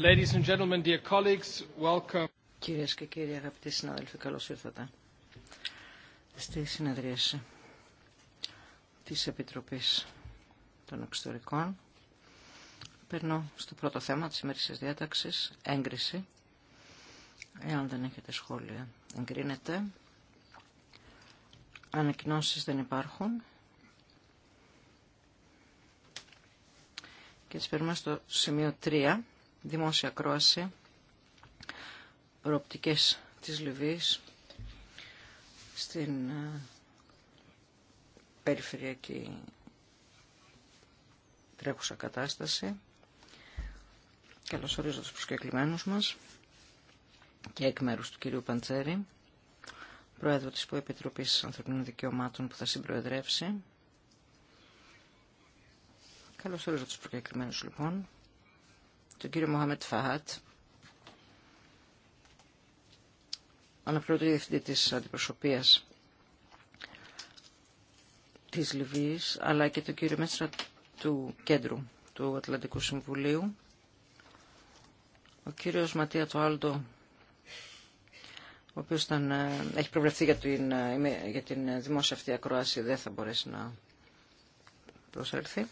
Ladies and gentlemen, dear colleagues, welcome. Κυρίες και κύριοι αγαπητοί συνάδελφοι, καλώς ήρθατε στη συνεδρίαση της Επιτροπής των Εξωτερικών. Περνώ στο πρώτο θέμα της σημερινής διάταξης, έγκριση. Εάν δεν έχετε σχόλια, εγκρίνετε. Ανακοινώσεις δεν υπάρχουν. Και έτσι περνάμε στο σημείο 3 δημόσια κρόαση, προοπτικές της Λιβύης στην ε, περιφερειακή τρέχουσα κατάσταση. Καλώς ορίζω τους προσκεκλημένους μας και εκ μέρους του κυρίου Παντσέρη, πρόεδρο της Επιτροπής Ανθρωπίνων Δικαιωμάτων που θα συμπροεδρεύσει. Καλώς ορίζω τους προσκεκλημένους λοιπόν τον κύριο Μοχαμέτ Φαχάτ, αναπληρωτή διευθυντή της αντιπροσωπείας της Λιβύης, αλλά και τον κύριο Μέστρα του Κέντρου του Ατλαντικού Συμβουλίου, ο κύριος Ματία Τουάλντο, ο οποίος ε, έχει προβλεφθεί για την, ε, για την ε, δημόσια αυτή ακρόαση, δεν θα μπορέσει να προσέλθει.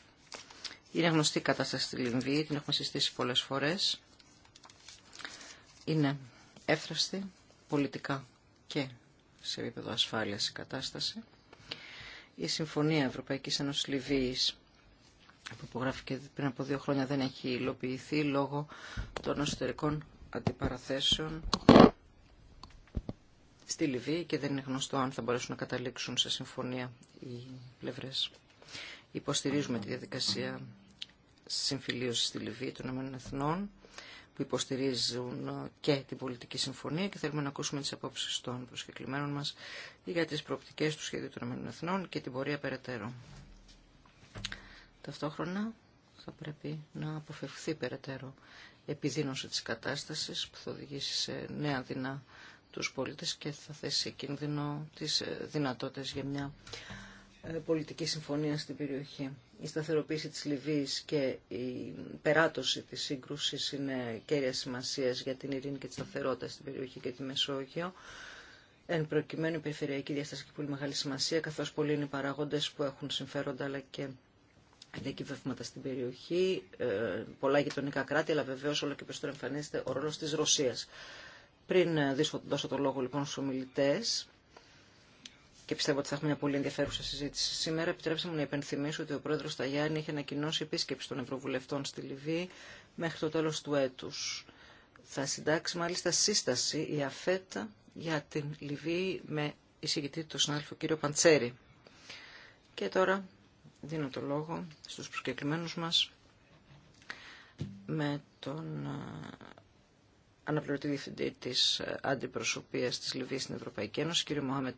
Είναι γνωστή η κατάσταση στη Λιμβύη, την έχουμε συστήσει πολλές φορές. Είναι εύθραστη πολιτικά και σε επίπεδο ασφάλειας η κατάσταση. Η Συμφωνία Ευρωπαϊκής Ένωσης Λιβύης που υπογράφηκε πριν από δύο χρόνια δεν έχει υλοποιηθεί λόγω των εσωτερικών αντιπαραθέσεων στη Λιβύη και δεν είναι γνωστό αν θα μπορέσουν να καταλήξουν σε συμφωνία οι πλευρές. Υποστηρίζουμε τη διαδικασία συμφιλίωσης στη Λιβύη των Εθνών που υποστηρίζουν ε, και την πολιτική συμφωνία και θέλουμε να ακούσουμε τις απόψεις των προσκεκλημένων μας για τις προοπτικές του σχέδιου των Εθνών και την πορεία περαιτέρω. Ταυτόχρονα θα πρέπει να αποφευχθεί περαιτέρω επιδείνωση της κατάστασης που θα οδηγήσει σε νέα δεινά τους πολίτες και θα θέσει κίνδυνο τις ε, δυνατότητες για μια ε, πολιτική συμφωνία στην περιοχή. Η σταθεροποίηση της Λιβύης και η περάτωση της σύγκρουσης είναι κέρια σημασίας για την ειρήνη και τη σταθερότητα στην περιοχή και τη Μεσόγειο. Εν προκειμένου η περιφερειακή διάσταση έχει πολύ μεγάλη σημασία, καθώς πολλοί είναι οι παράγοντες που έχουν συμφέροντα αλλά και διακυβεύματα στην περιοχή, ε, πολλά γειτονικά κράτη, αλλά βεβαίως όλο και περισσότερο εμφανίζεται ο ρόλος της Ρωσίας. Πριν ε, δώσω το λόγο λοιπόν στους ομιλητές, και πιστεύω ότι θα έχουμε μια πολύ ενδιαφέρουσα συζήτηση σήμερα. Επιτρέψτε μου να υπενθυμίσω ότι ο πρόεδρο Ταγιάννη έχει ανακοινώσει επίσκεψη των Ευρωβουλευτών στη Λιβύη μέχρι το τέλο του έτου. Θα συντάξει μάλιστα σύσταση η ΑΦΕΤΑ για την Λιβύη με εισηγητή του συνάδελφο κύριο Παντσέρη. Και τώρα δίνω το λόγο στους προσκεκλημένους μας με τον αναπληρωτή διευθυντή τη ε, αντιπροσωπεία τη Λιβύη στην Ευρωπαϊκή Ένωση, κύριο Μοχάμετ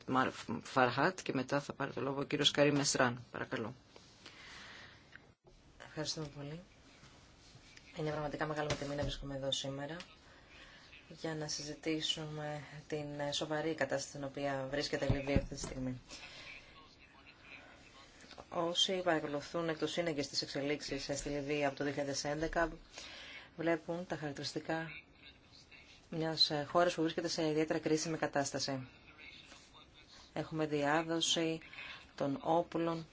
Φαρχάτ, και μετά θα πάρει το λόγο ο κύριο Καρή Μεσράν. Παρακαλώ. Ευχαριστούμε πολύ. Είναι πραγματικά μεγάλο τιμή να βρίσκομαι εδώ σήμερα για να συζητήσουμε την ε, σοβαρή κατάσταση στην οποία βρίσκεται η Λιβύη αυτή τη στιγμή. Όσοι παρακολουθούν εκ του σύνεγγες τη εξελίξη ε, στη Λιβύη από το 2011, βλέπουν τα χαρακτηριστικά μιας ε, χώρας που βρίσκεται σε ιδιαίτερα κρίσιμη κατάσταση. Έχουμε διάδοση των όπλων,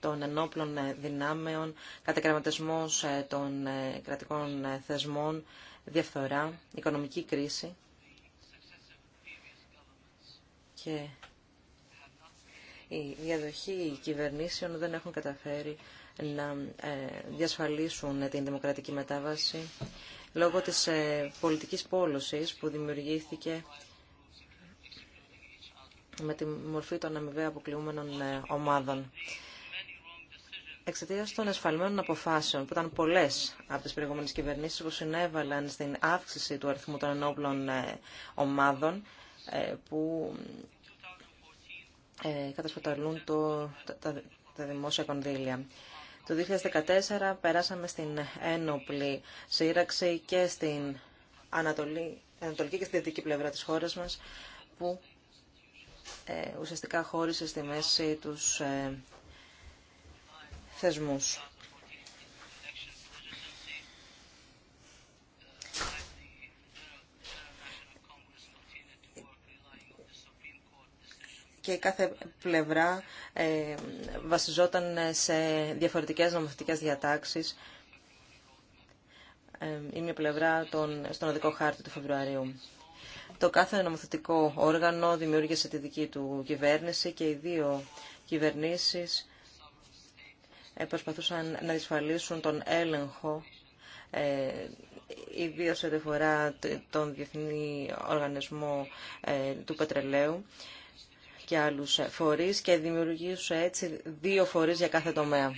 των ενόπλων ε, δυνάμεων, κατακραματισμός ε, των κρατικών θεσμών, διαφθορά, οικονομική κρίση και η διαδοχή κυβερνήσεων δεν έχουν καταφέρει να διασφαλίσουν την δημοκρατική μετάβαση λόγω της ε, πολιτικής πόλωσης που δημιουργήθηκε με τη μορφή των αμοιβαίων αποκλειούμενων ε, ομάδων. Εξαιτία των εσφαλμένων αποφάσεων, που ήταν πολλέ από τι προηγούμενε κυβερνήσει που συνέβαλαν στην αύξηση του αριθμού των ενόπλων ε, ομάδων που κατασπαταλούν το, τα, τα δημόσια κονδύλια. Το 2014 περάσαμε στην ένοπλη σύραξη και στην ανατολική και στη δυτική πλευρά της χώρας μας, που ε, ουσιαστικά χώρισε στη μέση τους ε, θεσμούς. και κάθε πλευρά ε, βασιζόταν σε διαφορετικές νομοθετικές διατάξεις ε, η μία πλευρά τον, στον οδικό χάρτη του Φεβρουαρίου. Το κάθε νομοθετικό όργανο δημιούργησε τη δική του κυβέρνηση και οι δύο κυβερνήσεις ε, προσπαθούσαν να δυσφαλίσουν τον έλεγχο ε, ιδίως σε φορά τον Διεθνή Οργανισμό του Πετρελαίου και άλλους φορείς και δημιουργήσουν έτσι δύο φορείς για κάθε τομέα.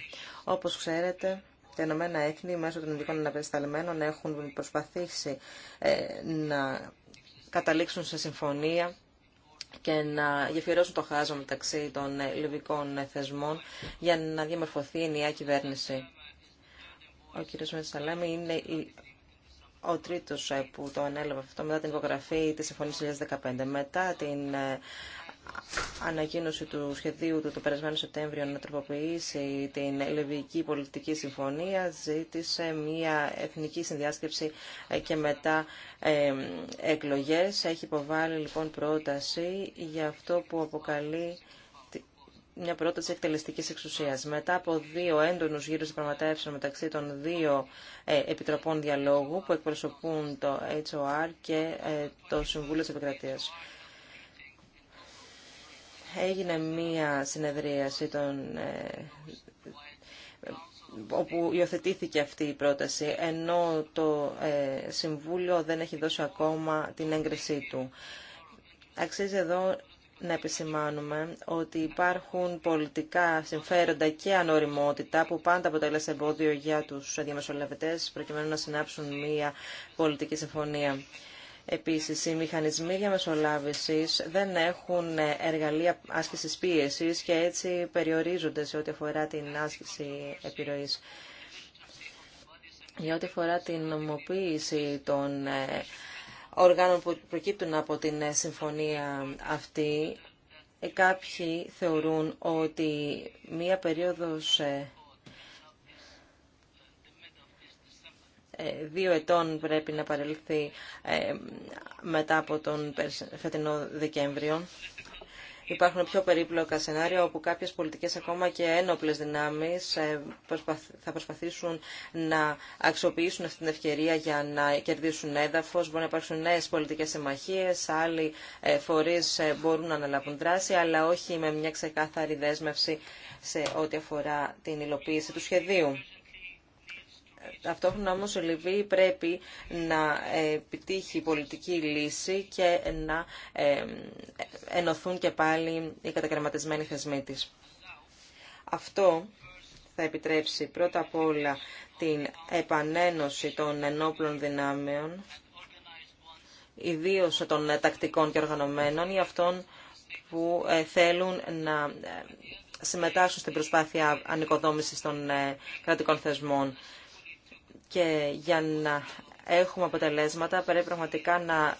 Όπως ξέρετε, τα Ηνωμένα Έθνη μέσω των ειδικών αναπεσταλμένων έχουν προσπαθήσει ε, να καταλήξουν σε συμφωνία και να γεφυρώσουν το χάσμα μεταξύ των ε, λιβικών ε, θεσμών για να διαμορφωθεί η νέα κυβέρνηση. Ο κ. Μετσαλέμι είναι ο τρίτος που το ανέλαβε αυτό μετά την υπογραφή της Συμφωνίας 2015. Μετά την ανακοίνωση του σχεδίου του το περασμένο Σεπτέμβριο να τροποποιήσει την Λιβική Πολιτική Συμφωνία ζήτησε μια εθνική συνδιάσκεψη ε, και μετά εκλογές. Έχει υποβάλει λοιπόν πρόταση για αυτό που αποκαλεί μια πρόταση εκτελεστική εξουσία. Μετά από δύο έντονου γύρου διαπραγματεύσεων μεταξύ των δύο ε, επιτροπών διαλόγου που εκπροσωπούν το HOR και ε, το Συμβούλιο τη Επικρατεία έγινε μία συνεδρίαση των, ε, όπου υιοθετήθηκε αυτή η πρόταση, ενώ το ε, Συμβούλιο δεν έχει δώσει ακόμα την έγκρισή του. Αξίζει εδώ να επισημάνουμε ότι υπάρχουν πολιτικά συμφέροντα και ανοριμότητα που πάντα αποτέλεσε εμπόδιο για τους διαμεσολαβητές προκειμένου να συνάψουν μία πολιτική συμφωνία. Επίσης, οι μηχανισμοί διαμεσολάβησης δεν έχουν εργαλεία άσκησης πίεσης και έτσι περιορίζονται σε ό,τι αφορά την άσκηση επιρροής. Για ό,τι αφορά την νομοποίηση των ε, οργάνων που προκύπτουν από την ε, συμφωνία αυτή, ε, κάποιοι θεωρούν ότι μία περίοδος Ε, δύο ετών πρέπει να παρελθεί ε, μετά από τον φετινό Δεκέμβριο. Υπάρχουν πιο περίπλοκα σενάρια όπου κάποιες πολιτικές ακόμα και ένοπλες δυνάμεις ε, θα προσπαθήσουν να αξιοποιήσουν αυτή την ευκαιρία για να κερδίσουν έδαφος. Μπορεί να υπάρξουν νέες πολιτικές συμμαχίες, άλλοι φορείς μπορούν να αναλάβουν δράση, αλλά όχι με μια ξεκάθαρη δέσμευση σε ό,τι αφορά την υλοποίηση του σχεδίου. Ταυτόχρονα όμως η Λιβύη πρέπει να ε, επιτύχει πολιτική λύση και να ε, ενωθούν και πάλι οι κατακαιρματισμένοι θεσμοί της. Αυτό θα επιτρέψει πρώτα απ' όλα την επανένωση των ενόπλων δυνάμεων, ιδίως των τακτικών και οργανωμένων ή αυτών που ε, θέλουν να συμμετάσχουν στην προσπάθεια ανοικοδόμησης των κρατικών θεσμών. Και για να έχουμε αποτελέσματα πρέπει πραγματικά να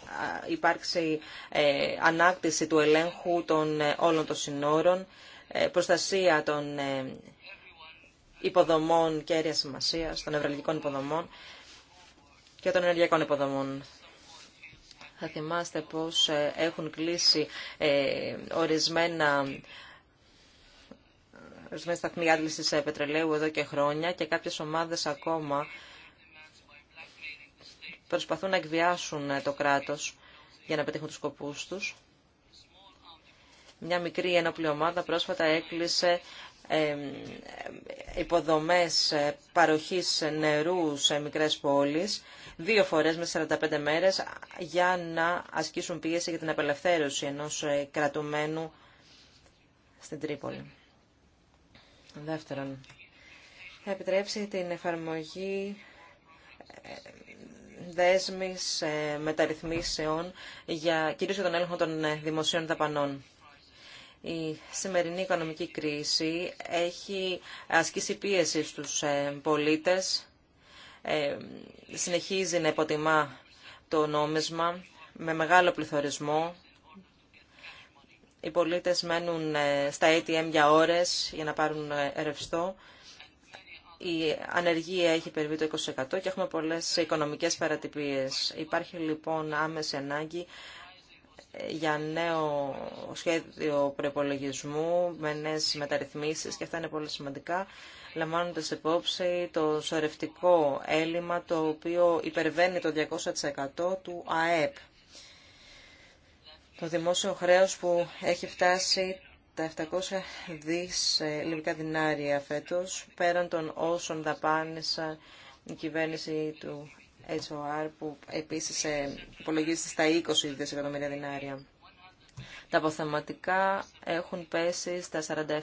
υπάρξει ε, ανάκτηση του ελέγχου των ε, όλων των συνόρων, ε, προστασία των υποδομών και σημασία, των ευραλικών υποδομών και των ενεργειακών υποδομών. Θα θυμάστε πως έχουν κλείσει ορισμένα ορισμένες σταθμοί άντλησης πετρελαίου εδώ και χρόνια και κάποιες ομάδες ακόμα προσπαθούν να εκβιάσουν ε, το κράτος για να πετύχουν τους σκοπούς τους. Μια μικρή ένοπλη ομάδα πρόσφατα έκλεισε υποδομές ε, παροχής νερού σε μικρές πόλεις δύο φορές με 45 μέρες για να ασκήσουν πίεση για την απελευθέρωση ενός ε, κρατουμένου στην Τρίπολη. Δεύτερον, θα επιτρέψει την εφαρμογή δέσμης μεταρρυθμίσεων για, κυρίως για τον έλεγχο των ε, δημοσίων δαπανών. Η σημερινή οικονομική κρίση έχει ασκήσει πίεση στους ε, πολίτες, ε, συνεχίζει να υποτιμά το νόμισμα με μεγάλο πληθωρισμό. Οι πολίτες μένουν στα ATM για ώρες για να πάρουν ρευστό η ανεργία έχει περιβεί το 20% και έχουμε πολλές οικονομικές παρατυπίες. Υπάρχει λοιπόν άμεση ανάγκη ε, για νέο σχέδιο προπολογισμού με νέες μεταρρυθμίσεις και αυτά είναι πολύ σημαντικά λαμβάνοντας υπόψη το σωρευτικό έλλειμμα το οποίο υπερβαίνει το 200% του ΑΕΠ. Το δημόσιο χρέος που έχει φτάσει τα 700 δις ε, λιβικά δινάρια φέτος, πέραν των όσων δαπάνησα η κυβέρνηση του HOR, που επίσης ε, υπολογίζεται στα 20 δισεκατομμύρια δινάρια. Τα αποθεματικά έχουν πέσει στα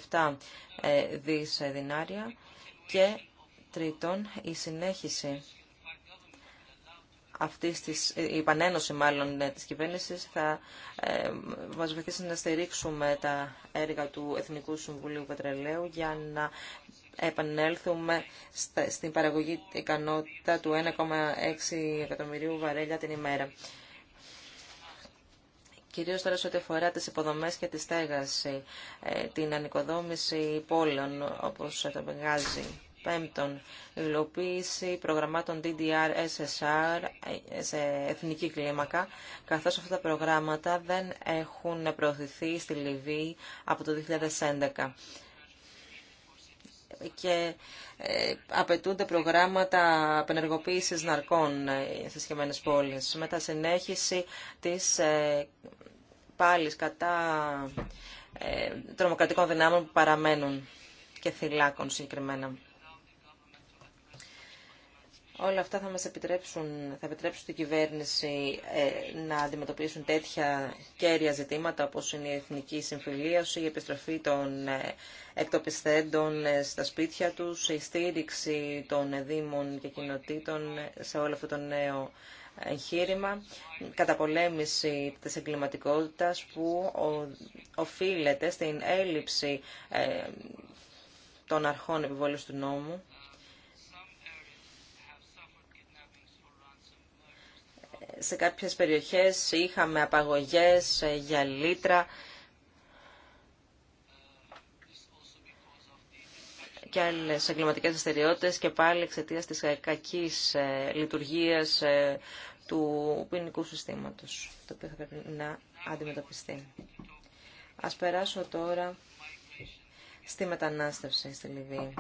47 ε, δις δινάρια και τρίτον η συνέχιση αυτής της, ε, η επανένωση μάλλον ε, της κυβέρνησης θα ε, μας βοηθήσει να στηρίξουμε τα έργα του Εθνικού Συμβουλίου Πετρελαίου για να επανέλθουμε στην παραγωγή ικανότητα του 1,6 εκατομμυρίου βαρέλια την ημέρα. Κυρίω τώρα σε ό,τι αφορά τι υποδομέ και τη στέγαση, ε, την ανοικοδόμηση πόλεων όπως το βγάζει. Πέμπτον, υλοποίηση προγραμμάτων DDR-SSR σε εθνική κλίμακα, καθώς αυτά τα προγράμματα δεν έχουν προωθηθεί στη Λιβύη από το 2011 και ε, απαιτούνται προγράμματα απενεργοποίησης ναρκών ε, σε σχεμένες πόλεις. Μετά συνέχιση της ε, πάλης κατά τρομοκρατικών δυνάμεων που παραμένουν και θυλάκων συγκεκριμένα. Όλα αυτά θα μας επιτρέψουν, θα επιτρέψουν την κυβέρνηση ε, να αντιμετωπίσουν τέτοια κέρια ζητήματα όπως είναι η εθνική συμφιλίωση, η επιστροφή των ε, εκτοπιστέντων ε, στα σπίτια τους, η στήριξη των δήμων και κοινοτήτων σε όλο αυτό το νέο εγχείρημα, καταπολέμηση της εγκληματικότητας που οφείλεται στην έλλειψη των αρχών επιβολής του νόμου σε κάποιες περιοχές είχαμε απαγωγές ε, για λίτρα και άλλες εγκληματικές δραστηριότητε και πάλι εξαιτία της ε, κακής ε, λειτουργίας του ποινικού συστήματος, το οποίο θα πρέπει να αντιμετωπιστεί. Ας περάσω τώρα στη μετανάστευση στη Λιβύη.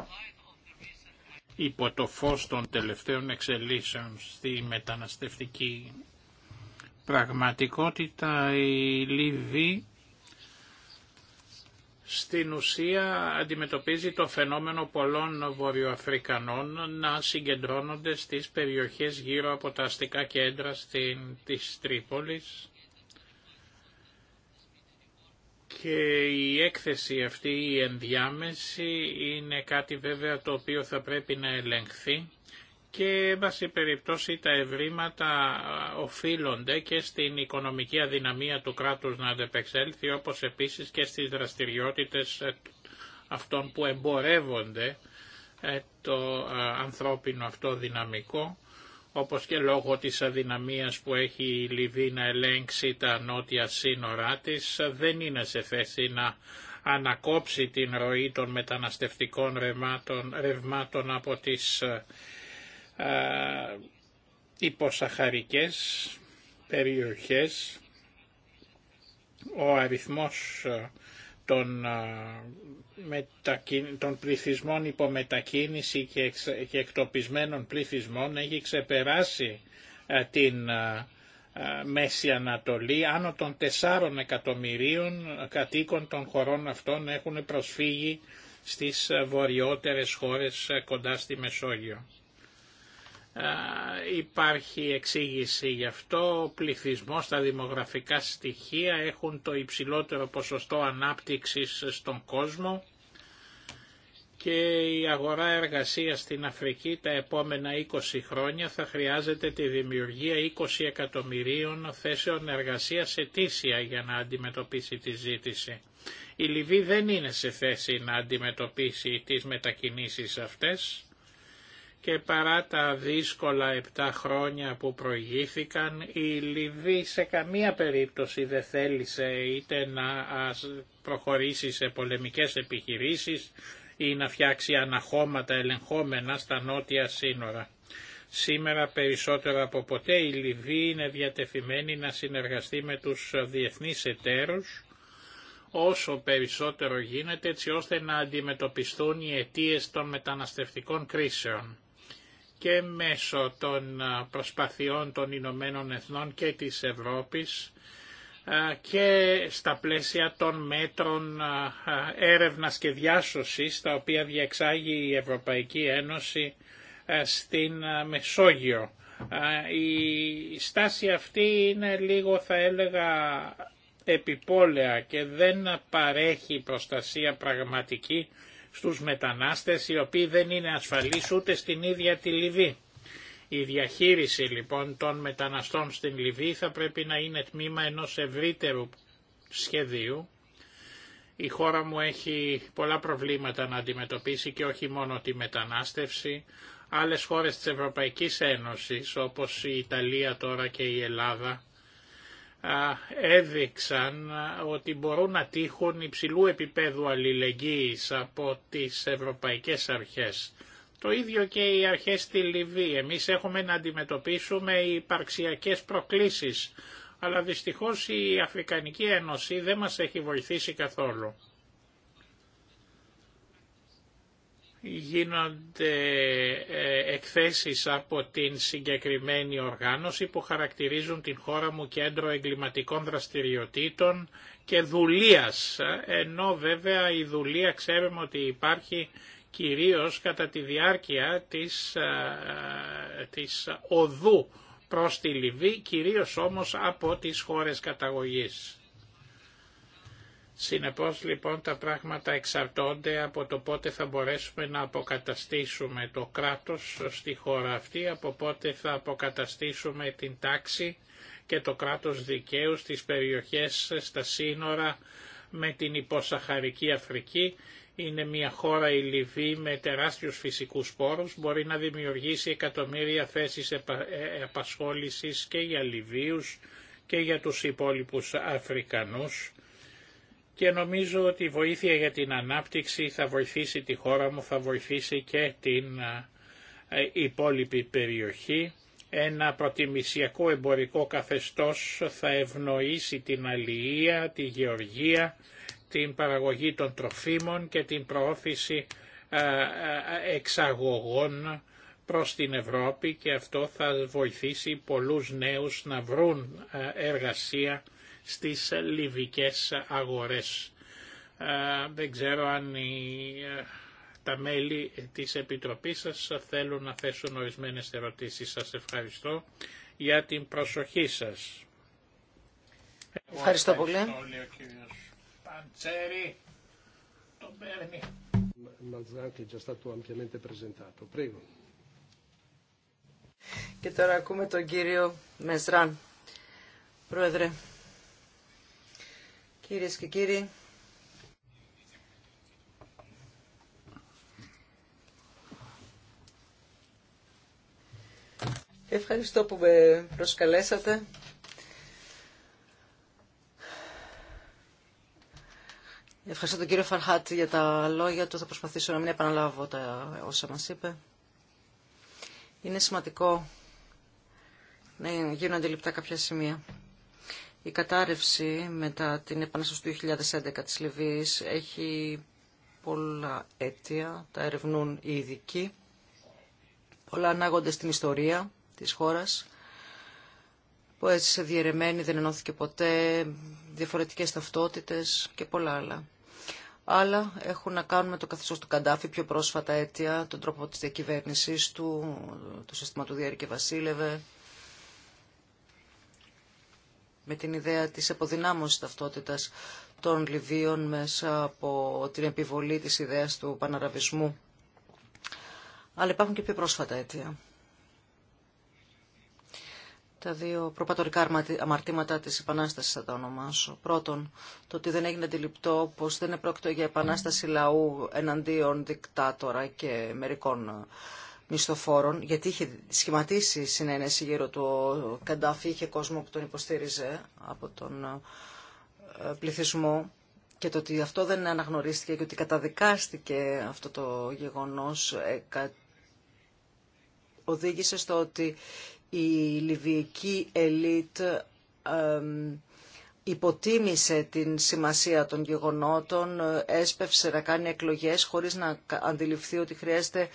Υπό το φως των τελευταίων εξελίσεων στη μεταναστευτική πραγματικότητα η Λιβύη στην ουσία αντιμετωπίζει το φαινόμενο πολλών βορειοαφρικανών να συγκεντρώνονται στις περιοχές γύρω από τα αστικά κέντρα στην, της Τρίπολης και η έκθεση αυτή η ενδιάμεση είναι κάτι βέβαια το οποίο θα πρέπει να ελεγχθεί και βάση περιπτώσει τα ευρήματα οφείλονται και στην οικονομική αδυναμία του κράτους να αντεπεξέλθει όπως επίσης και στις δραστηριότητες αυτών που εμπορεύονται ε, το ε, ανθρώπινο αυτό δυναμικό όπως και λόγω της αδυναμίας που έχει η Λιβύη να ελέγξει τα νότια σύνορά της δεν είναι σε θέση να ανακόψει την ροή των μεταναστευτικών ρευμάτων, ρευμάτων από τις ε, υποσαχαρικές περιοχές ο αριθμός των, των πληθυσμών υπομετακίνηση και εκτοπισμένων πληθυσμών έχει ξεπεράσει την Μέση Ανατολή. Άνω των 4 εκατομμυρίων κατοίκων των χωρών αυτών έχουν προσφύγει στις βορειότερες χώρες κοντά στη Μεσόγειο. Ε, υπάρχει εξήγηση γι' αυτό, ο πληθυσμός, τα δημογραφικά στοιχεία έχουν το υψηλότερο ποσοστό ανάπτυξης στον κόσμο και η αγορά εργασίας στην Αφρική τα επόμενα 20 χρόνια θα χρειάζεται τη δημιουργία 20 εκατομμυρίων θέσεων εργασίας ετήσια για να αντιμετωπίσει τη ζήτηση. Η Λιβύη δεν είναι σε θέση να αντιμετωπίσει τις μετακινήσεις αυτές και παρά τα δύσκολα επτά χρόνια που προηγήθηκαν η Λιβύη σε καμία περίπτωση δεν θέλησε είτε να προχωρήσει σε πολεμικές επιχειρήσεις ή να φτιάξει αναχώματα ελεγχόμενα στα νότια σύνορα. Σήμερα περισσότερο από ποτέ η Λιβύη είναι διατεθειμένη να συνεργαστεί με τους διεθνείς εταίρους όσο περισσότερο γίνεται έτσι ώστε να αντιμετωπιστούν οι αιτίες των μεταναστευτικών κρίσεων και μέσω των προσπαθειών των Ηνωμένων Εθνών και της Ευρώπης και στα πλαίσια των μέτρων έρευνας και διάσωσης τα οποία διεξάγει η Ευρωπαϊκή Ένωση στην Μεσόγειο. Η στάση αυτή είναι λίγο θα έλεγα επιπόλαια και δεν παρέχει προστασία πραγματική στους μετανάστες οι οποίοι δεν είναι ασφαλείς ούτε στην ίδια τη Λιβύη. Η διαχείριση λοιπόν των μεταναστών στην Λιβύη θα πρέπει να είναι τμήμα ενός ευρύτερου σχεδίου. Η χώρα μου έχει πολλά προβλήματα να αντιμετωπίσει και όχι μόνο τη μετανάστευση. Άλλες χώρες της Ευρωπαϊκής Ένωσης όπως η Ιταλία τώρα και η Ελλάδα έδειξαν ότι μπορούν να τύχουν υψηλού επίπεδου αλληλεγγύης από τις ευρωπαϊκές αρχές. Το ίδιο και οι αρχές στη Λιβύη. Εμείς έχουμε να αντιμετωπίσουμε οι υπαρξιακές προκλήσεις, αλλά δυστυχώς η Αφρικανική Ένωση δεν μας έχει βοηθήσει καθόλου. γίνονται ε, εκθέσεις από την συγκεκριμένη οργάνωση που χαρακτηρίζουν την χώρα μου κέντρο εγκληματικών δραστηριοτήτων και δουλείας, ενώ βέβαια η δουλεία ξέρουμε ότι υπάρχει κυρίως κατά τη διάρκεια της, ε, της οδού προς τη Λιβύη, κυρίως όμως από τις χώρες καταγωγής. Συνεπώς λοιπόν τα πράγματα εξαρτώνται από το πότε θα μπορέσουμε να αποκαταστήσουμε το κράτος στη χώρα αυτή, από πότε θα αποκαταστήσουμε την τάξη και το κράτος δικαίου στις περιοχές, στα σύνορα με την υποσαχαρική Αφρική. Είναι μια χώρα η Λιβύη με τεράστιους φυσικούς πόρους, μπορεί να δημιουργήσει εκατομμύρια θέσεις ε, απασχόλησης και για Λιβύους και για τους υπόλοιπους Αφρικανούς και νομίζω ότι η βοήθεια για την ανάπτυξη θα βοηθήσει τη χώρα μου, θα βοηθήσει και την ε, ε, υπόλοιπη περιοχή. Ένα προτιμησιακό εμπορικό καθεστώς θα ευνοήσει την αλληλεία, τη γεωργία, την παραγωγή των τροφίμων και την προώθηση ε, εξαγωγών προς την Ευρώπη και αυτό θα βοηθήσει πολλούς νέους να βρουν εργασία στις λιβικές αγορές. Ε, δεν ξέρω αν οι, ε, τα μέλη της Επιτροπής σας θέλουν να θέσουν ορισμένες ερωτήσεις. Σας ευχαριστώ για την προσοχή σας. Ευχαριστώ πολύ. Και τώρα ακούμε τον κύριο Μεζράν. Πρόεδρε, Κυρίες και κύριοι, ευχαριστώ που με προσκαλέσατε. Ευχαριστώ τον κύριο Φαρχάτ για τα λόγια του. Θα προσπαθήσω να μην επαναλάβω τα όσα μας είπε. Είναι σημαντικό να γίνουν αντιληπτά κάποια σημεία. Η κατάρρευση μετά την επανάσταση του 2011 της Λιβύης έχει πολλά αίτια, τα ερευνούν οι ειδικοί. Πολλά ανάγονται στην ιστορία της χώρας, που έτσι σε διαιρεμένη δεν ενώθηκε ποτέ, διαφορετικές ταυτότητες και πολλά άλλα. Άλλα έχουν να κάνουν με το καθεστώς του Καντάφη, πιο πρόσφατα αίτια, τον τρόπο της διακυβέρνησής του, το σύστημα του διέρη και βασίλευε, με την ιδέα της αποδυνάμωσης ταυτότητας των Λιβύων μέσα από την επιβολή της ιδέας του παναραβισμού. Αλλά υπάρχουν και πιο πρόσφατα αίτια. Τα δύο προπατορικά αμαρτήματα της Επανάστασης θα τα ονομάσω. Πρώτον, το ότι δεν έγινε αντιληπτό πως δεν επρόκειτο για επανάσταση λαού εναντίον δικτάτορα και μερικών μισθοφόρων, γιατί είχε σχηματίσει συνένεση γύρω του ο Καντάφη, είχε κόσμο που τον υποστήριζε από τον ε, πληθυσμό και το ότι αυτό δεν αναγνωρίστηκε και ότι καταδικάστηκε αυτό το γεγονός ε, οδήγησε στο ότι η λιβυική ελίτ υποτίμησε την σημασία των γεγονότων, ε, έσπευσε να κάνει εκλογές χωρίς να αντιληφθεί ότι χρειάζεται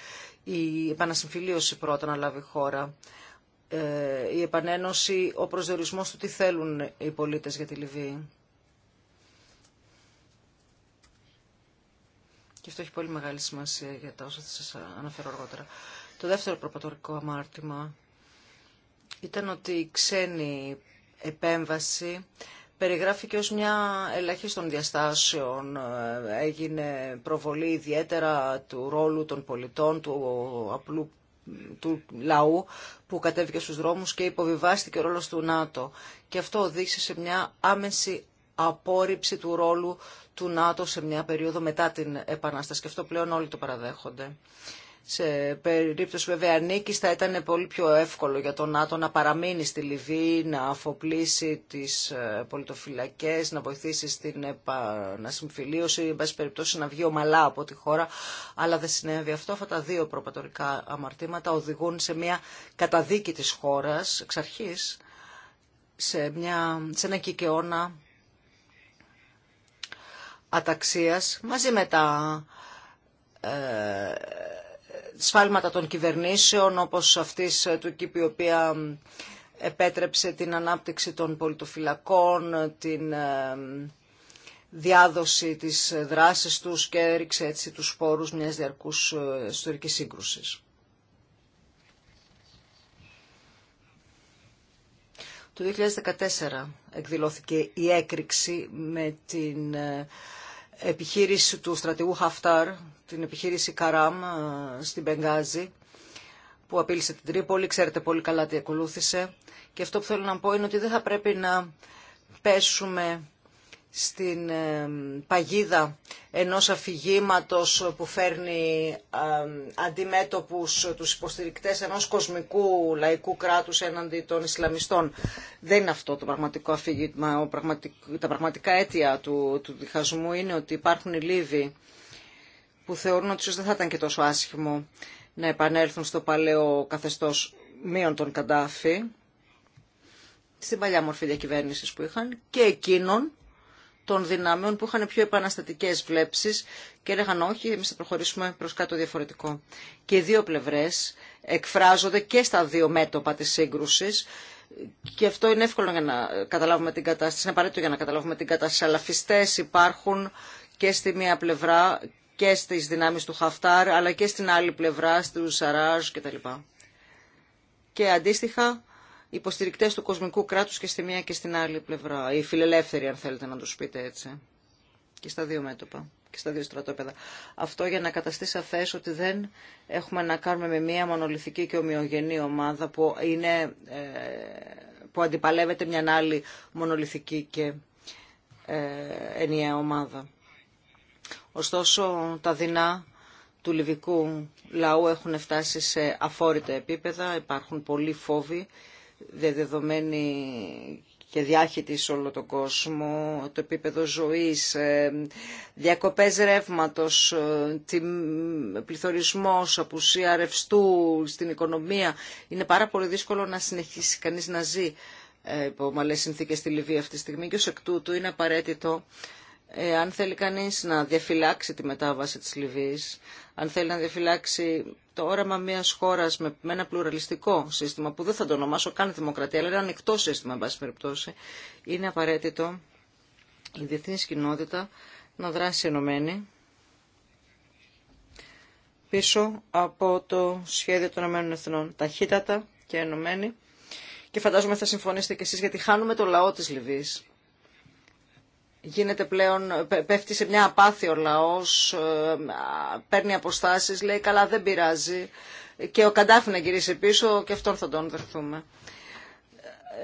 η επανασυμφιλίωση πρώτα να λάβει χώρα, ε, η επανένωση, ο προσδιορισμός του τι θέλουν οι πολίτες για τη Λιβύη. Και αυτό έχει πολύ μεγάλη σημασία για τα όσα θα σας αναφέρω αργότερα. Το δεύτερο προπατορικό αμάρτημα ήταν ότι η ξένη επέμβαση περιγράφηκε ως μια ελαχίστων διαστάσεων. Ε, Έγινε προβολή ιδιαίτερα του ρόλου των πολιτών, του απλού του λαού που κατέβηκε στους δρόμους και υποβιβάστηκε ο ρόλος του ΝΑΤΟ. Και αυτό οδήγησε σε μια άμεση απόρριψη του ρόλου του ΝΑΤΟ σε μια περίοδο μετά την Επανάσταση. Και αυτό πλέον όλοι το παραδέχονται. Σε περίπτωση βέβαια νίκη θα ήταν πολύ πιο εύκολο για τον ΝΑΤΟ να παραμείνει στη Λιβύη, να αφοπλίσει τις ε, πολιτοφυλακές, να βοηθήσει στην επανασυμφιλίωση, εν πάση περιπτώσει να βγει ομαλά από τη χώρα, αλλά δεν συνέβη αυτό. Αυτά τα δύο προπατορικά αμαρτήματα οδηγούν σε μια καταδίκη της χώρας εξ αρχής, σε, μια, ένα κικαιώνα αταξίας, μαζί με τα... Ε, σφάλματα των κυβερνήσεων όπως αυτής του ΚΥΠ η οποία επέτρεψε την ανάπτυξη των πολιτοφυλακών, την ε, διάδοση της δράσης τους και έριξε έτσι τους σπόρους μιας διαρκούς ε, ιστορικής σύγκρουσης. Το 2014 εκδηλώθηκε η έκρηξη με την ε, επιχείρηση του στρατηγού Χαφτάρ την επιχείρηση Καράμ ε, στην Μπενγάζη που απείλησε την Τρίπολη, ξέρετε πολύ καλά τι ακολούθησε. Και αυτό που θέλω να πω είναι ότι δεν θα πρέπει να πέσουμε στην ε, παγίδα ενός αφηγήματος που φέρνει ε, αντιμέτωπους τους υποστηρικτές ενός κοσμικού λαϊκού κράτους έναντι των Ισλαμιστών. Δεν είναι αυτό το πραγματικό αφηγήμα. Τα πραγματικά αίτια του, του διχασμού είναι ότι υπάρχουν οι Λίβοι που θεωρούν ότι ίσως δεν θα ήταν και τόσο άσχημο να επανέλθουν στο παλαιό καθεστώς μείον τον Καντάφη, στην παλιά μορφή διακυβέρνησης που είχαν, και εκείνων των δυνάμεων που είχαν πιο επαναστατικές βλέψεις και έλεγαν όχι, εμείς θα προχωρήσουμε προς το διαφορετικό. Και οι δύο πλευρές εκφράζονται και στα δύο μέτωπα της σύγκρουσης, και αυτό είναι εύκολο για να καταλάβουμε την κατάσταση, είναι απαραίτητο για να καταλάβουμε την κατάσταση, αλλά υπάρχουν και στη μία πλευρά και στις δυνάμεις του Χαφτάρ αλλά και στην άλλη πλευρά, στου Σαράζ κτλ. Και αντίστοιχα υποστηρικτές του κοσμικού κράτους και στη μία και στην άλλη πλευρά. Οι φιλελεύθεροι αν θέλετε να τους πείτε έτσι. Και στα δύο μέτωπα και στα δύο στρατόπεδα. Αυτό για να καταστεί σαφέ ότι δεν έχουμε να κάνουμε με μία μονολυθική και ομοιογενή ομάδα που, είναι, ε, που αντιπαλεύεται μια άλλη μονολυθική και ε, ενιαία ομάδα. Ωστόσο τα δεινά του λιβικού λαού έχουν φτάσει σε αφόρητα επίπεδα, υπάρχουν πολλοί φόβοι δεδομένοι και διάχυτη σε όλο τον κόσμο, το επίπεδο ζωής, ε, διακοπές ρεύματος, ε, ε, πληθωρισμός, απουσία ρευστού στην οικονομία. Είναι πάρα πολύ δύσκολο να συνεχίσει κανείς να ζει υπό μαλές συνθήκες στη Λιβύη αυτή τη στιγμή και ως εκ τούτου είναι απαραίτητο ε, αν θέλει κανείς να διαφυλάξει τη μετάβαση της Λιβύης, αν θέλει να διαφυλάξει το όραμα μιας χώρας με, ένα πλουραλιστικό σύστημα, που δεν θα το ονομάσω καν δημοκρατία, αλλά ένα ανοιχτό σύστημα, εν πάση είναι απαραίτητο η διεθνής κοινότητα να δράσει ενωμένη πίσω από το σχέδιο των ΗΠΑ Εθνών, ταχύτατα και ενωμένη. Και φαντάζομαι θα συμφωνήσετε κι εσείς, γιατί χάνουμε το λαό της Λιβύης γίνεται πλέον, πέφτει σε μια απάθεια ο λαός, ε, παίρνει αποστάσεις, λέει καλά δεν πειράζει και ο Καντάφη να γυρίσει πίσω και αυτόν θα τον δεχθούμε.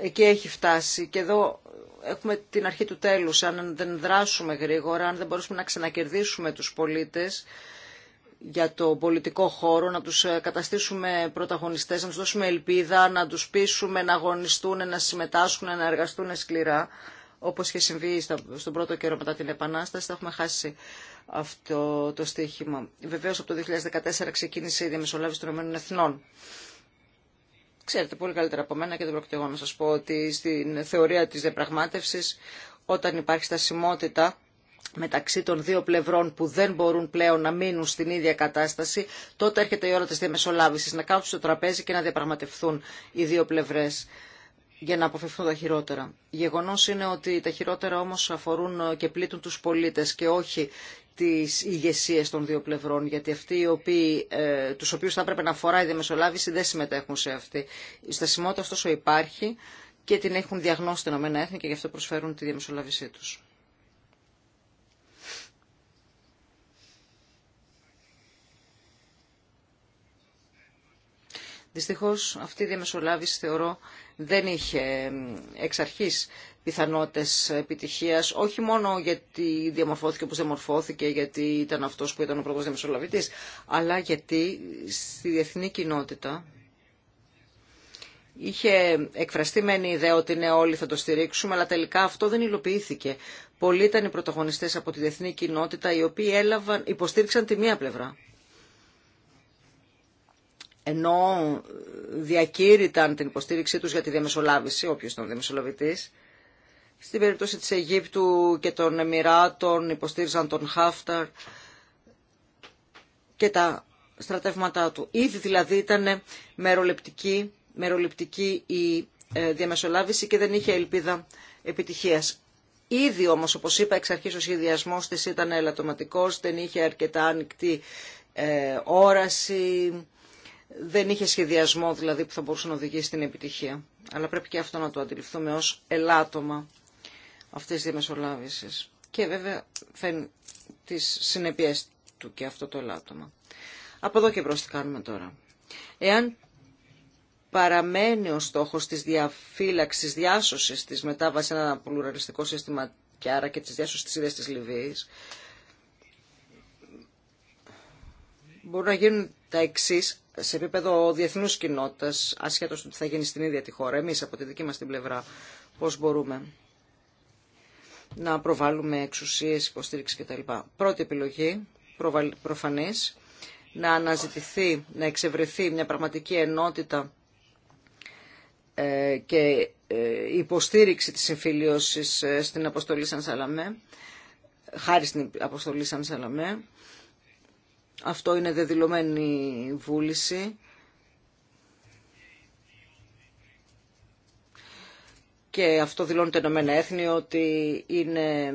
Εκεί έχει φτάσει και εδώ έχουμε την αρχή του τέλους, αν δεν δράσουμε γρήγορα, αν δεν μπορούμε να ξανακερδίσουμε τους πολίτες για το πολιτικό χώρο, να τους ε, καταστήσουμε πρωταγωνιστές, να τους δώσουμε ελπίδα, να τους πείσουμε να αγωνιστούν, να συμμετάσχουν, να εργαστούν σκληρά όπως είχε συμβεί στον πρώτο καιρό μετά την Επανάσταση, θα έχουμε χάσει αυτό το στοίχημα. Βεβαίως από το 2014 ξεκίνησε η διαμεσολάβηση των Ηνωμένων Εθνών. Ξέρετε πολύ καλύτερα από μένα και δεν πρόκειται εγώ να σας πω ότι στην θεωρία της διαπραγμάτευσης όταν υπάρχει στασιμότητα μεταξύ των δύο πλευρών που δεν μπορούν πλέον να μείνουν στην ίδια κατάσταση, τότε έρχεται η ώρα της διαμεσολάβησης, να κάτσουν στο τραπέζι και να διαπραγματευθούν οι δύο πλευρές για να αποφευθούν τα χειρότερα. Γεγονός είναι ότι τα χειρότερα όμως αφορούν ε, και πλήττουν τους πολίτες και όχι τις ηγεσίε των δύο πλευρών, γιατί αυτοί οι οποίοι, ε, τους οποίους θα έπρεπε να αφορά η διαμεσολάβηση δεν συμμετέχουν σε αυτή. Η στασιμότητα ωστόσο υπάρχει και την έχουν διαγνώσει τα ΗΕ και γι' αυτό προσφέρουν τη διαμεσολάβησή του. Δυστυχώς αυτή η διαμεσολάβηση θεωρώ δεν είχε εξ αρχής πιθανότητες επιτυχίας, όχι μόνο γιατί διαμορφώθηκε όπως διαμορφώθηκε, γιατί ήταν αυτός που ήταν ο πρώτος διαμεσολαβητής, αλλά γιατί στη διεθνή κοινότητα είχε εκφραστεί μεν η ιδέα ότι ναι όλοι θα το στηρίξουμε, αλλά τελικά αυτό δεν υλοποιήθηκε. Πολλοί ήταν οι πρωταγωνιστές από τη διεθνή κοινότητα οι οποίοι έλαβαν, υποστήριξαν τη μία πλευρά ενώ ε, διακήρυταν την υποστήριξή τους για τη διαμεσολάβηση, όποιος ήταν ο διαμεσολαβητής, στην περίπτωση της Αιγύπτου και των Εμμυράτων υποστήριζαν τον Χάφταρ και τα στρατεύματά του. Ήδη δηλαδή ήταν μεροληπτική, μεροληπτική η ε, διαμεσολάβηση και δεν είχε ελπίδα επιτυχίας. Ήδη όμως, όπως είπα, εξ αρχής ο σχεδιασμός της ήταν ελαττωματικός, δεν είχε αρκετά ανοιχτή ε, όραση, δεν είχε σχεδιασμό δηλαδή που θα μπορούσε να οδηγήσει στην επιτυχία. Αλλά πρέπει και αυτό να το αντιληφθούμε ως ελάττωμα αυτής της διαμεσολάβησης. Και βέβαια φαίνει τις συνεπίες του και αυτό το ελάττωμα. Από εδώ και μπρος τι κάνουμε τώρα. Εάν παραμένει ο στόχος της διαφύλαξης, διάσωσης της μετάβασης σε ένα πλουραλιστικό σύστημα και άρα και της διάσωσης της ίδιας της Λιβύης, μπορούν να γίνουν τα εξής σε επίπεδο διεθνού κοινότητα, ασχέτω του τι θα γίνει στην ίδια τη χώρα, εμεί από τη δική μα την πλευρά, πώ μπορούμε να προβάλλουμε εξουσίε, υποστήριξη κτλ. Πρώτη επιλογή, προφανή, να αναζητηθεί, να εξευρεθεί μια πραγματική ενότητα ε, και ε, υποστήριξη της συμφιλίωσης ε, στην αποστολή Σαν Σαλαμέ, χάρη στην αποστολή Σαν Σαλαμέ. Αυτό είναι δεδηλωμένη βούληση. Και αυτό δηλώνει το ΕΕ Έθνη ότι είναι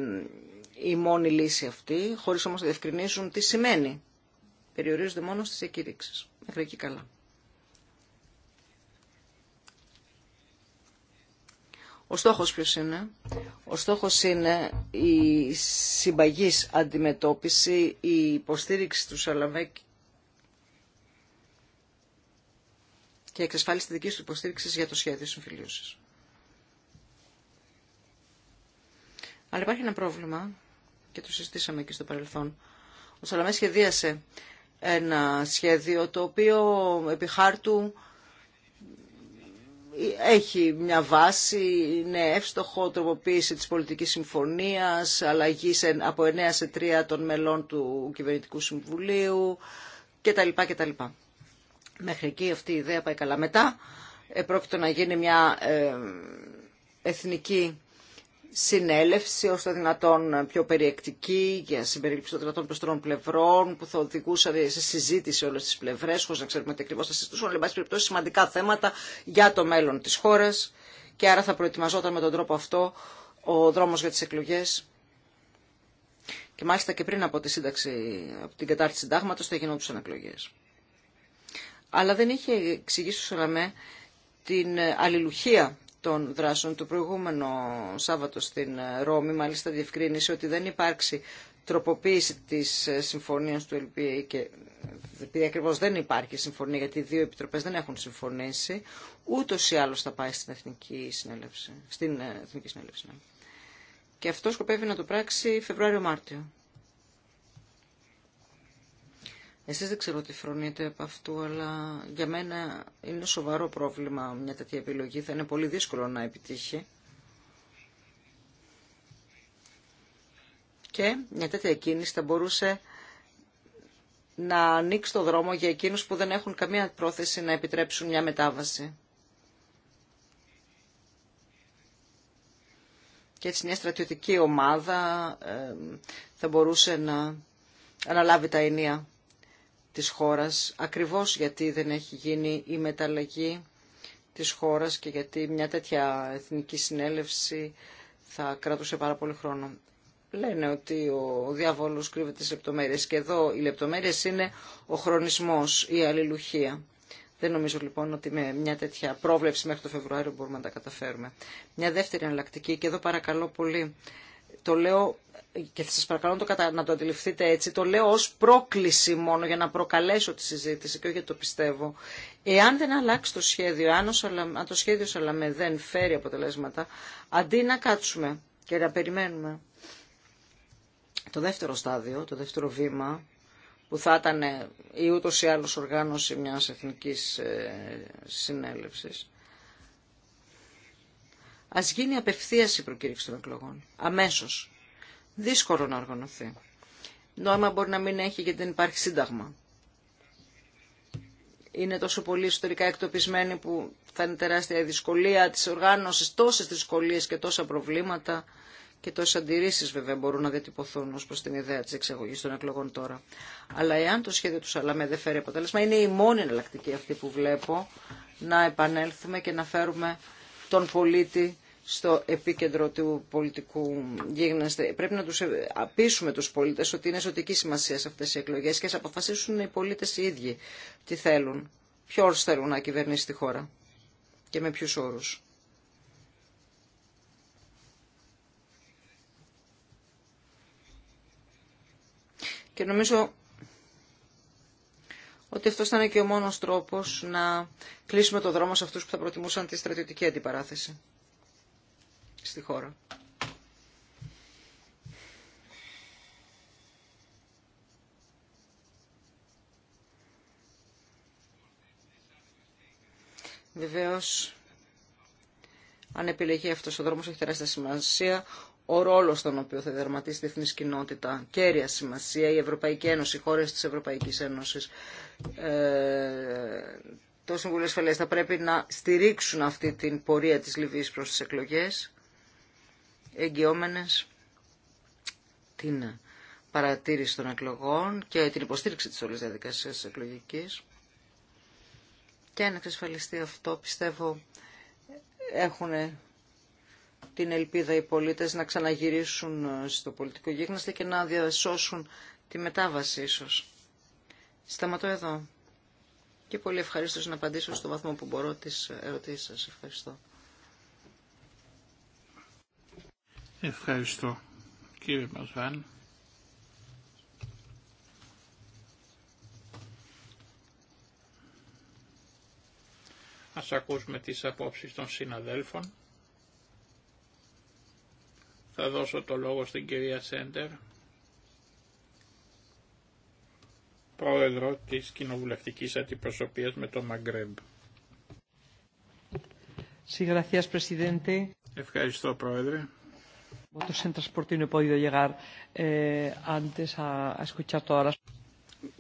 η μόνη λύση αυτή, χωρίς όμως να διευκρινίζουν τι σημαίνει. Περιορίζονται μόνο στις εκηρύξεις. Μέχρι εκεί καλά. Ο στόχος ποιος είναι. Ο στόχος είναι η συμπαγής αντιμετώπιση, η υποστήριξη του Σαλαμέκ και εξασφάλιση τη δική του υποστήριξη για το σχέδιο συμφιλίωσης. Αλλά υπάρχει ένα πρόβλημα και το συζητήσαμε και στο παρελθόν. Ο Σαλαμέ σχεδίασε ένα σχέδιο το οποίο επί χάρτου έχει μια βάση, είναι εύστοχο, τροποποίηση της πολιτικής συμφωνίας, αλλαγή σε, από 9 σε 3 των μελών του Κυβερνητικού Συμβουλίου κτλ. κτλ. Μέχρι εκεί αυτή η ιδέα πάει καλά. Μετά πρόκειται να γίνει μια ε, εθνική συνέλευση, το δυνατόν πιο περιεκτική για συμπερίληψη των δυνατών τρών πλευρών, που θα οδηγούσαν σε συζήτηση όλε τι πλευρέ, χωρίς να ξέρουμε τι ακριβώ θα συζητούσαν. Αλλά, περιπτώσει, σημαντικά θέματα για το μέλλον της χώρας Και άρα θα προετοιμαζόταν με τον τρόπο αυτό ο δρόμος για τις εκλογές. Και μάλιστα και πριν από, τη σύνταξη, από την κατάρτιση συντάγματος θα γινόντουσαν εκλογέ. Αλλά δεν είχε εξηγήσει ο Σαλαμέ την αλληλουχία των δράσεων. Το προηγούμενο Σάββατο στην Ρώμη μάλιστα διευκρίνησε ότι δεν υπάρξει τροποποίηση της συμφωνίας του LPA και επειδή ακριβώ δεν υπάρχει συμφωνία γιατί οι δύο επιτροπές δεν έχουν συμφωνήσει, ούτω ή άλλω θα πάει στην Εθνική Συνέλευση. Στην Συνέλευση ναι. Και αυτό σκοπεύει να το πράξει Φεβρουάριο-Μάρτιο. Εσείς δεν ξέρω τι φρονείτε από αυτού, αλλά για μένα είναι σοβαρό πρόβλημα μια τέτοια επιλογή. Θα είναι πολύ δύσκολο να επιτύχει. Και μια τέτοια κίνηση θα μπορούσε να ανοίξει το δρόμο για εκείνους που δεν έχουν καμία πρόθεση να επιτρέψουν μια μετάβαση. Και έτσι μια στρατιωτική ομάδα ε, θα μπορούσε να αναλάβει τα ενία της χώρας, ακριβώς γιατί δεν έχει γίνει η μεταλλαγή της χώρας και γιατί μια τέτοια εθνική συνέλευση θα κρατούσε πάρα πολύ χρόνο. Λένε ότι ο διάβολος κρύβεται στις λεπτομέρειες και εδώ οι λεπτομέρειες είναι ο χρονισμός, η αλληλουχία. Δεν νομίζω λοιπόν ότι με μια τέτοια πρόβλεψη μέχρι το Φεβρουάριο μπορούμε να τα καταφέρουμε. Μια δεύτερη εναλλακτική και εδώ παρακαλώ πολύ το λέω και θα σας παρακαλώ να το, να το αντιληφθείτε έτσι, το λέω ως πρόκληση μόνο για να προκαλέσω τη συζήτηση και όχι γιατί το πιστεύω. Εάν δεν αλλάξει το σχέδιο, αν, αν το σχέδιο Σαλαμέ δεν φέρει αποτελέσματα, αντί να κάτσουμε και να περιμένουμε το δεύτερο στάδιο, το δεύτερο βήμα, που θα ήταν ή ούτως ή άλλως οργάνωση μιας εθνικής ε, συνέλευσης, Α γίνει απευθεία η προκήρυξη των εκλογών. Αμέσω. Δύσκολο να οργανωθεί. Νόημα μπορεί να μην έχει γιατί δεν υπάρχει σύνταγμα. Είναι τόσο πολύ ιστορικά εκτοπισμένοι που θα είναι τεράστια η δυσκολία τη οργάνωση, τόσε δυσκολίε και τόσα προβλήματα και τόσε αντιρρήσει βέβαια μπορούν να διατυπωθούν ω προ την ιδέα τη εξαγωγή των εκλογών τώρα. Αλλά εάν το σχέδιο του Σαλαμέ δεν φέρει αποτέλεσμα, είναι η μόνη εναλλακτική αυτή που βλέπω να επανέλθουμε και να φέρουμε τον πολίτη στο επίκεντρο του πολιτικού γίγνεσθε. Πρέπει να τους απείσουμε τους πολίτες ότι είναι ζωτική σημασία σε αυτές οι εκλογές και να αποφασίσουν οι πολίτες οι ίδιοι τι θέλουν, ποιος θέλουν να κυβερνήσει τη χώρα και με ποιους όρους. Και νομίζω ότι αυτό ήταν και ο μόνος τρόπος να κλείσουμε το δρόμο σε αυτούς που θα προτιμούσαν τη στρατιωτική αντιπαράθεση στη χώρα. Βεβαίως, αν επιλεγεί αυτός ο δρόμος έχει τεράστια σημασία ο ρόλος τον οποίο θα δερματίσει η διεθνή κοινότητα, κέρια σημασία, η Ευρωπαϊκή Ένωση, οι χώρε τη Ευρωπαϊκή Ένωση, ε, το Συμβούλιο Ασφαλείας θα πρέπει να στηρίξουν αυτή την πορεία της Λιβύης προς τις εκλογές εγγυόμενες την παρατήρηση των εκλογών και την υποστήριξη της όλης διαδικασίας της εκλογικής. Και αν εξασφαλιστεί αυτό, πιστεύω, έχουν την ελπίδα οι πολίτες να ξαναγυρίσουν στο πολιτικό γείγναστο και να διασώσουν τη μετάβαση ίσως. Σταματώ εδώ. Και πολύ ευχαριστώ να απαντήσω στο βαθμό που μπορώ τις ερωτήσεις σας. Ευχαριστώ. Ευχαριστώ κύριε Μαζάν. Ας ακούσουμε τις απόψεις των συναδέλφων. Θα δώσω το λόγο στην κυρία Σέντερ, πρόεδρο της κοινοβουλευτικής αντιπροσωπείας με το Μαγκρέμπ. Ευχαριστώ πρόεδρε. Eh,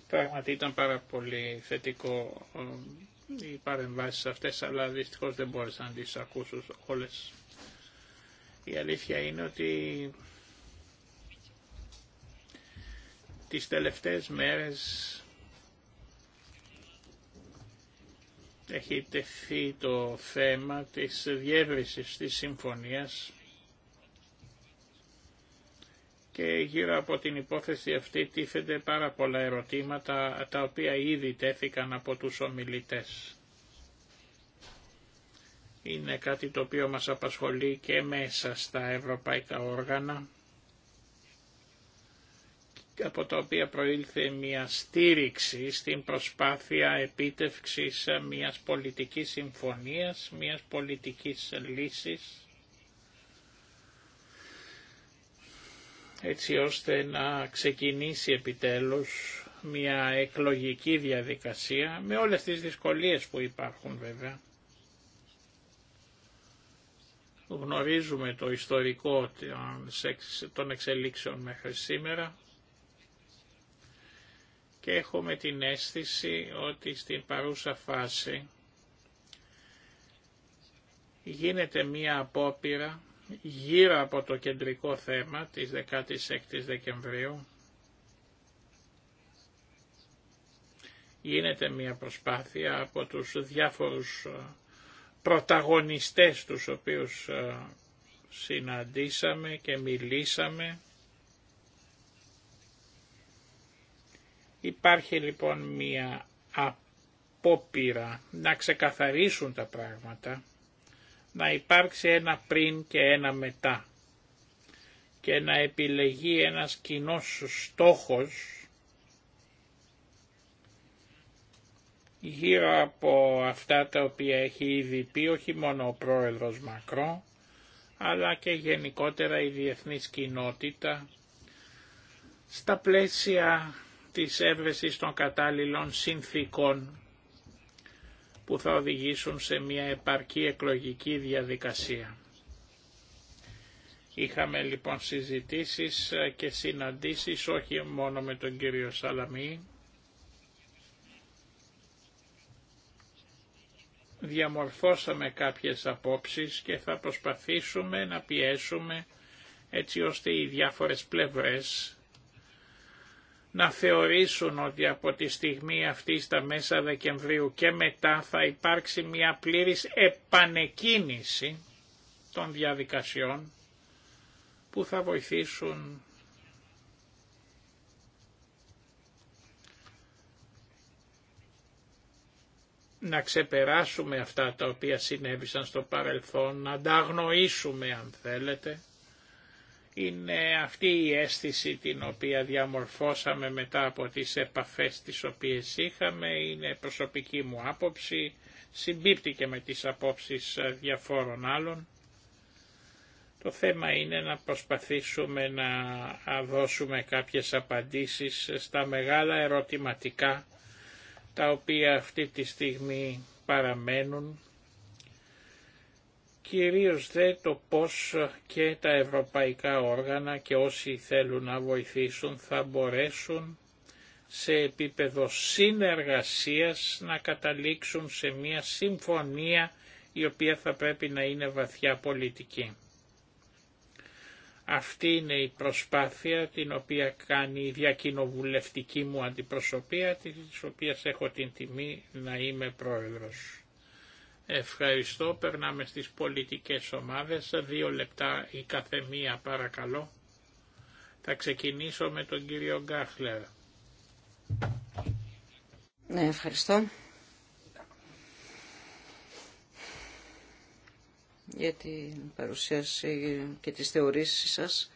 Πραγματικά ήταν πάρα πολύ θετικό ε, οι παρεμβάσει αυτές, αλλά δυστυχώς δεν μπόρεσα να τις ακούσω όλες. Η αλήθεια είναι ότι τις τελευταίες μέρες έχει τεθεί το θέμα της διεύρυνσης της συμφωνίας και γύρω από την υπόθεση αυτή τίθενται πάρα πολλά ερωτήματα τα οποία ήδη τέθηκαν από τους ομιλητές. Είναι κάτι το οποίο μας απασχολεί και μέσα στα ευρωπαϊκά όργανα από τα οποία προήλθε μια στήριξη στην προσπάθεια επίτευξης μιας πολιτικής συμφωνίας, μιας πολιτικής λύσης έτσι ώστε να ξεκινήσει επιτέλους μια εκλογική διαδικασία με όλες τις δυσκολίες που υπάρχουν βέβαια. Γνωρίζουμε το ιστορικό των εξελίξεων μέχρι σήμερα και έχουμε την αίσθηση ότι στην παρούσα φάση γίνεται μία απόπειρα γύρω από το κεντρικό θέμα της 16ης Δεκεμβρίου γίνεται μια προσπάθεια από τους διάφορους ε, πρωταγωνιστές τους οποίους ε, συναντήσαμε και μιλήσαμε. Υπάρχει λοιπόν μια απόπειρα να ξεκαθαρίσουν τα πράγματα να υπάρξει ένα πριν και ένα μετά και να επιλεγεί ένας κοινός στόχος γύρω από αυτά τα οποία έχει ήδη πει όχι μόνο ο πρόεδρος Μακρό, αλλά και γενικότερα η διεθνής κοινότητα στα πλαίσια της έβρεσης των κατάλληλων συνθήκων που θα οδηγήσουν σε μια επαρκή εκλογική διαδικασία. Είχαμε λοιπόν συζητήσεις και συναντήσεις όχι μόνο με τον κύριο Σαλαμί, διαμορφώσαμε κάποιες απόψεις και θα προσπαθήσουμε να πιέσουμε έτσι ώστε οι διάφορες πλευρές να θεωρήσουν ότι από τη στιγμή αυτή στα μέσα Δεκεμβρίου και μετά θα υπάρξει μια πλήρης επανεκκίνηση των διαδικασιών που θα βοηθήσουν να ξεπεράσουμε αυτά τα οποία συνέβησαν στο παρελθόν, να τα αγνοήσουμε αν θέλετε είναι αυτή η αίσθηση την οποία διαμορφώσαμε μετά από τις επαφές τις οποίες είχαμε, είναι προσωπική μου άποψη, συμπίπτει και με τις απόψεις ε, διαφόρων άλλων. Το θέμα είναι να προσπαθήσουμε να δώσουμε κάποιες απαντήσεις ε, στα μεγάλα ερωτηματικά τα οποία αυτή τη στιγμή παραμένουν κυρίως δε το πώς και τα ευρωπαϊκά όργανα και όσοι θέλουν να βοηθήσουν θα μπορέσουν σε επίπεδο συνεργασίας να καταλήξουν σε μια συμφωνία η οποία θα πρέπει να είναι βαθιά πολιτική. Αυτή είναι η προσπάθεια την οποία κάνει η διακοινοβουλευτική μου αντιπροσωπεία, της οποίας έχω την τιμή να είμαι πρόεδρος. Ευχαριστώ. Περνάμε στις πολιτικές ομάδες. Δύο λεπτά η καθεμία παρακαλώ. Θα ξεκινήσω με τον κύριο Γκάχλερ. Ναι, ευχαριστώ. για την παρουσίαση και τις θεωρήσεις σας.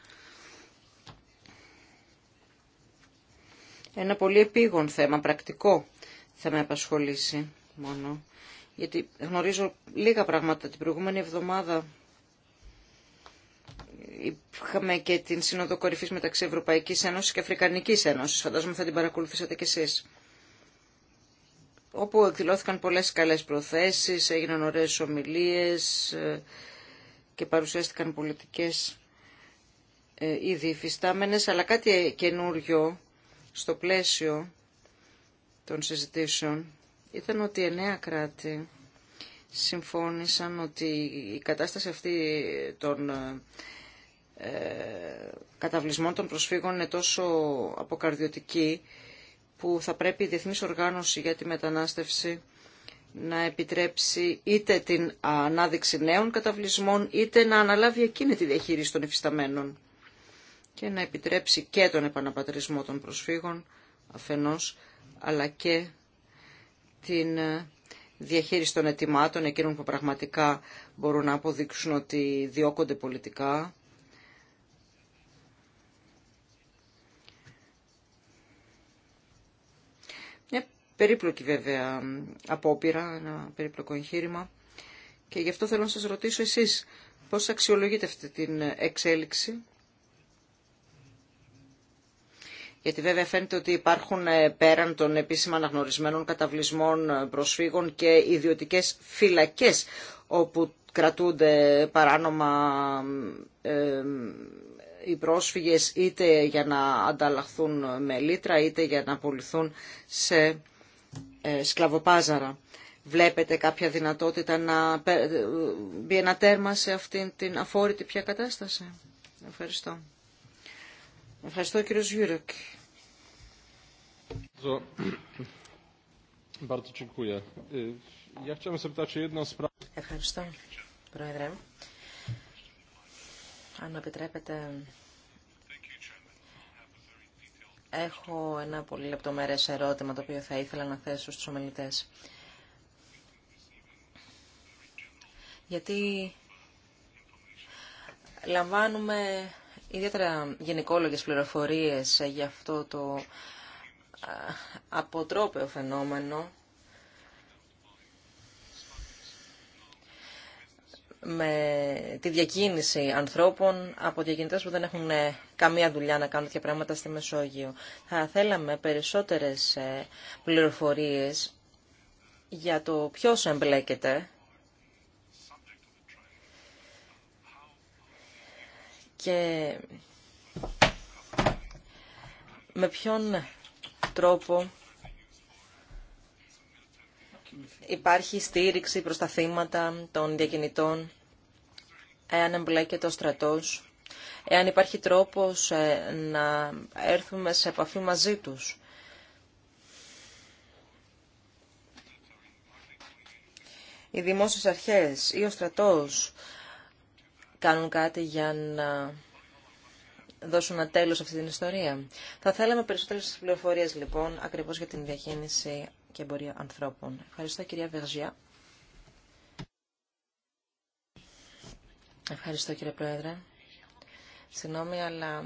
Ένα πολύ επίγον θέμα, πρακτικό, θα με απασχολήσει μόνο γιατί γνωρίζω λίγα πράγματα την προηγούμενη εβδομάδα. Είχαμε και την Σύνοδο Κορυφής μεταξύ Ευρωπαϊκής Ένωσης και Αφρικανικής Ένωσης. Φαντάζομαι θα την παρακολουθήσατε κι εσείς όπου εκδηλώθηκαν πολλές καλές προθέσεις, έγιναν ωραίες ομιλίες ε, και παρουσιάστηκαν πολιτικές ε, ήδη υφιστάμενες, αλλά κάτι καινούριο στο πλαίσιο των συζητήσεων ήταν ότι εννέα κράτη συμφώνησαν ότι η κατάσταση αυτή των ε, καταβλισμών των προσφύγων είναι τόσο αποκαρδιωτική που θα πρέπει η Διεθνής Οργάνωση για τη Μετανάστευση να επιτρέψει είτε την ανάδειξη νέων καταβλισμών είτε να αναλάβει εκείνη τη διαχείριση των εφισταμένων και να επιτρέψει και τον επαναπατρισμό των προσφύγων αφενός αλλά και την ε, διαχείριση των ετοιμάτων, εκείνων που πραγματικά μπορούν να αποδείξουν ότι διώκονται πολιτικά. Μια περίπλοκη βέβαια απόπειρα, ένα περίπλοκο εγχείρημα. Και γι' αυτό θέλω να σας ρωτήσω εσείς πώς αξιολογείτε αυτή την εξέλιξη γιατί βέβαια φαίνεται ότι υπάρχουν ε, πέραν των επίσημα αναγνωρισμένων καταβλισμών ε, προσφύγων και ιδιωτικές φυλακές όπου κρατούνται παράνομα ε, οι πρόσφυγες είτε για να ανταλλαχθούν με λίτρα είτε για να απολυθούν σε σκλαβοπάζαρα. Βλέπετε κάποια δυνατότητα να μπει ένα τέρμα σε αυτήν την αφόρητη πια κατάσταση. Ευχαριστώ. Ευχαριστώ κύριο Γιούρεκ. Ευχαριστώ, Πρόεδρε. Αν επιτρέπετε, έχω ένα πολύ λεπτομερές ερώτημα το οποίο θα ήθελα να θέσω στους ομιλητές. Γιατί λαμβάνουμε ιδιαίτερα γενικόλογες πληροφορίες για αυτό το αποτρόπαιο φαινόμενο με τη διακίνηση ανθρώπων από διακινητές που δεν έχουν ε, καμία δουλειά να κάνουν τέτοια πράγματα στη Μεσόγειο. Θα θέλαμε περισσότερες ε, πληροφορίες για το ποιος εμπλέκεται και με ποιον τρόπο υπάρχει στήριξη προς τα θύματα των διακινητών εάν εμπλέκεται ο στρατός, εάν υπάρχει τρόπος ε, να έρθουμε σε επαφή μαζί τους. Οι δημόσιες αρχές ή ο στρατός κάνουν κάτι για να δώσουν ένα τέλος αυτή την ιστορία. Θα θέλαμε περισσότερες πληροφορίες λοιπόν ακριβώς για την διακίνηση και εμπορία ανθρώπων. Ευχαριστώ κυρία Βεργιά. Ευχαριστώ κύριε Πρόεδρε. Συγγνώμη, αλλά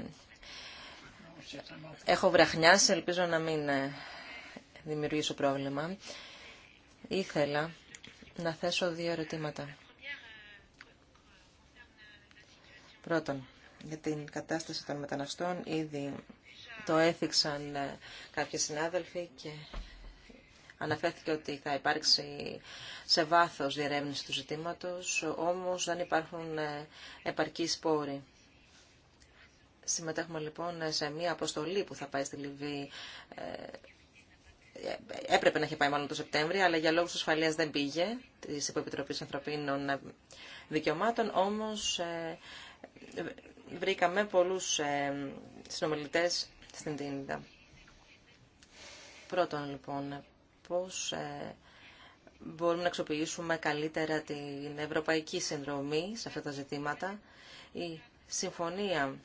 έχω βραχνιάσει, ελπίζω να μην ε, δημιουργήσω πρόβλημα. Ήθελα να θέσω δύο ερωτήματα. Πρώτον, για την κατάσταση των μεταναστών ήδη το έθιξαν ε, κάποιοι συνάδελφοι και αναφέρθηκε ότι θα υπάρξει σε βάθος διερεύνηση του ζητήματος, όμως δεν υπάρχουν ε, επαρκείς πόροι. Συμμετέχουμε λοιπόν σε μία αποστολή που θα πάει στη Λιβύη. Ε, έπρεπε να είχε πάει μάλλον το Σεπτέμβριο, αλλά για λόγους ασφαλείας δεν πήγε της Υποεπιτροπής Ανθρωπίνων Δικαιωμάτων. Όμως βρήκαμε πολλούς ε, συνομιλητές στην Τίνιδα. Πρώτον, λοιπόν, πώς ε, μπορούμε να αξιοποιήσουμε καλύτερα την ευρωπαϊκή συνδρομή σε αυτά τα ζητήματα. Η συμφωνία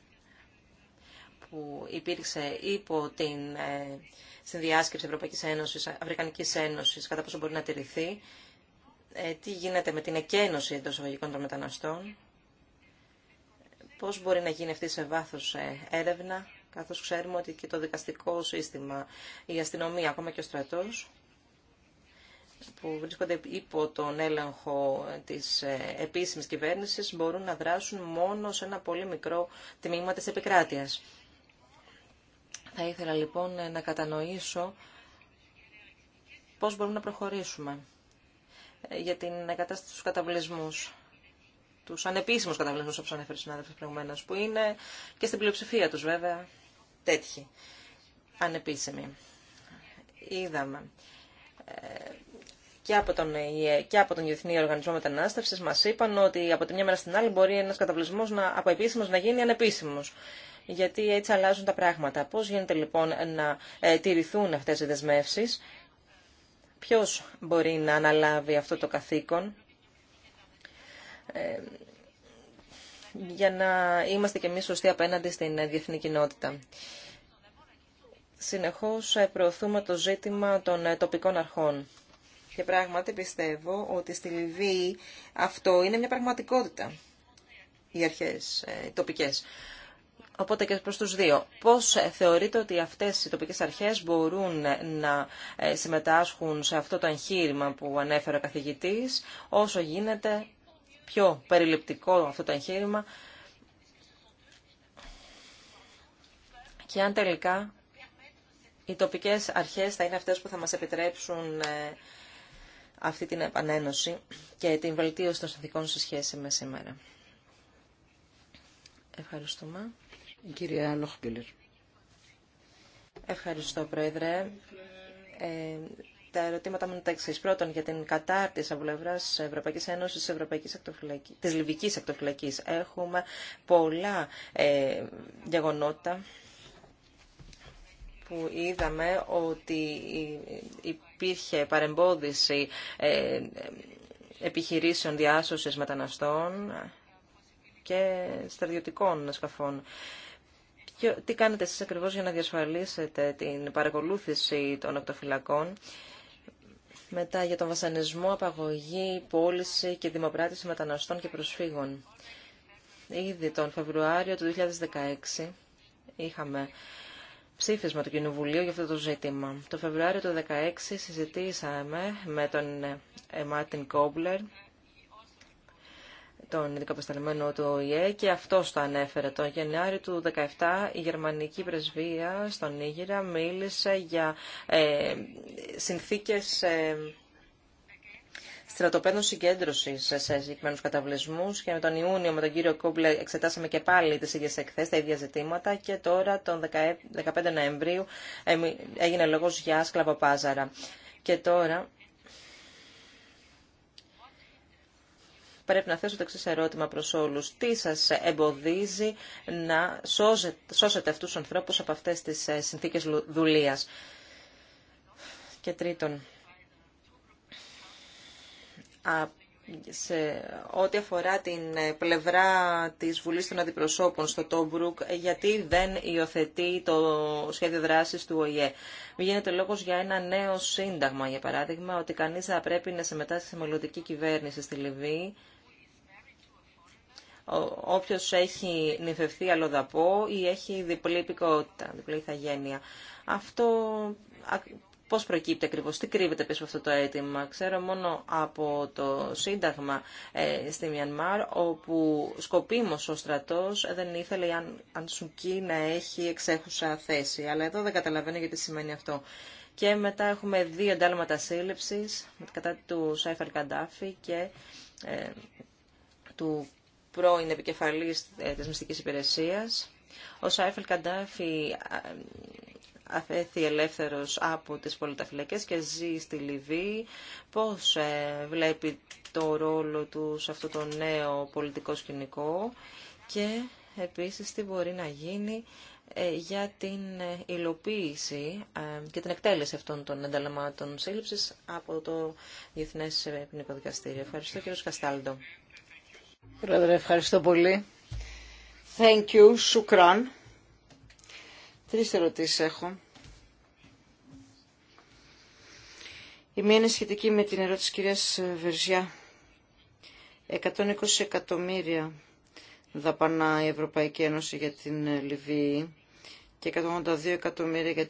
που υπήρξε υπό την ε, συνδιάσκεψη Ευρωπαϊκής Ένωσης, Αφρικανικής Ένωσης, κατά πόσο μπορεί να τηρηθεί, τι γίνεται με την εκένωση εντός εγωγικών των μεταναστών πώς μπορεί να γίνει αυτή σε βάθος ε, έρευνα, καθώς ξέρουμε ότι και το δικαστικό σύστημα, η αστυνομία, ακόμα και ο στρατός, που βρίσκονται υπό τον έλεγχο της ε, επίσημης κυβέρνησης, μπορούν να δράσουν μόνο σε ένα πολύ μικρό τμήμα της επικράτειας. Θα ήθελα λοιπόν να κατανοήσω πώς μπορούμε να προχωρήσουμε ε, για την κατάσταση στους καταβλισμούς. Του ανεπίσημου καταβλισμού όπω ανέφερε ο συνάδελφο προηγουμένω, που είναι και στην πλειοψηφία του, βέβαια τέτοιοι ανεπίσημοι. Είδαμε ε, και από τον και από τον Διεθνή Οργανισμό Μετανάστευση μα είπαν ότι από τη μια μέρα στην άλλη μπορεί ένα καταβλισμό από επίσημο να γίνει ανεπίσημο. Γιατί έτσι αλλάζουν τα πράγματα. Πώ γίνεται λοιπόν να ε, τηρηθούν αυτέ οι δεσμεύσει, ποιο μπορεί να αναλάβει αυτό το καθήκον ε, για να είμαστε και εμείς σωστοί απέναντι στην διεθνή κοινότητα. Συνεχώς ε, προωθούμε το ζήτημα των ε, τοπικών αρχών. Και πράγματι πιστεύω ότι στη Λιβύη αυτό είναι μια πραγματικότητα, οι αρχές οι τοπικές. Οπότε και προς τους δύο. Πώς θεωρείτε ότι αυτές οι τοπικές αρχές μπορούν να συμμετάσχουν σε αυτό το εγχείρημα που ανέφερε ο καθηγητής, όσο γίνεται πιο περιληπτικό αυτό το εγχείρημα και αν τελικά οι τοπικές αρχές θα είναι αυτές που θα μας επιτρέψουν ε, αυτή την επανένωση και την βελτίωση των συνθηκών σε σχέση με σήμερα. Ευχαριστούμε. κυρία Ευχαριστώ, Πρόεδρε. Ε, τα ερωτήματα μου είναι τα εξή. Πρώτον, για την κατάρτιση από πλευρά τη Ευρωπαϊκή Ένωση τη Λιβική Ακτοφυλακή. Έχουμε πολλά ε, γεγονότα που είδαμε ότι υπήρχε παρεμπόδιση ε, επιχειρήσεων διάσωσης μεταναστών και στρατιωτικών σκαφών. Τι κάνετε εσείς ακριβώς για να διασφαλίσετε την παρακολούθηση των ακτοφυλακών μετά για τον βασανισμό, απαγωγή, πώληση και δημοπράτηση μεταναστών και προσφύγων. Ήδη τον Φεβρουάριο του 2016 είχαμε ψήφισμα του Κοινοβουλίου για αυτό το ζήτημα. Το Φεβρουάριο του 2016 συζητήσαμε με τον ε, Μάρτιν Κόμπλερ τον ειδικό απεσταλμένο του ΟΗΕ και αυτό το ανέφερε. Το Γενάρη του 2017 η γερμανική πρεσβεία στον Νίγηρα μίλησε για ε, συνθήκες ε, στρατοπέδων συγκέντρωση σε συγκεκριμένου καταβλισμού και με τον Ιούνιο με τον κύριο Κούμπλε εξετάσαμε και πάλι τι ίδιε εκθέσει, τα ίδια ζητήματα και τώρα τον 15 Νοεμβρίου έγινε λόγο για σκλαβοπάζαρα. Και τώρα πρέπει να θέσω το εξή ερώτημα προς όλους. Τι σας εμποδίζει να σώζετε, σώσετε αυτούς τους ανθρώπους από αυτές τις ε, συνθήκες δουλείας. Και τρίτον, σε ό,τι αφορά την ε, πλευρά της Βουλής των Αντιπροσώπων στο Τόμπρουκ, γιατί δεν υιοθετεί το σχέδιο δράσης του ΟΗΕ. Γίνεται λόγος για ένα νέο σύνταγμα, για παράδειγμα, ότι κανείς θα πρέπει να συμμετάσχει σε μελλοντική κυβέρνηση στη Λιβύη όποιος έχει νυφευθεί αλλοδαπό ή έχει διπλή υπηκότητα, διπλή ηθαγένεια. Αυτό πώς προκύπτει ακριβώ, τι κρύβεται πίσω από αυτό το αίτημα. Ξέρω μόνο από το Σύνταγμα ε, στη Μιανμάρ, όπου σκοπίμω ο στρατός δεν ήθελε η αν να έχει εξέχουσα θέση. Αλλά εδώ δεν καταλαβαίνω γιατί σημαίνει αυτό. Και μετά έχουμε δύο εντάλματα σύλληψη κατά του Σάιφερ Καντάφη και ε, του πρώην επικεφαλής ε, της μυστικής υπηρεσίας. Ο Σάιφελ Καντάφη αφέθη ελεύθερος από τις πολιταφυλακές και ζει στη Λιβύη. Πώς ε, βλέπει το ρόλο του σε αυτό το νέο πολιτικό σκηνικό και επίσης τι μπορεί να γίνει ε, για την υλοποίηση και την εκτέλεση αυτών των ενταλματών σύλληψης από το Διεθνές Ποινικό Ευχαριστώ κύριο Καστάλντο. Πρόεδρε, ευχαριστώ πολύ. Thank you, Σουκράν. Τρεις ερωτήσεις έχω. Η μία είναι σχετική με την ερώτηση της κυρίας Βερζιά. 120 εκατομμύρια δαπανά η Ευρωπαϊκή Ένωση για την Λιβύη και 182 εκατομμύρια για,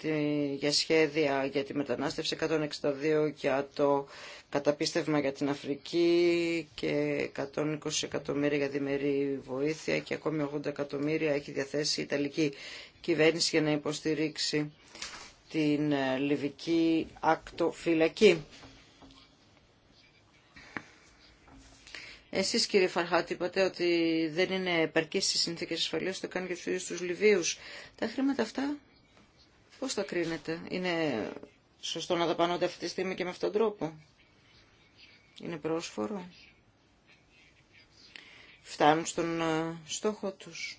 για σχέδια για τη μετανάστευση, 162 για το καταπίστευμα για την Αφρική και 120 εκατομμύρια για διμερή βοήθεια και ακόμη 80 εκατομμύρια έχει διαθέσει η Ιταλική κυβέρνηση για να υποστηρίξει την ε, Λιβική ακτοφυλακή. Εσείς κύριε Φαρχάτη, είπατε ότι δεν είναι επαρκής στις συνθήκες ασφαλείας, το κάνει για τους ίδιους τους Λιβύους. Τα χρήματα αυτά πώς τα κρίνετε. Είναι σωστό να δαπανώνται αυτή τη στιγμή και με αυτόν τον τρόπο. Είναι πρόσφορο. Φτάνουν στον ε, στόχο τους.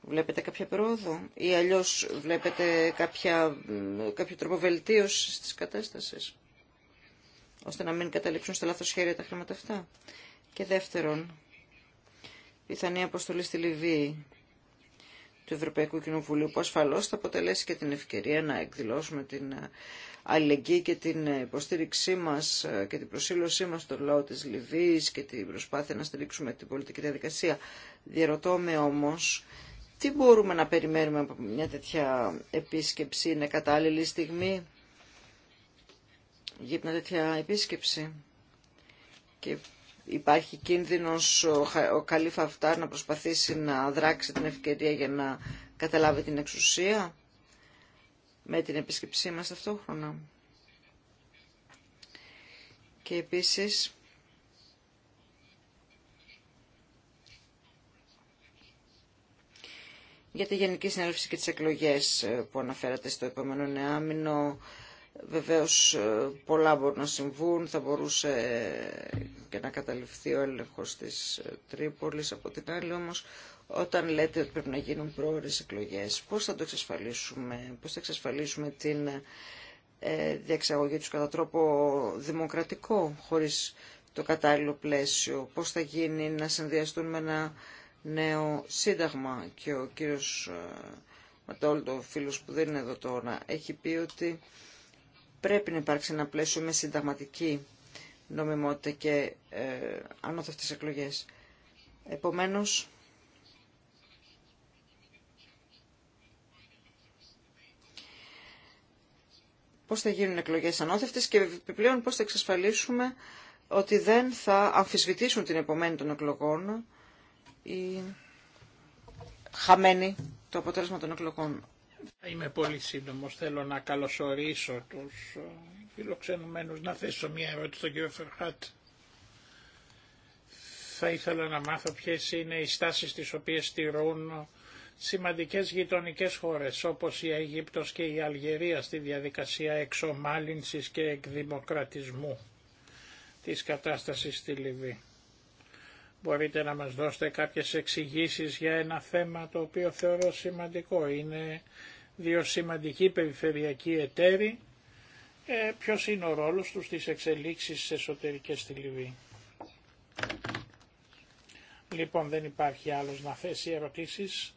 Βλέπετε κάποια πρόοδο ή αλλιώς βλέπετε κάποια, κάποιο τρόπο βελτίωση της κατάστασης ώστε να μην καταλήξουν στα λάθος χέρια τα χρήματα αυτά. Και δεύτερον, πιθανή αποστολή στη Λιβύη του Ευρωπαϊκού Κοινοβουλίου, που ασφαλώς θα αποτελέσει και την ευκαιρία να εκδηλώσουμε την ε, αλληλεγγύη και την ε, υποστήριξή μας ε, και την προσήλωσή μας στον λαό της Λιβύης και την προσπάθεια να στηρίξουμε την πολιτική διαδικασία. Διερωτώ με όμως, τι μπορούμε να περιμένουμε από μια τέτοια επίσκεψη, είναι κατάλληλη στιγμή για μια τέτοια επίσκεψη. Και υπάρχει κίνδυνος ο Καλήφα Αφτάρ να προσπαθήσει να δράξει την ευκαιρία για να καταλάβει την εξουσία με την επίσκεψή μας ταυτόχρονα. Και επίσης για τη Γενική Συνέλευση και τις εκλογές ε, που αναφέρατε στο επόμενο νεάμινο Βεβαίως ε, πολλά μπορούν να συμβούν, θα μπορούσε και να καταληφθεί ο έλεγχος της ε, Τρίπολης. Από την άλλη όμως, όταν λέτε ότι πρέπει να γίνουν πρόορες εκλογές, πώς θα το εξασφαλίσουμε, πώς θα εξασφαλίσουμε την ε, διαξαγωγή τους κατά τρόπο δημοκρατικό, χωρίς το κατάλληλο πλαίσιο, πώς θα γίνει να συνδυαστούν με ένα νέο σύνταγμα και ο κύριος Ματόλτο, φίλος που δεν είναι εδώ τώρα, έχει πει ότι πρέπει να υπάρξει ένα πλαίσιο με συνταγματική νομιμότητα και ε, ανώθευτες εκλογές. Επομένως, πώς θα γίνουν εκλογές ανώθευτες και επιπλέον πώς θα εξασφαλίσουμε ότι δεν θα αμφισβητήσουν την επομένη των εκλογών ή χαμένη το αποτέλεσμα των εκλογών. Θα Είμαι πολύ σύντομος, θέλω να καλωσορίσω τους ε, φιλοξενουμένους. Να θέσω μια ερώτηση στον κύριο Φερχάτ. Θα ήθελα να μάθω ποιες είναι οι στάσεις τις οποίες στηρούν σημαντικές γειτονικές χώρες όπως η Αιγύπτος και η Αλγερία στη διαδικασία εξομάλυνσης και εκδημοκρατισμού της κατάστασης στη Λιβύη. Μπορείτε να μας δώσετε κάποιες εξηγήσεις για ένα θέμα το οποίο θεωρώ σημαντικό. Είναι δύο σημαντικοί περιφερειακοί εταίροι. Ε, ποιος είναι ο ρόλος τους στις εξελίξεις εσωτερικές στη Λιβύη. Λοιπόν δεν υπάρχει άλλος να θέσει ερωτήσεις,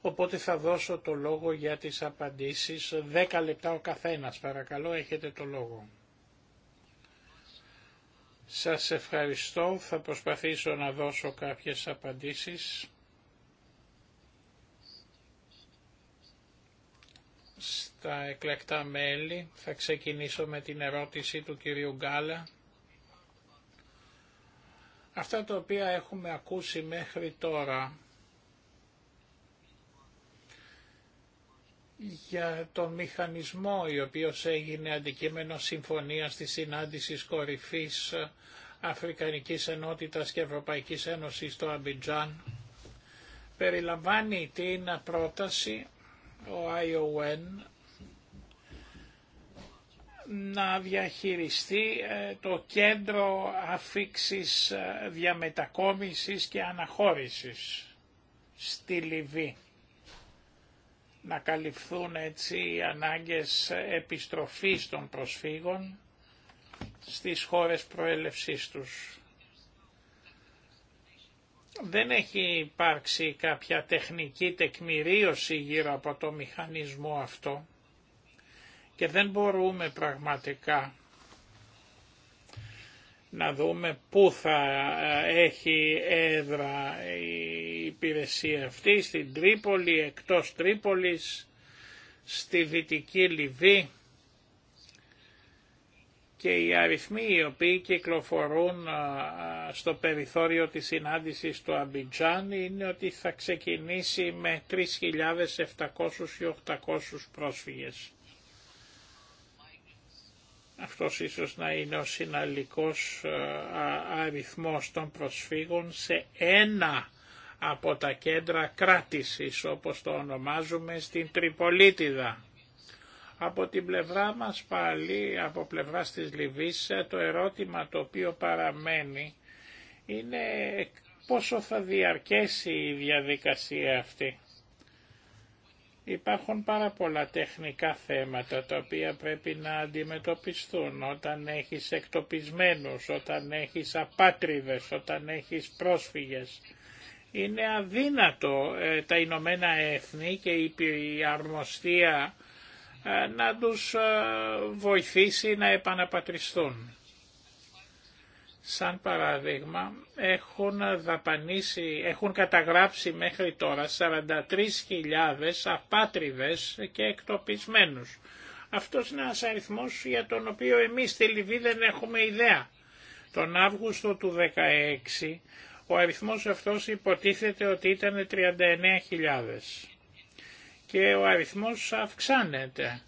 οπότε θα δώσω το λόγο για τις απαντήσεις. Δέκα λεπτά ο καθένας παρακαλώ έχετε το λόγο. Σας ευχαριστώ. Θα προσπαθήσω να δώσω κάποιες απαντήσεις. Στα εκλεκτά μέλη θα ξεκινήσω με την ερώτηση του κυρίου Γκάλα. Αυτά τα οποία έχουμε ακούσει μέχρι τώρα για τον μηχανισμό ο οποίος έγινε αντικείμενο συμφωνίας της συνάντησης κορυφής ε, Αφρικανικής Ενότητας και Ευρωπαϊκής Ένωσης στο Αμπιτζάν περιλαμβάνει την πρόταση ο ION να διαχειριστεί ε, το κέντρο αφήξης ε, διαμετακόμισης και αναχώρησης στη Λιβύη να καλυφθούν έτσι οι ανάγκες επιστροφής των προσφύγων στις χώρες προέλευσής τους. Δεν έχει υπάρξει κάποια τεχνική τεκμηρίωση γύρω από το μηχανισμό αυτό και δεν μπορούμε πραγματικά να δούμε πού θα ε, έχει έδρα η υπηρεσία αυτή, στην Τρίπολη, εκτός Τρίπολης, στη Δυτική Λιβύη και οι αριθμοί οι οποίοι κυκλοφορούν ε, στο περιθώριο της συνάντησης του Αμπιτζάν είναι ότι θα ξεκινήσει με 3.700 ή 800 πρόσφυγες. Αυτός ίσως να είναι ο συναλλικός ε, αριθμός των προσφύγων σε ένα από τα κέντρα κράτησης, όπως το ονομάζουμε, στην Τριπολίτιδα. Από την πλευρά μας πάλι, από πλευρά της Λιβύης, ε, το ερώτημα το οποίο παραμένει είναι πόσο θα διαρκέσει η διαδικασία αυτή. Υπάρχουν πάρα πολλά τεχνικά θέματα τα οποία πρέπει να αντιμετωπιστούν όταν έχεις εκτοπισμένους, όταν έχεις απάτριδες, όταν έχεις πρόσφυγες. Είναι αδύνατο ε, τα Ηνωμένα Έθνη και η αρμοστία ε, να τους ε, βοηθήσει να επαναπατριστούν σαν παράδειγμα, έχουν έχουν καταγράψει μέχρι τώρα 43.000 απάτριδες και εκτοπισμένους. Αυτός είναι ένας αριθμός για τον οποίο εμείς στη Λιβύη δεν έχουμε ιδέα. Τον Αύγουστο του 2016 ο αριθμός αυτός υποτίθεται ότι ήταν 39.000 και ο αριθμός αυξάνεται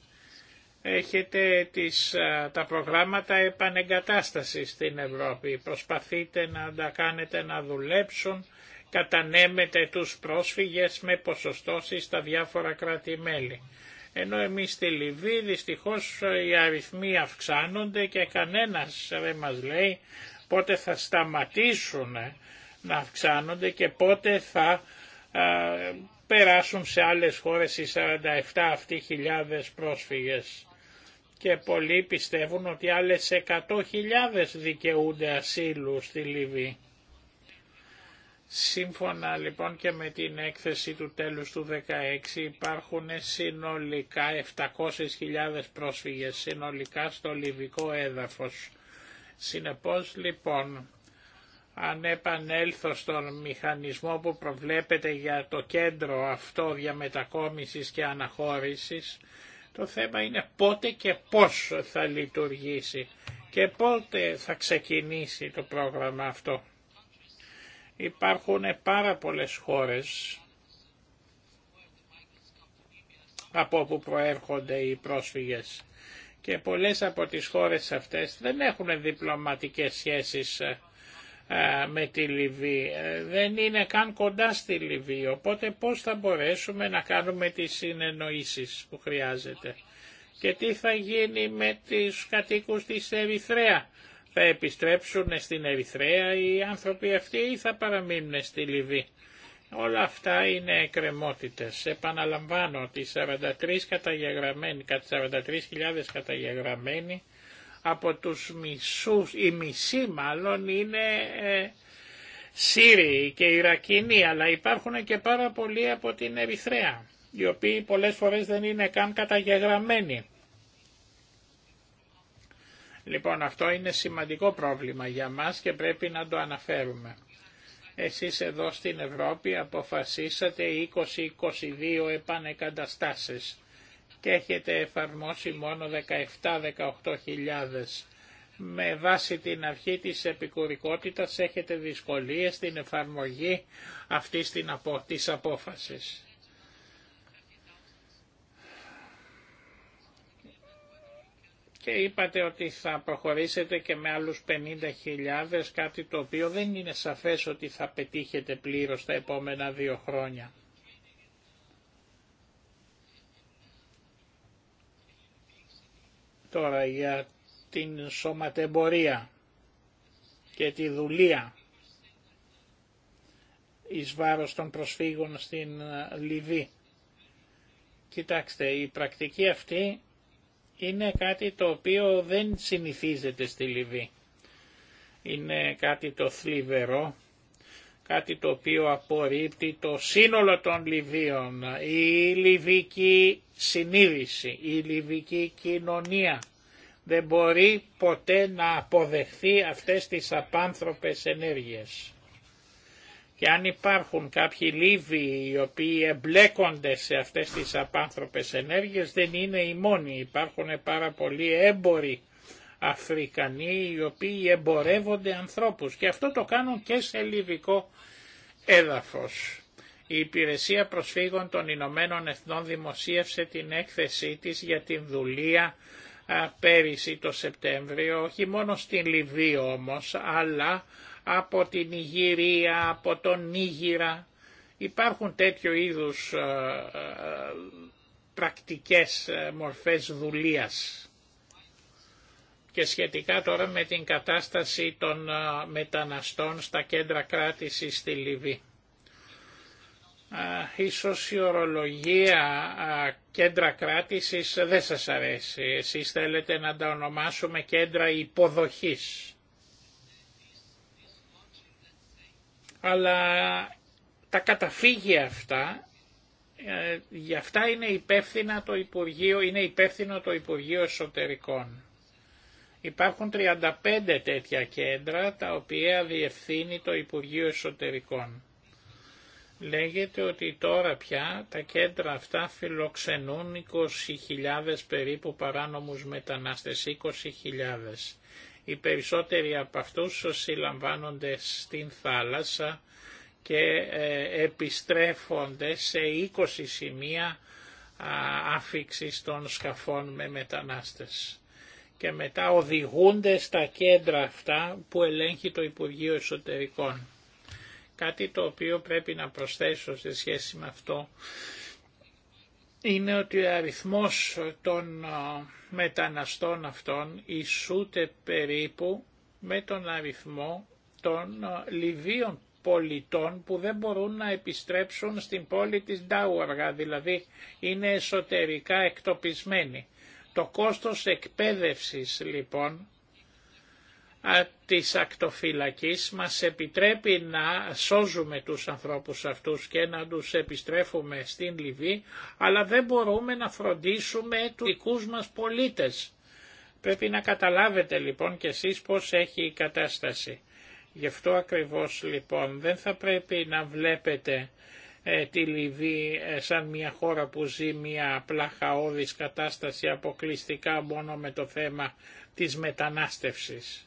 έχετε τις, τα προγράμματα επανεγκατάστασης στην Ευρώπη. Προσπαθείτε να τα κάνετε να δουλέψουν, κατανέμετε τους πρόσφυγες με ποσοστώσεις στα διάφορα κράτη-μέλη. Ενώ εμείς στη Λιβύη δυστυχώς οι αριθμοί αυξάνονται και κανένας δεν μας λέει πότε θα σταματήσουν ε, να αυξάνονται και πότε θα περάσουν σε άλλες χώρες οι 47 αυτοί χιλιάδες πρόσφυγες και πολλοί πιστεύουν ότι άλλες 100.000 δικαιούνται ασύλου στη Λιβύη. Σύμφωνα λοιπόν και με την έκθεση του τέλους του 16 υπάρχουν συνολικά 700.000 πρόσφυγες συνολικά στο λιβικό έδαφος. Συνεπώς λοιπόν αν επανέλθω στον μηχανισμό που προβλέπεται για το κέντρο αυτό διαμετακόμισης και αναχώρησης το θέμα είναι πότε και πώς θα λειτουργήσει και πότε θα ξεκινήσει το πρόγραμμα αυτό. Υπάρχουν πάρα πολλές χώρες από όπου προέρχονται οι πρόσφυγες και πολλές από τις χώρες αυτές δεν έχουν διπλωματικές σχέσεις με τη Λιβύη. Ε, δεν είναι καν κοντά στη Λιβύη, οπότε πώς θα μπορέσουμε να κάνουμε τις συνεννοήσεις που χρειάζεται. Και τι θα γίνει με τους κατοίκους της Ερυθρέα. Θα επιστρέψουν στην Ερυθρέα οι άνθρωποι αυτοί ή θα παραμείνουν στη Λιβύη. Όλα αυτά είναι εκκρεμότητες. Επαναλαμβάνω ότι 43 καταγεγραμμένοι, 43.000 καταγεγραμμένοι από τους μισούς, οι μισοί μάλλον είναι ε, Σύριοι και Ιρακινοί, αλλά υπάρχουν και πάρα πολλοί από την Ερυθρέα, οι οποίοι πολλές φορές δεν είναι καν καταγεγραμμένοι. Λοιπόν, αυτό είναι σημαντικό πρόβλημα για μας και πρέπει να το αναφέρουμε. Εσείς εδώ στην Ευρώπη αποφασίσατε 20-22 επανεκαταστάσεις και έχετε εφαρμόσει μόνο 17-18 Με βάση την αρχή της επικουρικότητας έχετε δυσκολίες στην εφαρμογή αυτής της απόφασης. Και είπατε ότι θα προχωρήσετε και με άλλους 50.000, κάτι το οποίο δεν είναι σαφές ότι θα πετύχετε πλήρως τα επόμενα δύο χρόνια. Τώρα για την σωματεμπορία και τη δουλεία εις βάρος των προσφύγων στην ε, Λιβύη. Κοιτάξτε, η πρακτική αυτή είναι κάτι το οποίο δεν συνηθίζεται στη Λιβύη. Είναι κάτι το θλιβερό κάτι το οποίο απορρίπτει το σύνολο των Λιβύων, η Λιβική συνείδηση, η Λιβική κοινωνία. Δεν μπορεί ποτέ να αποδεχθεί αυτές τις απάνθρωπες ενέργειες. Και αν υπάρχουν κάποιοι Λίβοι οι οποίοι εμπλέκονται σε αυτές τις απάνθρωπες ενέργειες δεν είναι οι μόνοι. Υπάρχουν πάρα πολλοί έμποροι Αφρικανοί οι οποίοι εμπορεύονται ανθρώπους και αυτό το κάνουν και σε λιβικό έδαφος. Η Υπηρεσία Προσφύγων των Ηνωμένων Εθνών δημοσίευσε την έκθεσή της για την δουλεία πέρυσι το Σεπτέμβριο, όχι μόνο στην Λιβύη όμως, αλλά από την Ιγυρία, από τον Νίγηρα. Υπάρχουν τέτοιου είδους πρακτικές μορφές δουλείας και σχετικά τώρα με την κατάσταση των ε, μεταναστών στα κέντρα κράτησης στη Λιβύη. η ορολογία κέντρα κράτησης δεν σας αρέσει. Εσείς θέλετε να τα ονομάσουμε κέντρα υποδοχής. Αλλά τα καταφύγια αυτά, ε, Γι' αυτά είναι υπεύθυνο το Υπουργείο, είναι υπεύθυνο το Υπουργείο Εσωτερικών. Υπάρχουν 35 τέτοια κέντρα τα οποία διευθύνει το Υπουργείο Εσωτερικών. Λέγεται ότι τώρα πια τα κέντρα αυτά φιλοξενούν 20.000 περίπου παράνομους μετανάστες, 20.000. Οι περισσότεροι από αυτούς συλλαμβάνονται στην θάλασσα και ε, επιστρέφονται σε 20 σημεία άφηξης των σκαφών με μετανάστες και μετά οδηγούνται στα κέντρα αυτά που ελέγχει το Υπουργείο Εσωτερικών. Κάτι το οποίο πρέπει να προσθέσω σε σχέση με αυτό είναι ότι ο αριθμός των μεταναστών αυτών ισούται περίπου με τον αριθμό των Λιβύων πολιτών που δεν μπορούν να επιστρέψουν στην πόλη της Ντάουαργα, δηλαδή είναι εσωτερικά εκτοπισμένοι. Το κόστος εκπαίδευσης λοιπόν της ακτοφυλακής μας επιτρέπει να σώζουμε τους ανθρώπους αυτούς και να τους επιστρέφουμε στην Λιβύη, αλλά δεν μπορούμε να φροντίσουμε τους δικούς μας πολίτες. Πρέπει να καταλάβετε λοιπόν και εσείς πώς έχει η κατάσταση. Γι' αυτό ακριβώς λοιπόν δεν θα πρέπει να βλέπετε ε, τη Λιβύη ε, σαν μια χώρα που ζει μια απλά χαόδης κατάσταση αποκλειστικά μόνο με το θέμα της μετανάστευσης.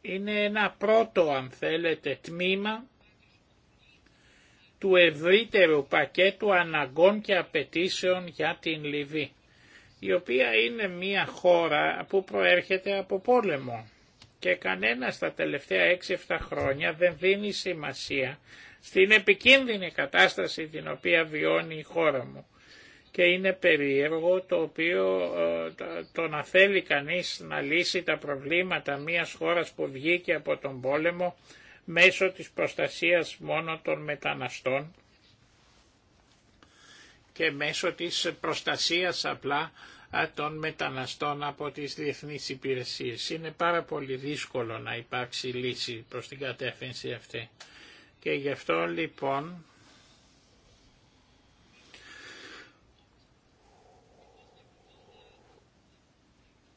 Είναι ένα πρώτο αν θέλετε τμήμα του ευρύτερου πακέτου αναγκών και απαιτήσεων για την Λιβύη, η οποία είναι μια χώρα που προέρχεται από πόλεμο και κανένα τα τελευταία 6-7 χρόνια δεν δίνει σημασία στην επικίνδυνη κατάσταση την οποία βιώνει η χώρα μου. Και είναι περίεργο το οποίο ε, το να θέλει κανείς να λύσει τα προβλήματα μιας χώρας που βγήκε από τον πόλεμο μέσω της προστασίας μόνο των μεταναστών και μέσω της προστασίας απλά των μεταναστών από τις διεθνείς υπηρεσίες. Είναι πάρα πολύ δύσκολο να υπάρξει λύση προς την κατεύθυνση αυτή. Και γι' αυτό λοιπόν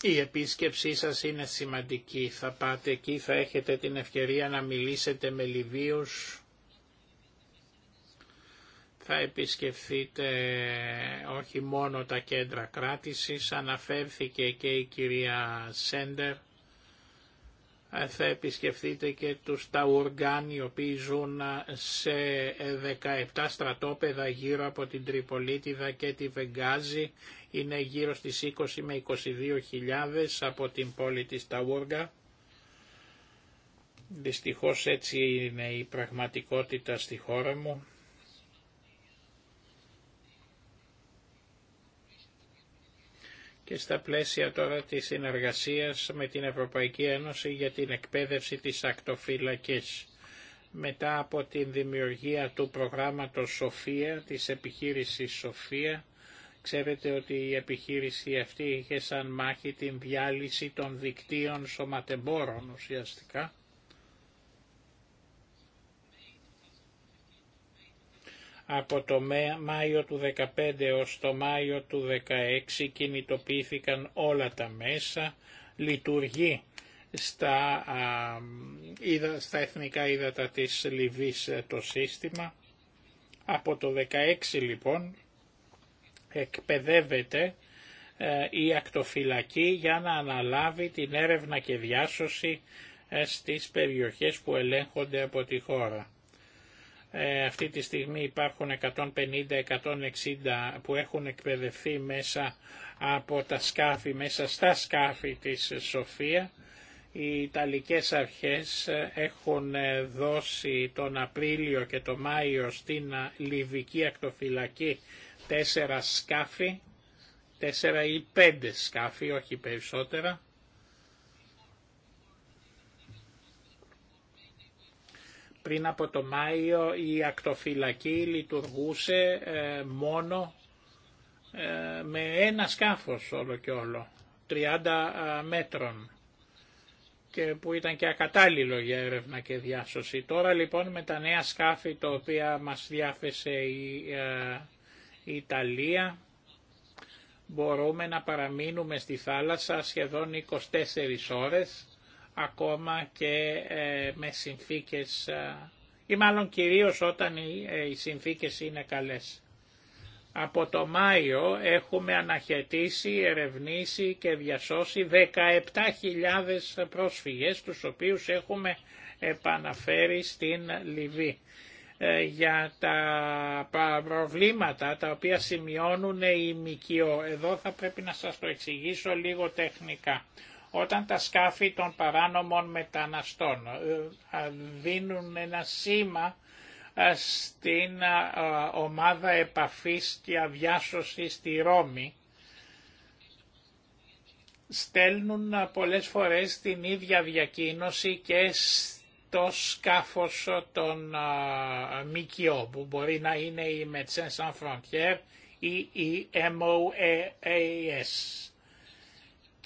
Η επίσκεψή σας είναι σημαντική. Θα πάτε εκεί, θα έχετε την ευκαιρία να μιλήσετε με Λιβύους θα επισκεφθείτε όχι μόνο τα κέντρα κράτησης, αναφέρθηκε και η κυρία Σέντερ, ε, θα επισκεφθείτε και τους Ταουργκάν οι οποίοι ζουν σε 17 στρατόπεδα γύρω από την Τριπολίτιδα και τη Βεγγάζη. Είναι γύρω στις 20 με 22 χιλιάδες από την πόλη της Ταούργα. Δυστυχώς έτσι είναι η πραγματικότητα στη χώρα μου. και στα πλαίσια τώρα της συνεργασίας με την Ευρωπαϊκή Ένωση για την εκπαίδευση της ακτοφυλακής. Μετά από την δημιουργία του προγράμματος Σοφία, της επιχείρησης Σοφία, ξέρετε ότι η επιχείρηση αυτή είχε σαν μάχη την διάλυση των δικτύων σωματεμπόρων ουσιαστικά από το Μάιο του 2015 έως το Μάιο του 2016 κινητοποιήθηκαν όλα τα μέσα, λειτουργεί στα, α, στα εθνικά ύδατα της Λιβύης ε, το σύστημα. Από το 16 λοιπόν εκπαιδεύεται ε, η ακτοφυλακή για να αναλάβει την έρευνα και διάσωση ε, στις περιοχές που ελέγχονται από τη χώρα. Ε, αυτή τη στιγμή υπάρχουν 150-160 που έχουν εκπαιδευτεί μέσα από τα σκάφη, μέσα στα σκάφη της Σοφία. Οι Ιταλικές αρχές έχουν δώσει τον Απρίλιο και τον Μάιο στην Λιβική Ακτοφυλακή τέσσερα σκάφη, τέσσερα ή πέντε σκάφη, όχι περισσότερα, Πριν από το Μάιο η ακτοφυλακή λειτουργούσε ε, μόνο ε, με ένα σκάφος όλο και όλο, 30 ε, μέτρων και που ήταν και ακατάλληλο για έρευνα και διάσωση. Τώρα λοιπόν με τα νέα σκάφη τα οποία μας διάφεσε η, η Ιταλία μπορούμε να παραμείνουμε στη θάλασσα σχεδόν 24 ώρες ακόμα και ε, με συνθήκες ε, ή μάλλον κυρίως όταν ε, οι συνθήκες είναι καλές. Από το Μάιο έχουμε αναχαιτήσει, ερευνήσει και διασώσει 17.000 πρόσφυγες, τους οποίους έχουμε επαναφέρει στην Λιβύη. Για τα προβλήματα τα οποία σημειώνουν οι ΜΚΟ, εδώ θα πρέπει να σας το εξηγήσω λίγο τεχνικά όταν τα σκάφη των παράνομων μεταναστών ε, δίνουν ένα σήμα στην ομάδα επαφής και αδιάσωσης στη Ρώμη, στέλνουν πολλές φορές την ίδια διακίνωση και στο σκάφος των ΜΚΟ που μπορεί να είναι η Μετσέν Sans ή η MOAS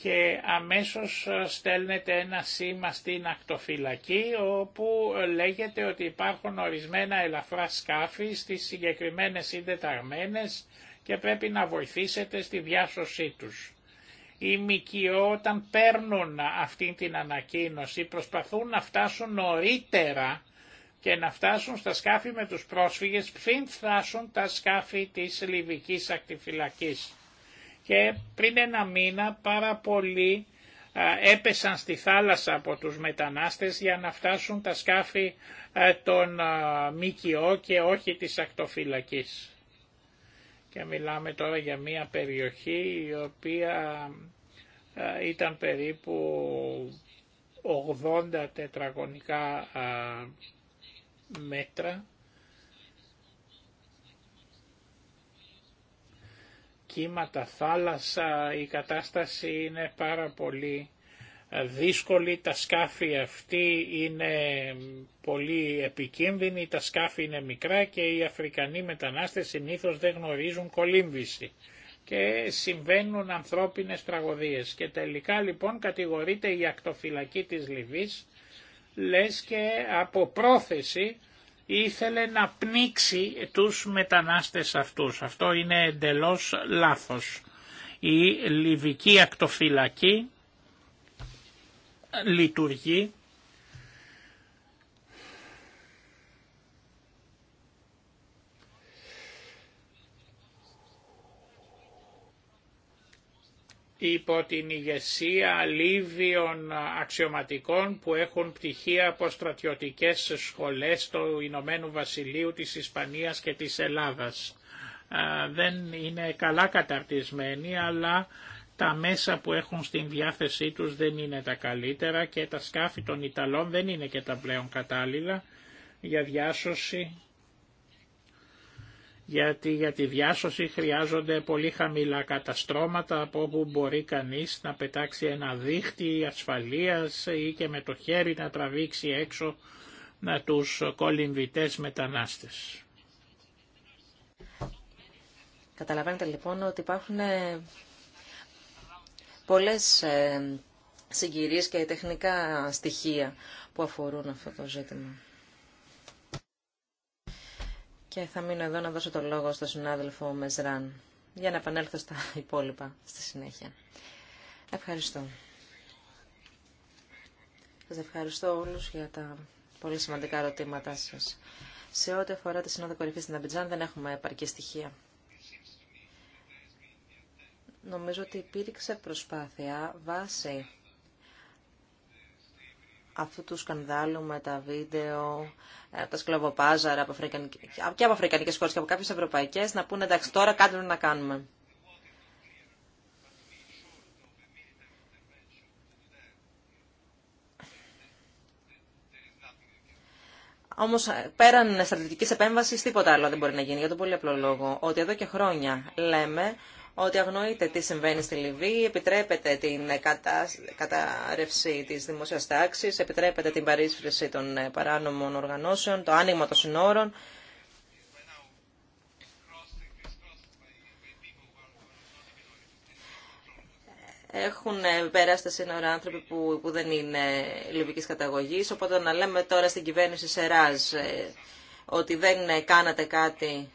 και αμέσως ε, στέλνεται ένα σήμα στην ακτοφυλακή όπου ε, λέγεται ότι υπάρχουν ορισμένα ελαφρά σκάφη στις συγκεκριμένες συντεταγμένες και πρέπει να βοηθήσετε στη διάσωσή τους. Οι ΜΚΟ όταν παίρνουν αυτή την ανακοίνωση προσπαθούν να φτάσουν νωρίτερα και να φτάσουν στα σκάφη με τους πρόσφυγες πριν φτάσουν τα σκάφη της Λιβικής Ακτιφυλακής και πριν ένα μήνα πάρα πολλοί έπεσαν στη θάλασσα από τους μετανάστες για να φτάσουν τα σκάφη των ΜΚΟ και όχι της ακτοφυλακής. Και μιλάμε τώρα για μια περιοχή η οποία ήταν περίπου 80 τετραγωνικά μέτρα κύματα, θάλασσα, η κατάσταση είναι πάρα πολύ ε, δύσκολη, τα σκάφη αυτή είναι πολύ επικίνδυνη, τα σκάφη είναι μικρά και οι Αφρικανοί μετανάστες συνήθως δεν γνωρίζουν κολύμβηση και συμβαίνουν ανθρώπινες τραγωδίες και τελικά λοιπόν κατηγορείται η ακτοφυλακή της Λιβύης λες και από πρόθεση ήθελε να πνίξει τους μετανάστες αυτούς. Αυτό είναι εντελώς λάθος. Η Λιβική ακτοφυλακή λειτουργεί υπό την ηγεσία Λίβιων αξιωματικών που έχουν πτυχία από στρατιωτικές σχολές του Ηνωμένου Βασιλείου, της Ισπανίας και της Ελλάδας. Δεν είναι καλά καταρτισμένοι, αλλά τα μέσα που έχουν στην διάθεσή τους δεν είναι τα καλύτερα και τα σκάφη των Ιταλών δεν είναι και τα πλέον κατάλληλα για διάσωση γιατί για τη διάσωση χρειάζονται πολύ χαμηλά καταστρώματα από όπου μπορεί κανείς να πετάξει ένα δίχτυ ασφαλείας ή και με το χέρι να τραβήξει έξω να τους κολυμβητές μετανάστες. Καταλαβαίνετε λοιπόν ότι υπάρχουν ε, πολλές ε, συγκυρίες και τεχνικά στοιχεία που αφορούν αυτό το ζήτημα. Και θα μείνω εδώ να δώσω το λόγο στον συνάδελφο Μεζράν για να επανέλθω στα υπόλοιπα στη συνέχεια. Ευχαριστώ. Σας ευχαριστώ όλους για τα πολύ σημαντικά ερωτήματά σας. Σε ό,τι αφορά τη Συνόδο Κορυφή στην Αμπιτζάν δεν έχουμε επαρκή στοιχεία. Νομίζω ότι υπήρξε προσπάθεια βάσει αυτού του σκανδάλου με τα βίντεο, ε, τα σκλαβοπάζαρα από και από αφρικανικέ χώρε και από κάποιε ευρωπαϊκέ να πούνε εντάξει τώρα κάτι να κάνουμε. Όμως ε, πέραν στρατιωτικής επέμβασης τίποτα άλλο δεν μπορεί να γίνει για τον πολύ απλό λόγο ότι εδώ και χρόνια λέμε ότι αγνοείται τι συμβαίνει στη Λιβύη, επιτρέπεται την κατα... καταρρεύση της δημόσιας τάξης, επιτρέπεται την παρίσφρηση των ε, παράνομων οργανώσεων, το άνοιγμα των συνόρων. Έχουν ε, πέρασει τα σύνορα άνθρωποι που, που δεν είναι λιβικής καταγωγής, οπότε να λέμε τώρα στην κυβέρνηση Σεράζ ε, ότι δεν κάνατε κάτι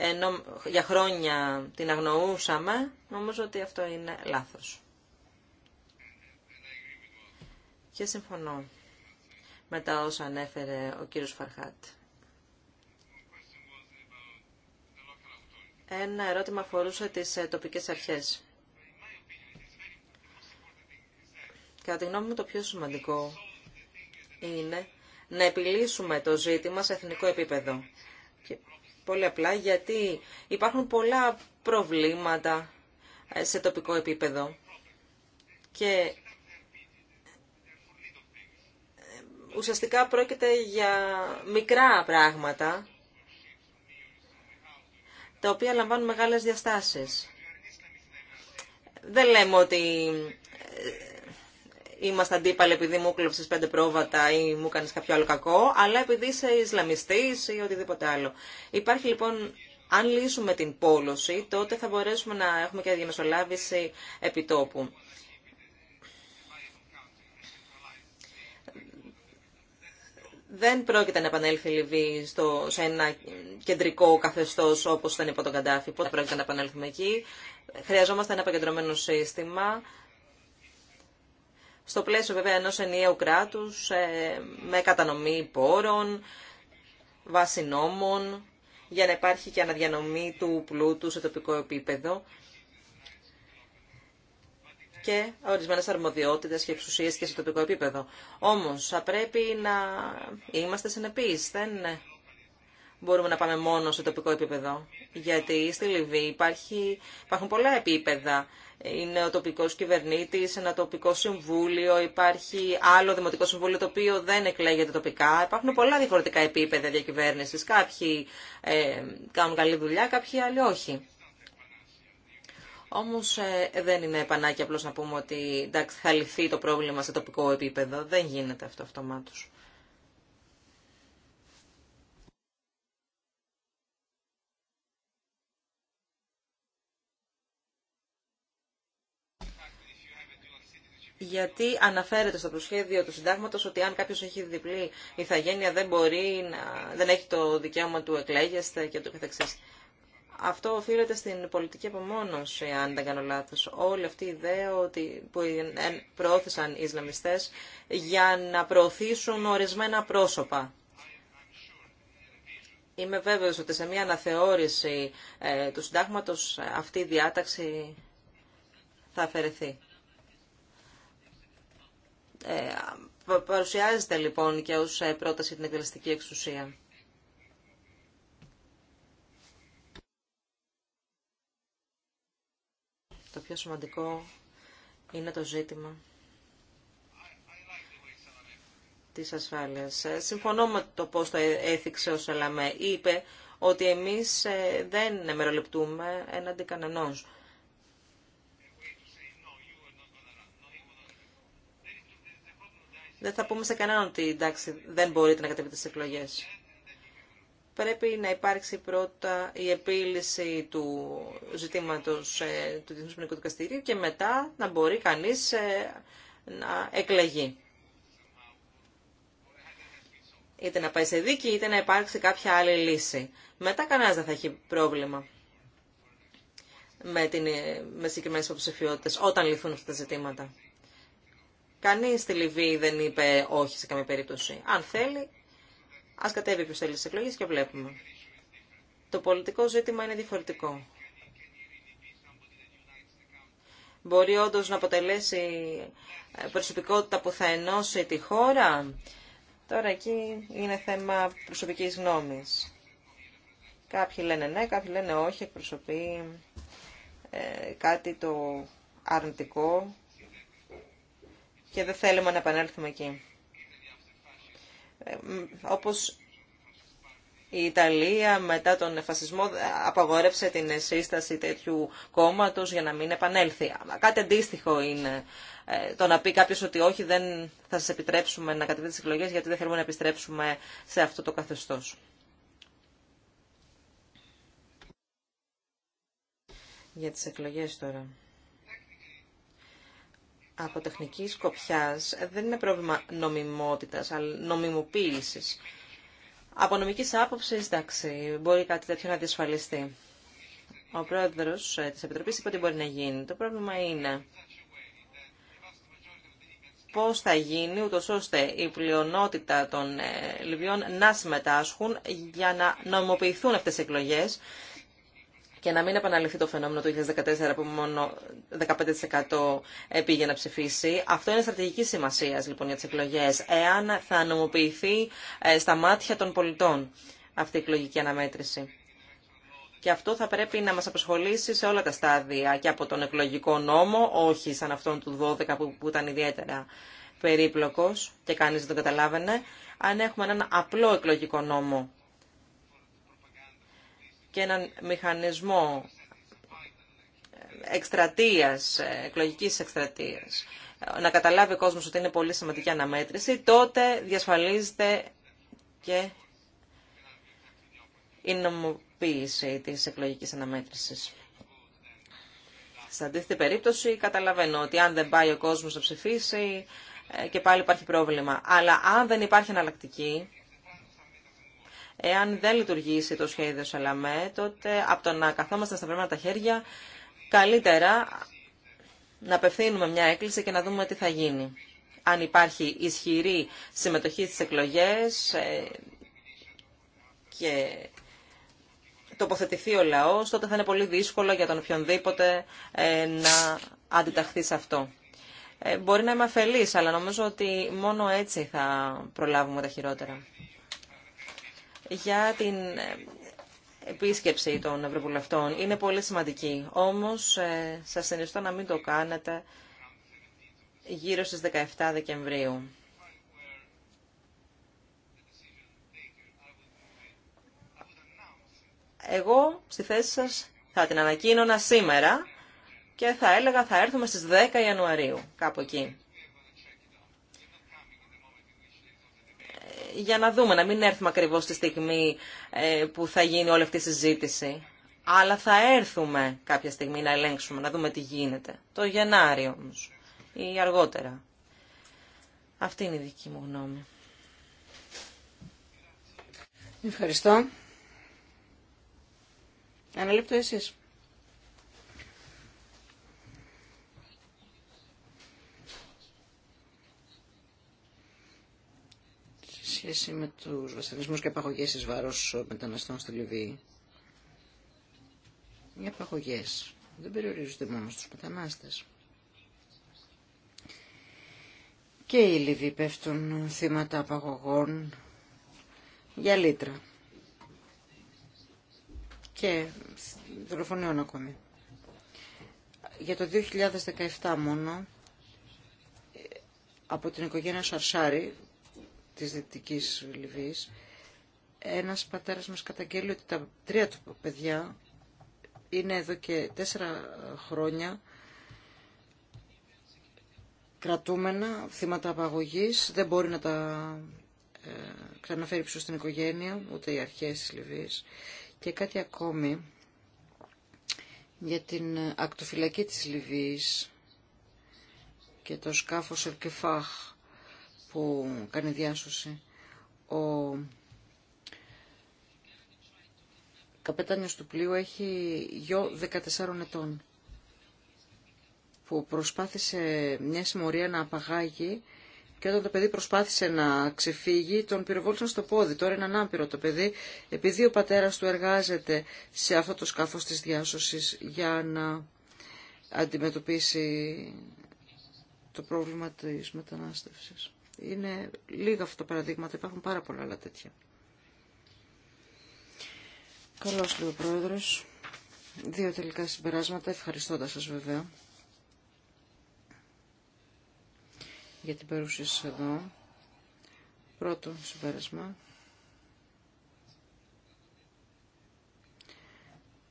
ενώ για χρόνια την αγνοούσαμε, νομίζω ότι αυτό είναι λάθος. Και συμφωνώ με τα όσα ανέφερε ο κύριος Φαρχάτ. Ένα ερώτημα αφορούσε τις ε, τοπικές αρχές. Κατά τη γνώμη μου το πιο σημαντικό είναι να επιλύσουμε το ζήτημα σε εθνικό επίπεδο πολύ απλά γιατί υπάρχουν πολλά προβλήματα ε, σε τοπικό επίπεδο. Και ε, ουσιαστικά πρόκειται για μικρά πράγματα τα οποία λαμβάνουν μεγάλες διαστάσεις. Δεν λέμε ότι ε, είμαστε αντίπαλοι επειδή μου κλέψε πέντε πρόβατα ή μου κάνει κάποιο άλλο κακό, αλλά επειδή είσαι Ισλαμιστής ή οτιδήποτε άλλο. Υπάρχει λοιπόν, αν λύσουμε την πόλωση, τότε θα μπορέσουμε να έχουμε και διαμεσολάβηση επιτόπου. Δεν πρόκειται να επανέλθει η μου κανει καποιο αλλο κακο αλλα επειδη εισαι ισλαμιστη η οτιδηποτε αλλο υπαρχει λοιπον αν λυσουμε την πολωση τοτε θα μπορεσουμε να εχουμε και διαμεσολαβηση επιτοπου δεν προκειται να επανελθει η λιβυη στο, σε ένα κεντρικό καθεστω οπω ήταν υπό τον Καντάφη. Πότε πρόκειται να επανέλθουμε εκεί. Χρειαζόμαστε ένα επικεντρωμένο σύστημα στο πλαίσιο βέβαια ενός ενιαίου κράτους, ε, με κατανομή πόρων, βάση για να υπάρχει και αναδιανομή του πλούτου σε τοπικό επίπεδο και ορισμένες αρμοδιότητες και εξουσίες και σε τοπικό επίπεδο. Όμως, θα πρέπει να είμαστε συνεπείς. Δεν μπορούμε να πάμε μόνο σε τοπικό επίπεδο. Γιατί στη Λιβύη υπάρχει, υπάρχουν πολλά επίπεδα είναι ο τοπικός κυβερνήτης, ένα τοπικό συμβούλιο, υπάρχει άλλο δημοτικό συμβούλιο το οποίο δεν εκλέγεται τοπικά. Υπάρχουν πολλά διαφορετικά επίπεδα διακυβέρνηση, Κάποιοι ε, κάνουν καλή δουλειά, κάποιοι άλλοι όχι. Όμω, ε, δεν είναι επανάκια απλώ να πούμε ότι εντάξει, θα λυθεί το πρόβλημα σε τοπικό επίπεδο. Δεν γίνεται αυτό αυτομάτω. γιατί αναφέρεται στο προσχέδιο του συντάγματος ότι αν κάποιος έχει διπλή ηθαγένεια δεν μπορεί, να, δεν έχει το δικαίωμα του εκλέγεστε και το καθεξής. Αυτό οφείλεται στην πολιτική απομόνωση, αν δεν κάνω λάθος. Όλη αυτή η ιδέα ότι, που προώθησαν οι Ισλαμιστές για να προωθήσουν ορισμένα πρόσωπα. Είμαι βέβαιος ότι σε μια αναθεώρηση ε, του συντάγματος ε, αυτή η διάταξη θα αφαιρεθεί. Ε, παρουσιάζεται λοιπόν και ως ε, πρόταση την εκτελεστική εξουσία. Το πιο σημαντικό είναι το ζήτημα της ασφάλειας. Ε, συμφωνώ με το πώς το έθιξε ο Σελαμέ. Είπε ότι εμείς δεν μεροληπτούμε έναντι κανενός. δεν θα πούμε σε κανέναν ότι εντάξει δεν μπορείτε να κατεβείτε στις εκλογές. Πρέπει να υπάρξει πρώτα η επίλυση του ζητήματος ε, του Διεθνούς Ποινικού Δικαστηρίου και μετά να μπορεί κανείς ε, να εκλεγεί. Είτε να πάει σε δίκη είτε να υπάρξει κάποια άλλη λύση. Μετά κανένας δεν θα έχει πρόβλημα με, την, με συγκεκριμένες υποψηφιότητες όταν λυθούν αυτά τα ζητήματα. Κανεί στη Λιβύη δεν είπε όχι σε καμία περίπτωση. Αν θέλει, α κατέβει ποιο θέλει τι εκλογέ και βλέπουμε. Το πολιτικό ζήτημα είναι διαφορετικό. Μπορεί όντω να αποτελέσει ε, προσωπικότητα που θα ενώσει τη χώρα. Τώρα εκεί είναι θέμα προσωπικής γνώμης. Κάποιοι λένε ναι, κάποιοι λένε όχι, εκπροσωπεί ε, κάτι το αρνητικό και δεν θέλουμε να επανέλθουμε εκεί. Ε, όπως η Ιταλία μετά τον φασισμό απαγόρευσε την σύσταση τέτοιου κόμματος για να μην επανέλθει. Κάτι αντίστοιχο είναι ε, το να πει κάποιος ότι όχι δεν θα σας επιτρέψουμε να κατεβείτε τις εκλογές γιατί δεν θέλουμε να επιστρέψουμε σε αυτό το καθεστώς. Για τις εκλογές τώρα από τεχνική σκοπιά δεν είναι πρόβλημα νομιμότητας, αλλά νομιμοποίηση. Από νομική άποψη, εντάξει, μπορεί κάτι τέτοιο να διασφαλιστεί. Ο πρόεδρο ε, της Επιτροπή είπε ότι μπορεί να γίνει. Το πρόβλημα είναι πώ θα γίνει, ούτω ώστε η πλειονότητα των ε, Λιβιών να συμμετάσχουν για να νομιμοποιηθούν αυτές οι εκλογέ και να μην επαναληφθεί το φαινόμενο του 2014 που μόνο 15% πήγε να ψηφίσει. Αυτό είναι στρατηγική σημασία λοιπόν για τις εκλογές, εάν θα νομοποιηθεί ε, στα μάτια των πολιτών αυτή η εκλογική αναμέτρηση. Και αυτό θα πρέπει να μας απασχολήσει σε όλα τα στάδια και από τον εκλογικό νόμο, όχι σαν αυτόν του 12 που, που ήταν ιδιαίτερα περίπλοκος και κανείς δεν τον καταλάβαινε, αν έχουμε έναν απλό εκλογικό νόμο και έναν μηχανισμό εκστρατείας, εκλογικής εκστρατείας, να καταλάβει ο κόσμος ότι είναι πολύ σημαντική αναμέτρηση, τότε διασφαλίζεται και η νομοποίηση της εκλογικής αναμέτρησης. Σε αντίθετη περίπτωση καταλαβαίνω ότι αν δεν πάει ο κόσμος να ψηφίσει ε, και πάλι υπάρχει πρόβλημα. Αλλά αν δεν υπάρχει αναλλακτική, Εάν δεν λειτουργήσει το σχέδιο Σαλαμέ, τότε από το να καθόμαστε στα τα χέρια, καλύτερα να απευθύνουμε μια έκκληση και να δούμε τι θα γίνει. Αν υπάρχει ισχυρή συμμετοχή στις εκλογές ε, και τοποθετηθεί ο λαός, τότε θα είναι πολύ δύσκολο για τον οποιονδήποτε ε, να αντιταχθεί σε αυτό. Ε, μπορεί να είμαι αφελής, αλλά νομίζω ότι μόνο έτσι θα προλάβουμε τα χειρότερα για την ε, επίσκεψη των Ευρωβουλευτών. Είναι πολύ σημαντική. Όμως, ε, σας συνιστώ να μην το κάνετε γύρω στις 17 Δεκεμβρίου. Εγώ, στη θέση σας, θα την ανακοίνωνα σήμερα και θα έλεγα θα έρθουμε στις 10 Ιανουαρίου, κάπου εκεί. για να δούμε, να μην έρθουμε ακριβώς τη στιγμή ε, που θα γίνει όλη αυτή η συζήτηση. Αλλά θα έρθουμε κάποια στιγμή να ελέγξουμε, να δούμε τι γίνεται. Το Γενάριο όμως ή αργότερα. Αυτή είναι η δική μου γνώμη. Ευχαριστώ. Ένα λεπτό εσείς. σχέση με τους βασανισμούς και απαγωγές εις βάρος μεταναστών στη Λιβύη. Οι απαγωγές δεν περιορίζονται μόνο στους μετανάστες. Και οι Λιβύοι πέφτουν θύματα απαγωγών για λίτρα. Και δολοφονιών ακόμη. Για το 2017 μόνο, ε, από την οικογένεια Σαρσάρη της Δυτικής Λιβύης, ένας πατέρας μας καταγγέλει ότι τα τρία του παιδιά είναι εδώ και τέσσερα χρόνια κρατούμενα, θύματα απαγωγής, δεν μπορεί να τα ε, ξαναφέρει πίσω στην οικογένεια, ούτε οι αρχές της Λιβύης. Και κάτι ακόμη για την ακτοφυλακή της Λιβύης και το σκάφος Ερκεφάχ που κάνει διάσωση. Ο καπετάνιος του πλοίου έχει γιο 14 ετών που προσπάθησε μια συμμορία να απαγάγει και όταν το παιδί προσπάθησε να ξεφύγει, τον πυροβόλησαν στο πόδι. Τώρα είναι ανάπηρο το παιδί, επειδή ο πατέρας του εργάζεται σε αυτό το σκάφος της διάσωσης για να αντιμετωπίσει το πρόβλημα της μετανάστευσης. Είναι λίγα αυτά τα παραδείγματα, υπάρχουν πάρα πολλά άλλα τέτοια. Καλώ λέει ο Πρόεδρος. Δύο τελικά συμπεράσματα, ευχαριστώντα σα βέβαια για την παρουσία σα. εδώ. Πρώτο συμπέρασμα.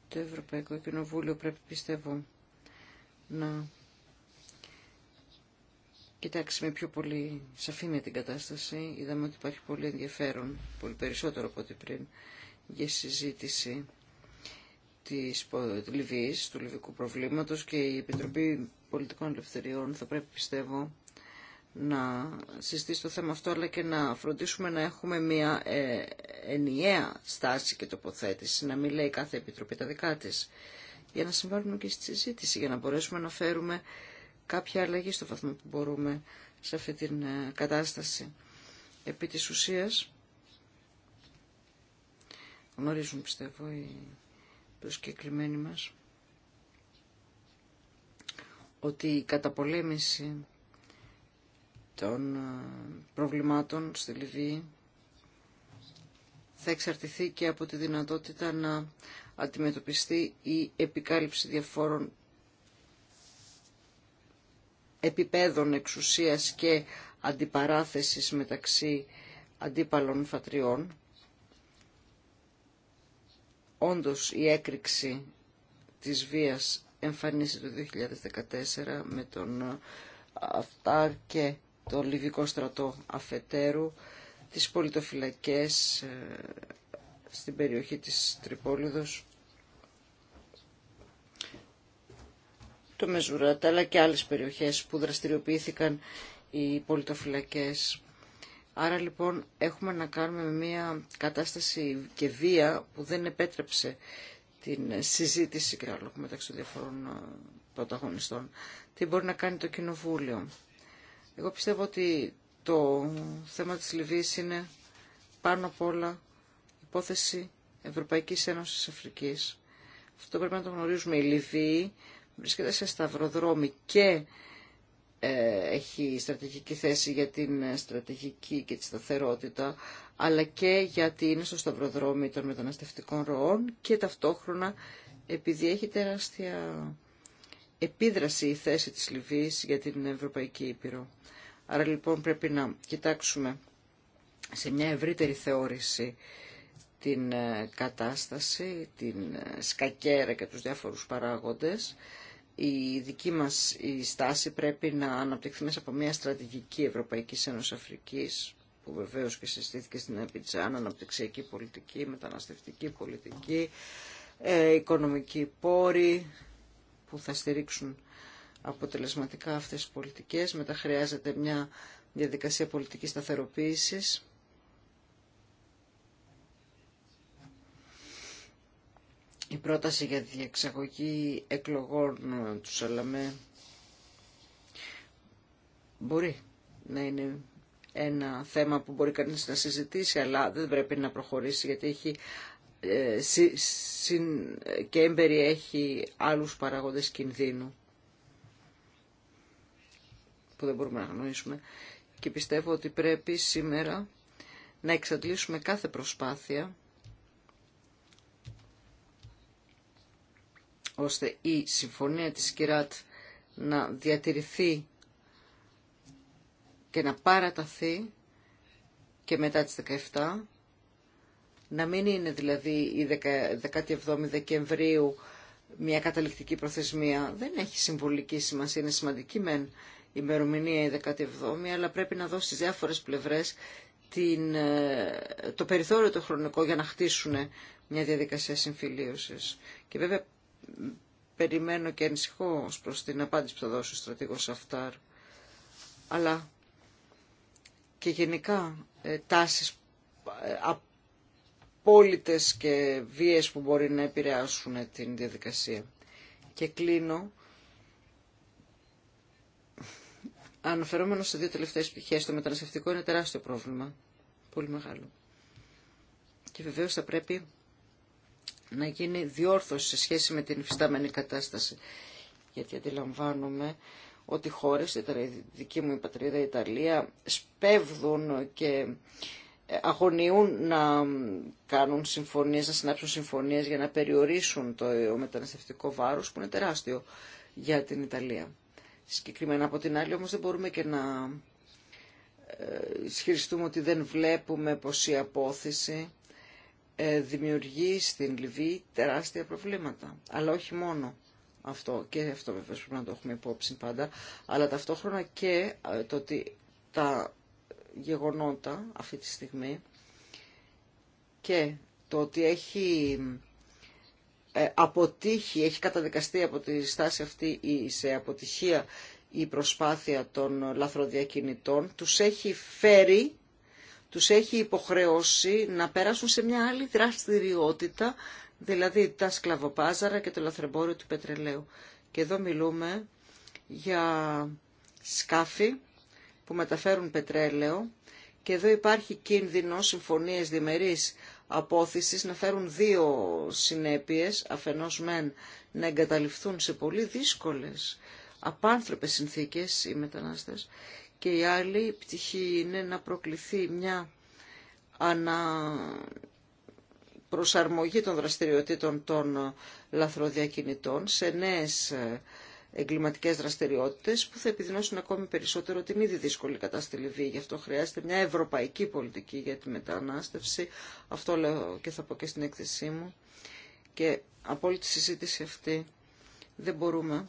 Το Ευρωπαϊκό Κοινοβούλιο πρέπει πιστεύω να με πιο πολύ σαφήνεια την κατάσταση, είδαμε ότι υπάρχει πολύ ενδιαφέρον, πολύ περισσότερο από ό,τι πριν, για συζήτηση της Λιβύης, του Λιβυκού προβλήματος και η Επιτροπή Πολιτικών Ελευθεριών θα πρέπει πιστεύω να συζητήσει το θέμα αυτό αλλά και να φροντίσουμε να έχουμε μια ε, ενιαία στάση και τοποθέτηση, να μην λέει κάθε Επιτροπή τα δικά της, για να συμβάλλουμε και στη συζήτηση, για να μπορέσουμε να φέρουμε κάποια αλλαγή στο βαθμό που μπορούμε σε αυτή την ε, κατάσταση. Επί της ουσίας, γνωρίζουν πιστεύω οι προσκεκλημένοι μας, ότι η καταπολέμηση των ε, προβλημάτων στη Λιβύη θα εξαρτηθεί και από τη δυνατότητα να αντιμετωπιστεί η επικάλυψη διαφόρων επιπέδων εξουσίας και αντιπαράθεσης μεταξύ αντίπαλων φατριών. Όντως η έκρηξη της βίας εμφανίστηκε το 2014 με τον ε, Αφτάρ και το Λιβικό στρατό αφετέρου, τις πολιτοφυλακές ε, στην περιοχή της Τρυπόλιδος το Μεζουράτα αλλά και άλλες περιοχές που δραστηριοποιήθηκαν οι πολιτοφυλακές. Άρα λοιπόν έχουμε να κάνουμε μια κατάσταση και βία που δεν επέτρεψε την συζήτηση και άλλο μεταξύ των διαφορών ε, πρωταγωνιστών. Τι μπορεί να κάνει το Κοινοβούλιο. Εγώ πιστεύω ότι το θέμα της Λιβύης είναι πάνω απ' όλα υπόθεση Ευρωπαϊκής Ένωσης Αφρικής. Αυτό πρέπει να το γνωρίζουμε. Η Λιβύη βρίσκεται σε σταυροδρόμι και ε, έχει στρατηγική θέση για την στρατηγική και τη σταθερότητα, αλλά και γιατί είναι στο σταυροδρόμι των μεταναστευτικών ροών και ταυτόχρονα επειδή έχει τεράστια επίδραση η θέση της Λιβύης για την Ευρωπαϊκή Ήπειρο. Άρα λοιπόν πρέπει να κοιτάξουμε σε μια ευρύτερη θεώρηση την ε, κατάσταση, την ε, σκακέρα και τους διάφορους παράγοντες η δική μας στάση πρέπει να αναπτυχθεί μέσα από μια στρατηγική Ευρωπαϊκής Ένωσης Αφρικής που βεβαίως και συστήθηκε στην Επιτζάν, αναπτυξιακή πολιτική, μεταναστευτική πολιτική, ε, οικονομική πόρη που θα στηρίξουν αποτελεσματικά αυτές τις πολιτικές. Μετά χρειάζεται μια διαδικασία πολιτικής σταθεροποίησης Η πρόταση για τη διεξαγωγή εκλογών ε, του Σαλαμέ μπορεί να είναι ένα θέμα που μπορεί κανείς να συζητήσει, αλλά δεν πρέπει να προχωρήσει γιατί έχει ε, και εμπεριέχει άλλους παραγόντες κινδύνου που δεν μπορούμε να γνωρίσουμε και πιστεύω ότι πρέπει σήμερα να εξαντλήσουμε κάθε προσπάθεια ώστε η συμφωνία της Κυράτ να διατηρηθεί και να παραταθεί και μετά τις 17, να μην είναι δηλαδή η 17η Δεκεμβρίου μια καταληκτική προθεσμία. Δεν έχει συμβολική σημασία, είναι σημαντική μεν ημερομηνία η 17η, αλλά πρέπει να δώσει στις διάφορες πλευρές την, ε, το περιθώριο το χρονικό για να χτίσουν μια διαδικασία συμφιλίωσης. Και βέβαια περιμένω και ανησυχώ ως προς την απάντηση που θα δώσει ο στρατηγό Σαφτάρ αλλά και γενικά ε, τάσεις ε, απόλυτες και βίες που μπορεί να επηρεάσουν την διαδικασία. Και κλείνω αναφερόμενο σε δύο τελευταίες πτυχές. Το μεταναστευτικό είναι τεράστιο πρόβλημα, πολύ μεγάλο. Και βεβαίως θα πρέπει να γίνει διόρθωση σε σχέση με την υφιστάμενη κατάσταση. Γιατί αντιλαμβάνομαι ότι χώρες, η δική μου η πατρίδα η Ιταλία, σπέβδουν και ε, αγωνιούν να κάνουν συμφωνίες, να συνάψουν συμφωνίες για να περιορίσουν το μεταναστευτικό βάρος που είναι τεράστιο για την Ιταλία. Συγκεκριμένα από την άλλη όμως δεν μπορούμε και να ε, ισχυριστούμε ότι δεν βλέπουμε πω η απόθεση ε, δημιουργεί στην Λιβύη τεράστια προβλήματα. Αλλά όχι μόνο αυτό, και αυτό βέβαια πρέπει να το έχουμε υπόψη πάντα, αλλά ταυτόχρονα και ε, το ότι τα γεγονότα αυτή τη στιγμή και το ότι έχει ε, αποτύχει, έχει καταδικαστεί από τη στάση αυτή σε αποτυχία η προσπάθεια των λαθροδιακινητών, τους έχει φέρει τους έχει υποχρεώσει να περάσουν σε μια άλλη δραστηριότητα, δηλαδή τα σκλαβοπάζαρα και το λαθρεμπόριο του πετρελαίου. Και εδώ μιλούμε για σκάφη που μεταφέρουν πετρέλαιο και εδώ υπάρχει κίνδυνο συμφωνίες διμερείς απόθεσης να φέρουν δύο συνέπειες, αφενός μεν να εγκαταλειφθούν σε πολύ δύσκολες απάνθρωπες συνθήκες οι μετανάστες και η άλλη πτυχή είναι να προκληθεί μια προσαρμογή των δραστηριοτήτων των λαθροδιακινητών σε νέες ε, εγκληματικές δραστηριότητες που θα επιδεινώσουν ακόμη περισσότερο την ήδη δύσκολη κατάσταση στη Λιβύη. Γι' αυτό χρειάζεται μια ευρωπαϊκή πολιτική για τη μετανάστευση. Αυτό λέω και θα πω και στην έκθεσή μου. Και από όλη τη συζήτηση αυτή δεν μπορούμε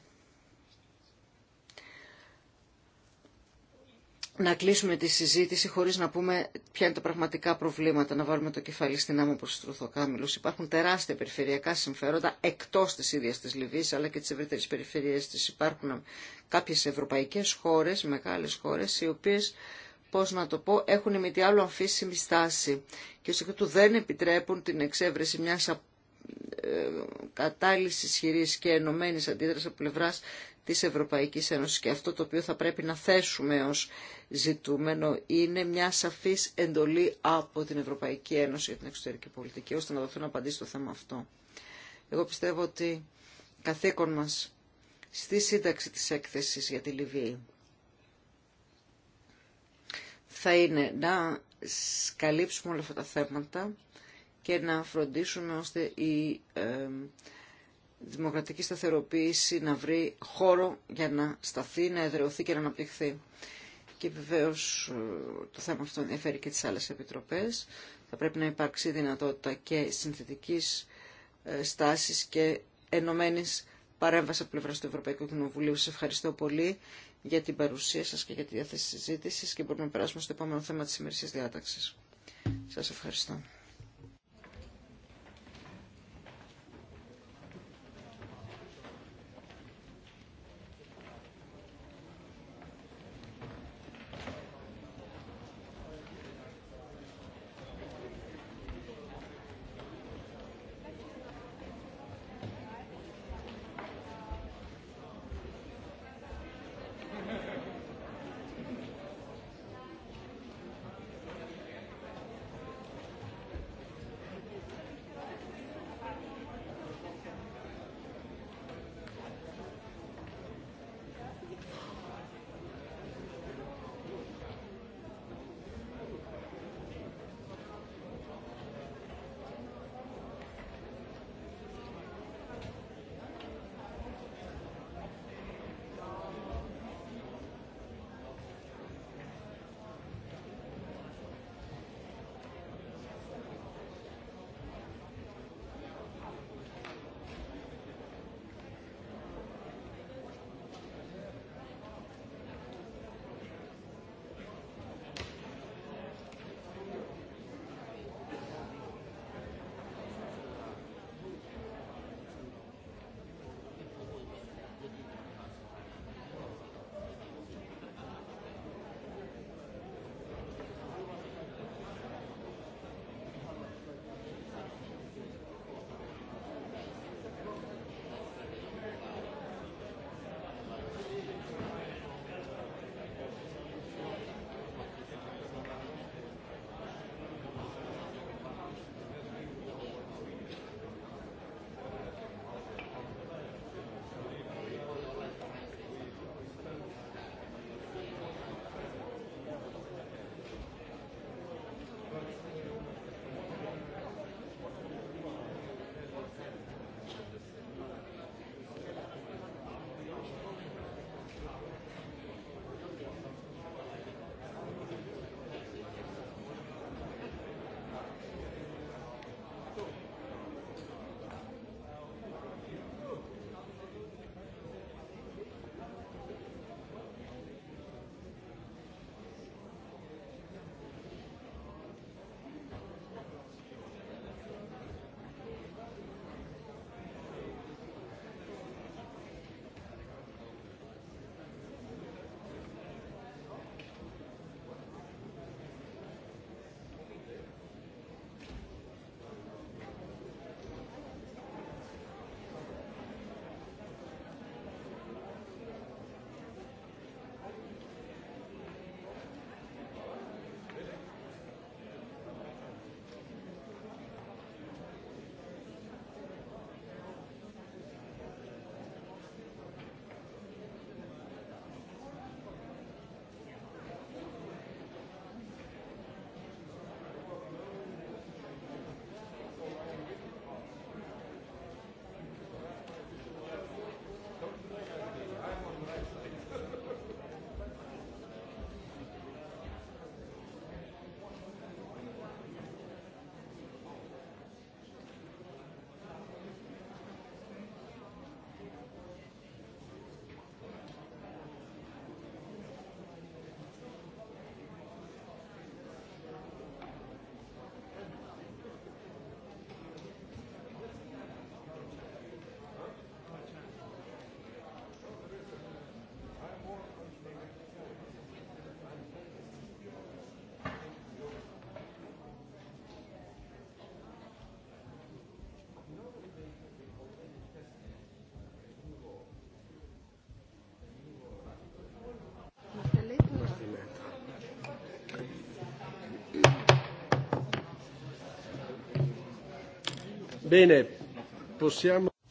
να κλείσουμε τη συζήτηση χωρίς να πούμε ποια είναι τα πραγματικά προβλήματα, να βάλουμε το κεφάλι στην άμμο προς τους Υπάρχουν τεράστια περιφερειακά συμφέροντα εκτός της ίδιας της Λιβύης αλλά και της ευρύτερη περιφερειές της. Υπάρχουν κάποιες ευρωπαϊκές χώρες, μεγάλες χώρες, οι οποίες πώς να το πω, έχουν με τι άλλο αμφίσιμη στάση και ως εκ του δεν επιτρέπουν την εξέβρεση μιας ε, κατάλληλη ισχυρή και ενωμένη αντίδραση από πλευρά της Ευρωπαϊκής Ένωσης και αυτό το οποίο θα πρέπει να θέσουμε ως ζητούμενο είναι μια σαφής εντολή από την Ευρωπαϊκή Ένωση για την εξωτερική πολιτική ώστε να δοθούν απαντήσει στο θέμα αυτό. Εγώ πιστεύω ότι καθήκον μας στη σύνταξη της έκθεσης για τη Λιβύη θα είναι να καλύψουμε όλα αυτά τα θέματα και να φροντίσουμε ώστε η ε, δημοκρατική σταθεροποίηση να βρει χώρο για να σταθεί, να εδρεωθεί και να αναπτυχθεί. Και βεβαίω ε, το θέμα αυτό ενδιαφέρει και τι άλλε επιτροπέ. Θα πρέπει να υπάρξει δυνατότητα και συνθετική ε, στάση και ενωμένη παρέμβαση από πλευρά του Ευρωπαϊκού Κοινοβουλίου. Σα ευχαριστώ πολύ για την παρουσία σα και για τη διάθεση συζήτηση και μπορούμε να περάσουμε στο επόμενο θέμα τη σημερινής διάταξη. Σας ευχαριστώ.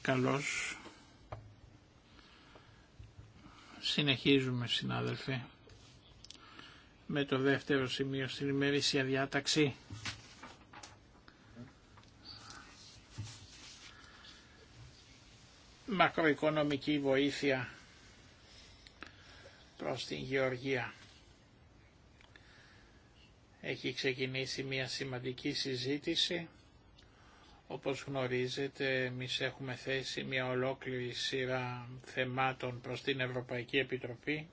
Καλώς. Συνεχίζουμε συνάδελφε με το δεύτερο σημείο στην ημερήσια διάταξη. Μακροοικονομική βοήθεια προς την Γεωργία. Έχει ξεκινήσει μια σημαντική συζήτηση όπως γνωρίζετε, εμεί έχουμε θέσει μια ολόκληρη σειρά θεμάτων προς την Ευρωπαϊκή Επιτροπή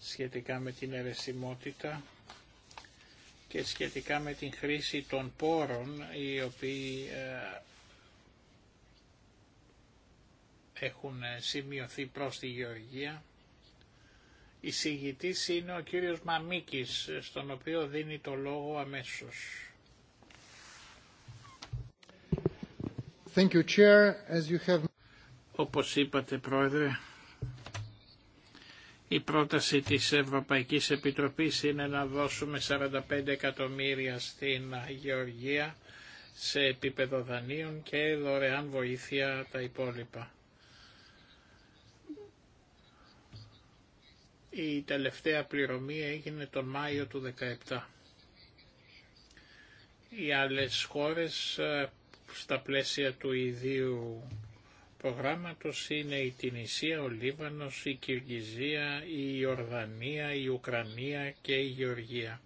σχετικά με την αιρεσιμότητα και σχετικά με την χρήση των πόρων οι οποίοι ε, έχουν σημειωθεί προς τη Γεωργία. Η συγητής είναι ο κύριος Μαμίκης, στον οποίο δίνει το λόγο αμέσως. Thank you, Chair. As you have... Όπως είπατε, Πρόεδρε, η πρόταση της Ευρωπαϊκής Επιτροπής είναι να δώσουμε 45 εκατομμύρια στην Γεωργία σε επίπεδο δανείων και δωρεάν βοήθεια τα υπόλοιπα. Η τελευταία πληρωμή έγινε τον Μάιο του 2017. Οι άλλες χώρες στα πλαίσια του ιδίου προγράμματος είναι η Τινησία, ο Λίβανος, η Κυργιζία, η Ιορδανία, η Ουκρανία και η Γεωργία.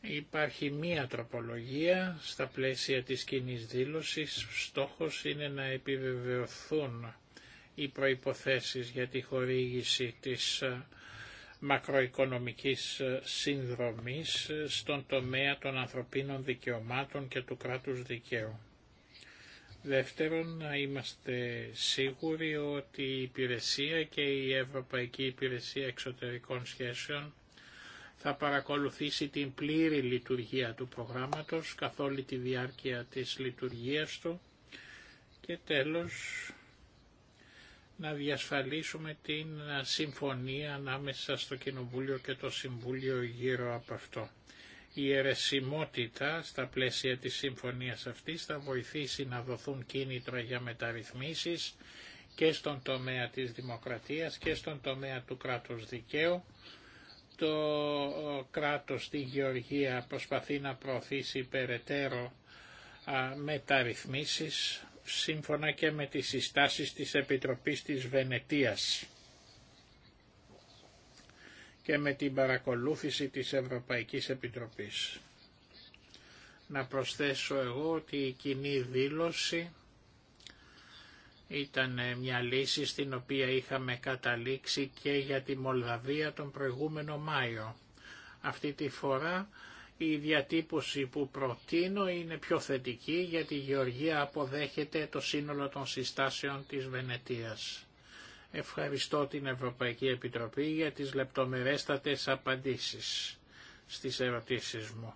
Υπάρχει μία τροπολογία στα πλαίσια της κοινή δήλωσης. Στόχος είναι να επιβεβαιωθούν οι προϋποθέσεις για τη χορήγηση της ε, μακροοικονομικής ε, συνδρομής ε, στον τομέα των ανθρωπίνων δικαιωμάτων και του κράτους δικαίου. Δεύτερον, να είμαστε σίγουροι ότι η υπηρεσία και η Ευρωπαϊκή Υπηρεσία Εξωτερικών Σχέσεων θα παρακολουθήσει την πλήρη λειτουργία του προγράμματος καθ' όλη τη διάρκεια της λειτουργίας του και τέλος να διασφαλίσουμε την ε, συμφωνία ανάμεσα στο Κοινοβούλιο και το Συμβούλιο γύρω από αυτό. Η αιρεσιμότητα στα πλαίσια της συμφωνίας αυτής θα βοηθήσει να δοθούν κίνητρα για μεταρρυθμίσεις και στον τομέα της δημοκρατίας και στον τομέα του κράτους δικαίου. Το κράτος στη Γεωργία προσπαθεί να προωθήσει περαιτέρω μεταρρυθμίσεις σύμφωνα και με τις συστάσεις της Επιτροπής της Βενετίας και με την παρακολούθηση της Ευρωπαϊκής Επιτροπής. Να προσθέσω εγώ ότι η κοινή δήλωση ήταν μια λύση στην οποία είχαμε καταλήξει και για τη Μολδαβία τον προηγούμενο Μάιο. Αυτή τη φορά η διατύπωση που προτείνω είναι πιο θετική γιατί η Γεωργία αποδέχεται το σύνολο των συστάσεων της Βενετίας. Ευχαριστώ την Ευρωπαϊκή Επιτροπή για τις λεπτομερέστατες απαντήσεις στις ερωτήσεις μου.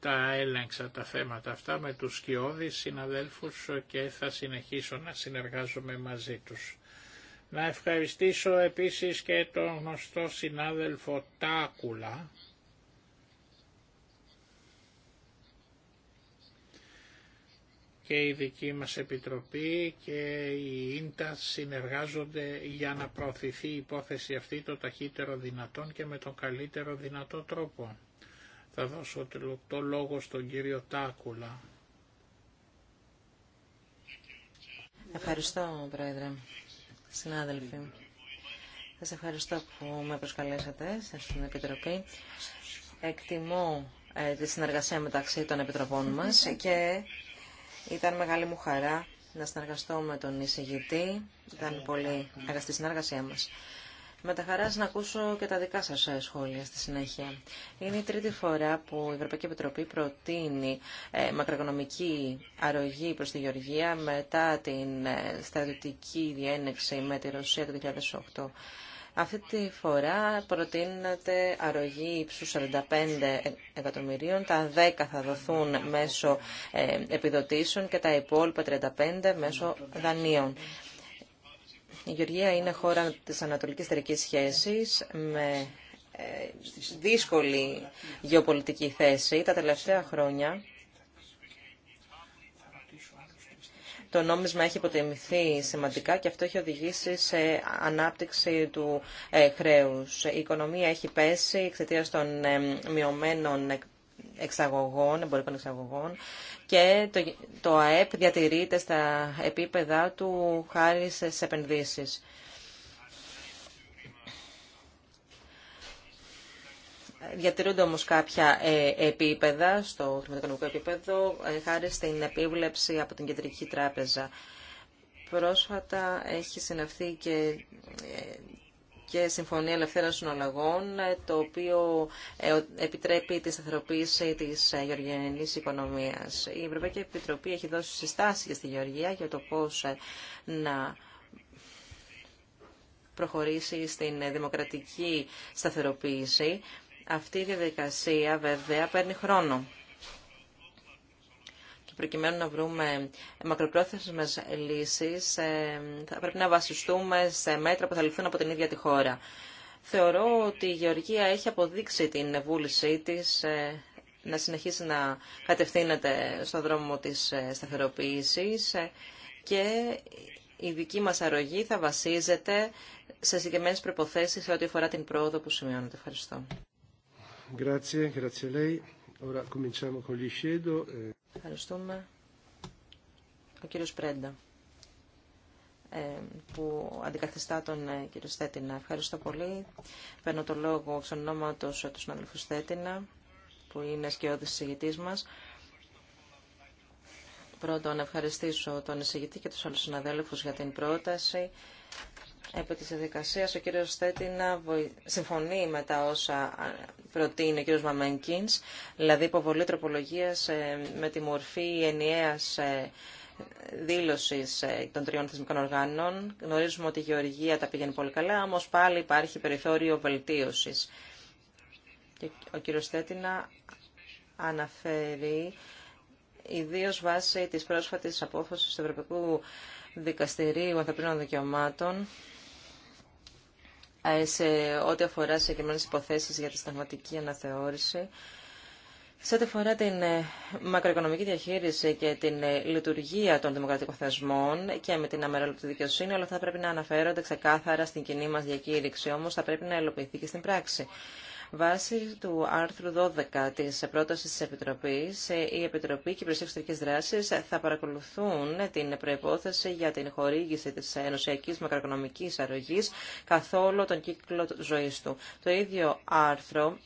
Τα έλεγξα τα θέματα αυτά με τους σκιώδεις συναδέλφους και θα συνεχίσω να συνεργάζομαι μαζί τους. Να ευχαριστήσω επίσης και τον γνωστό συνάδελφο Τάκουλα, και η δική μας Επιτροπή και η ΙΝΤΑ συνεργάζονται για να προωθηθεί η υπόθεση αυτή το ταχύτερο δυνατόν και με τον καλύτερο δυνατό τρόπο. Θα δώσω το λόγο στον κύριο Τάκουλα. Ευχαριστώ, Πρόεδρε. Συνάδελφοι, σας ευχαριστώ που με προσκαλέσατε στην Επιτροπή. Εκτιμώ ε, τη συνεργασία μεταξύ των Επιτροπών μας και ήταν μεγάλη μου χαρά να συνεργαστώ με τον εισηγητή. Ήταν πολύ αγαστή συνεργασία μας. Με τα χαράς να ακούσω και τα δικά σας ε, σχόλια στη συνέχεια. Είναι η τρίτη φορά που η Ευρωπαϊκή Επιτροπή προτείνει ε, μακροοικονομική αρρωγή προς τη Γεωργία μετά την ε, στρατιωτική διένεξη με τη Ρωσία το 2008. Αυτή τη φορά προτείνεται αρρωγή ύψου 45 εκατομμυρίων. Τα 10 θα δοθούν μέσω ε, επιδοτήσεων και τα υπόλοιπα 35 μέσω δανείων. Η Γεωργία είναι χώρα της ανατολικής τερικής σχέσης με ε, δύσκολη γεωπολιτική θέση. Τα τελευταία χρόνια το νόμισμα έχει υποτιμηθεί σημαντικά και αυτό έχει οδηγήσει σε ανάπτυξη του ε, χρέους. Η οικονομία έχει πέσει εξαιτία των ε, μειωμένων εξαγωγών, εμπορικών εξαγωγών και το, το ΑΕΠ διατηρείται στα επίπεδα του χάρη σε επενδύσεις. Διατηρούνται όμως κάποια ε, επίπεδα στο χρηματοοικονομικό επίπεδο ε, χάρη στην επίβλεψη από την Κεντρική Τράπεζα. Πρόσφατα έχει συναυθεί και, ε, και Συμφωνία των λαγών το οποίο επιτρέπει τη σταθεροποίηση της γεωργιανής οικονομίας. Η Ευρωπαϊκή Επιτροπή έχει δώσει συστάσεις στη Γεωργία για το πώς να προχωρήσει στην δημοκρατική σταθεροποίηση αυτή η διαδικασία βέβαια παίρνει χρόνο. Και προκειμένου να βρούμε μακροπρόθεσμες λύσεις ε, θα πρέπει να βασιστούμε σε μέτρα που θα ληφθούν από την ίδια τη χώρα. Θεωρώ ότι η Γεωργία έχει αποδείξει την βούλησή της ε, να συνεχίσει να κατευθύνεται στον δρόμο της ε, σταθεροποίησης και η δική μας αρρωγή θα βασίζεται σε συγκεκριμένες προϋποθέσεις σε ό,τι αφορά την πρόοδο που σημειώνεται. Ευχαριστώ. Ευχαριστούμε. Ο κύριος Πρέντα ε, που αντικαθιστά τον ε, κύριο Στέτινα. Ευχαριστώ πολύ. Παίρνω το λόγο εξ ονόματος ε, του συναδελφού Στέτινα, που είναι σκιώδης συγητής μας. Πρώτον, ευχαριστήσω τον εισηγητή και τους άλλους συναδέλφους για την πρόταση επί της διαδικασίας ο κύριος Στέτινα συμφωνεί με τα όσα προτείνει ο κύριος Μαμένκινς, δηλαδή υποβολή τροπολογίας ε, με τη μορφή ενιαίας ε, δήλωσης ε, των τριών θεσμικών οργάνων. Γνωρίζουμε ότι η Γεωργία τα πηγαίνει πολύ καλά, όμως πάλι υπάρχει περιθώριο βελτίωσης. ο κύριος Στέτινα αναφέρει ιδίω βάσει της πρόσφατης απόφασης του Ευρωπαϊκού Δικαστηρίου Ανθρωπίνων Δικαιωμάτων ε, σε ό,τι αφορά συγκεκριμένε υποθέσεις για τη σταγματική αναθεώρηση. Σε ό,τι αφορά την ε, μακροοικονομική διαχείριση και την ε, λειτουργία των δημοκρατικών θεσμών και με την αμερόληπτη δικαιοσύνη, όλα αυτά πρέπει να αναφέρονται ξεκάθαρα στην κοινή μα διακήρυξη. Όμω θα πρέπει να ελοπιθεί και στην πράξη. Βάσει του άρθρου 12 της πρότασης της Επιτροπής, ε, η Επιτροπή και οι Δράσεις θα παρακολουθούν την προϋπόθεση για την χορήγηση της ενωσιακής μακροοικονομικής αρρωγής όλο τον κύκλο ζωής του. Το ίδιο άρθρο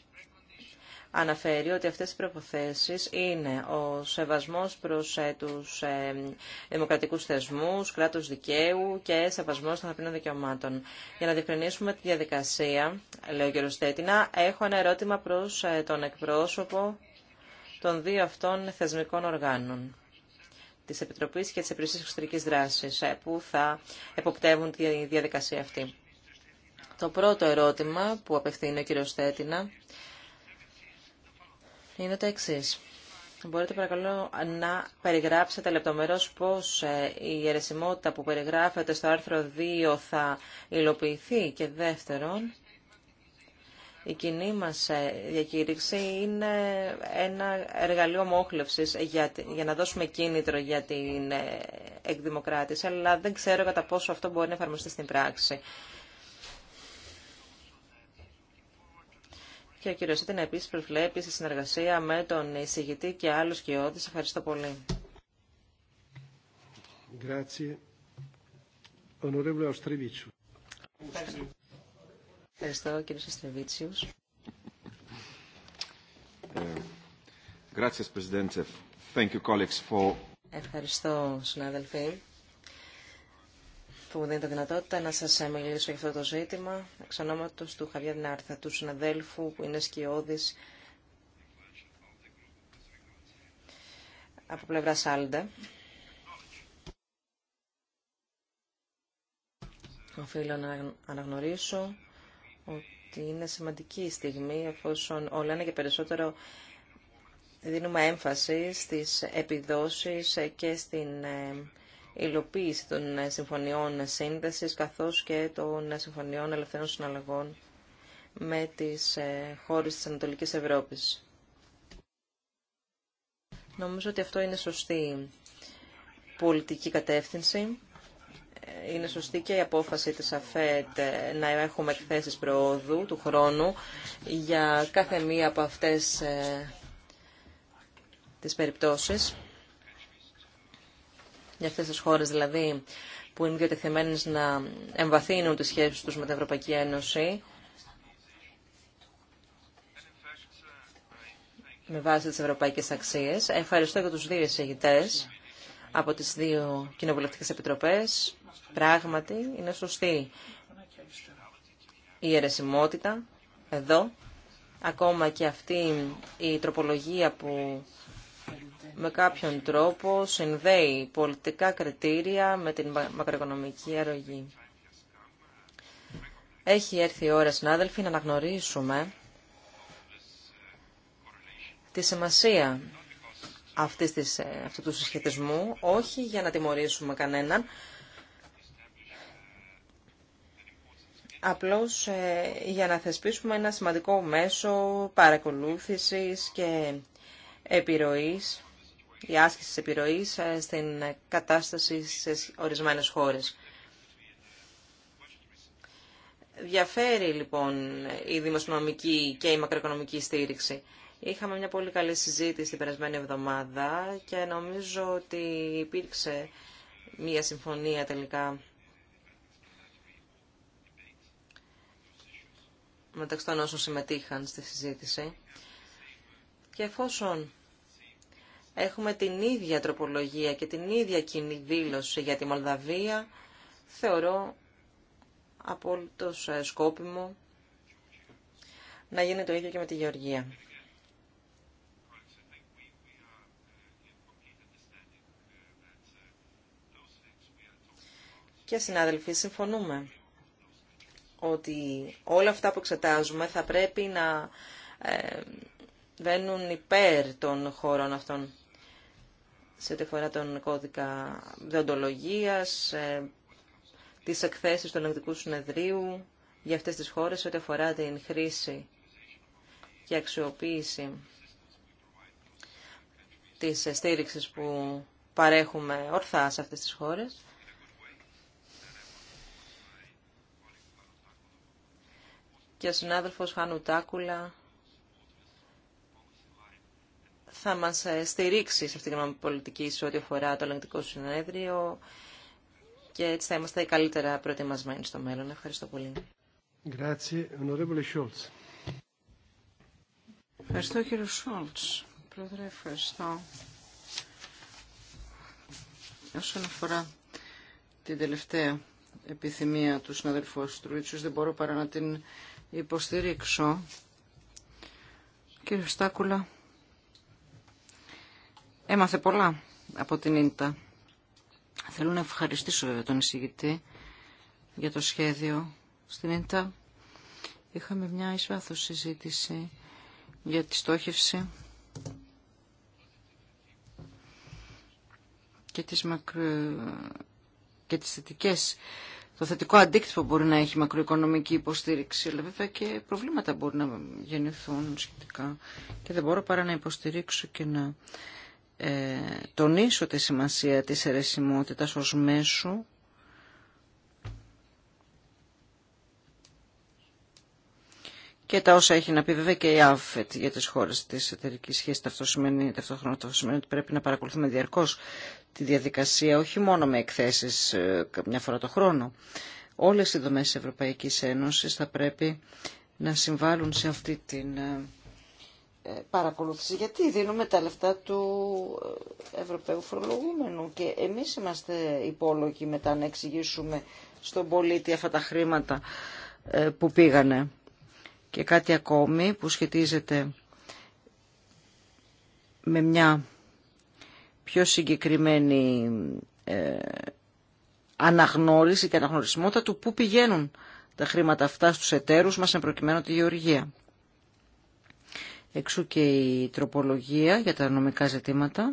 αναφέρει ότι αυτές οι προϋποθέσεις είναι ο σεβασμός προς ε, τους ε, δημοκρατικούς θεσμούς, κράτος δικαίου και σεβασμός των ανθρωπίνων δικαιωμάτων. Για να διευκρινίσουμε τη διαδικασία, λέει ο κ. Στέτινα, έχω ένα ερώτημα προς ε, τον εκπρόσωπο των δύο αυτών θεσμικών οργάνων της Επιτροπής και της Επιτροπής Εξωτερικής Δράσης, που θα εποπτεύουν τη διαδικασία αυτή. Το πρώτο ερώτημα που απευθύνει ο κ. Στέτινα είναι το εξή. Μπορείτε παρακαλώ να περιγράψετε λεπτομερώς πώς ε, η αιρεσιμότητα που περιγράφεται στο άρθρο 2 θα υλοποιηθεί και δεύτερον, η κοινή μας ε, διακήρυξη είναι ένα εργαλείο μόχλευσης για, για να δώσουμε κίνητρο για την ε, εκδημοκράτηση, αλλά δεν ξέρω κατά πόσο αυτό μπορεί να εφαρμοστεί στην πράξη. Και ο κύριο Σίτιν επίση προσβλέπει στη συνεργασία με τον εισηγητή και άλλου κοιότε. Ευχαριστώ πολύ. Ευχαριστώ κύριε Σαστρεβίτσιου. Ευχαριστώ συνάδελφοι που δίνει τη δυνατότητα να σας ε, μιλήσω για αυτό το ζήτημα εξ ονόματος του Χαβιά Νάρθα, του συναδέλφου που είναι σκιώδης από πλευρά Σάλντε. Οφείλω να αναγνωρίσω ότι είναι σημαντική η στιγμή εφόσον όλα είναι και περισσότερο δίνουμε έμφαση στις επιδόσεις και στην ε, υλοποίηση των συμφωνιών σύνδεσης καθώς και των συμφωνιών ελευθερών συναλλαγών με τις ε, χώρες της Ανατολικής Ευρώπης. Νομίζω ότι αυτό είναι σωστή πολιτική κατεύθυνση. Ε, είναι σωστή και η απόφαση της ΑΦΕΤ ε, να έχουμε εκθέσεις προόδου του χρόνου για κάθε μία από αυτές τις περιπτώσεις για αυτές τις χώρες δηλαδή που είναι διατεθειμένες να εμβαθύνουν τις σχέσεις τους με την Ευρωπαϊκή Ένωση με βάση τις ευρωπαϊκές αξίες. Ευχαριστώ και τους δύο εισηγητές από τις δύο κοινοβουλευτικές επιτροπές. Πράγματι, είναι σωστή η αιρεσιμότητα εδώ. Ακόμα και αυτή η τροπολογία που με κάποιον τρόπο συνδέει πολιτικά κριτήρια με την μακροοικονομική αρρωγή. Έχει έρθει η ώρα, συνάδελφοι, να αναγνωρίσουμε τη σημασία αυτής της, ε, αυτού του συσχετισμού, όχι για να τιμωρήσουμε κανέναν, απλώς ε, για να θεσπίσουμε ένα σημαντικό μέσο παρακολούθησης και επιρροής η άσκηση της επιρροής ε, στην κατάσταση σε ορισμένες χώρες. Διαφέρει λοιπόν η δημοσιονομική και η μακροοικονομική στήριξη. Είχαμε μια πολύ καλή συζήτηση την περασμένη εβδομάδα και νομίζω ότι υπήρξε μια συμφωνία τελικά μεταξύ των όσων συμμετείχαν στη συζήτηση. Και εφόσον έχουμε την ίδια τροπολογία και την ίδια κοινή δήλωση για τη Μολδαβία, θεωρώ απόλυτος ε, σκόπιμο να γίνει το ίδιο και με τη Γεωργία. Και συνάδελφοι, συμφωνούμε ότι όλα αυτά που εξετάζουμε θα πρέπει να ε, βαίνουν υπέρ των χωρών αυτών σε ό,τι αφορά τον κώδικα διοντολογίας, τις εκθέσεις του Ελεγκτικού Συνεδρίου για αυτές τις χώρες, σε ό,τι αφορά την χρήση και αξιοποίηση της στήριξης που παρέχουμε ορθά σε αυτές τις χώρες. Και ο συνάδελφος Χάνου Τάκουλα θα μας ε, στηρίξει σε αυτήν την πολιτική σε ό,τι αφορά το ελεγκτικό συνέδριο και έτσι θα είμαστε καλύτερα προετοιμασμένοι στο μέλλον. Ευχαριστώ πολύ. Ευχαριστώ κύριο Σόλτς. Πρόεδρε, ευχαριστώ. Όσον αφορά την τελευταία επιθυμία του συναδελφού Αστρουίτσους, δεν μπορώ παρά να την υποστηρίξω. Κύριε Στάκουλα, Έμαθε πολλά από την Ίντα. Θέλω να ευχαριστήσω βέβαια τον εισηγητή για το σχέδιο στην Ίντα. Είχαμε μια εισβάθος συζήτηση για τη στόχευση και τις, μακρο... και τις θετικές το θετικό αντίκτυπο μπορεί να έχει μακροοικονομική υποστήριξη, αλλά βέβαια και προβλήματα μπορεί να γεννηθούν σχετικά. Και δεν μπορώ παρά να υποστηρίξω και να ε, τονίσω τη σημασία της αιρεσιμότητας ως μέσου και τα όσα έχει να πει βέβαια και η ΑΦΕΤ για τις χώρες της εταιρικής σχέσης. Αυτό σημαίνει, ταυτόχρονα αυτό σημαίνει ότι πρέπει να παρακολουθούμε διαρκώς τη διαδικασία, όχι μόνο με εκθέσεις ε, μια φορά το χρόνο. Όλες οι δομές της Ευρωπαϊκής Ένωσης θα πρέπει να συμβάλλουν σε αυτή την ε, ε, παρακολούθηση γιατί δίνουμε τα λεφτά του ε, Ευρωπαίου φορολογούμενου και εμείς είμαστε υπόλογοι μετά να εξηγήσουμε στον πολίτη αυτά τα χρήματα ε, που πήγανε. Και κάτι ακόμη που σχετίζεται με μια πιο συγκεκριμένη αναγνώριση και αναγνωρισμότητα του πού πηγαίνουν τα χρήματα αυτά στους εταίρους μας εν προκειμένου τη γεωργία. Εξού και η τροπολογία για τα νομικά ζητήματα.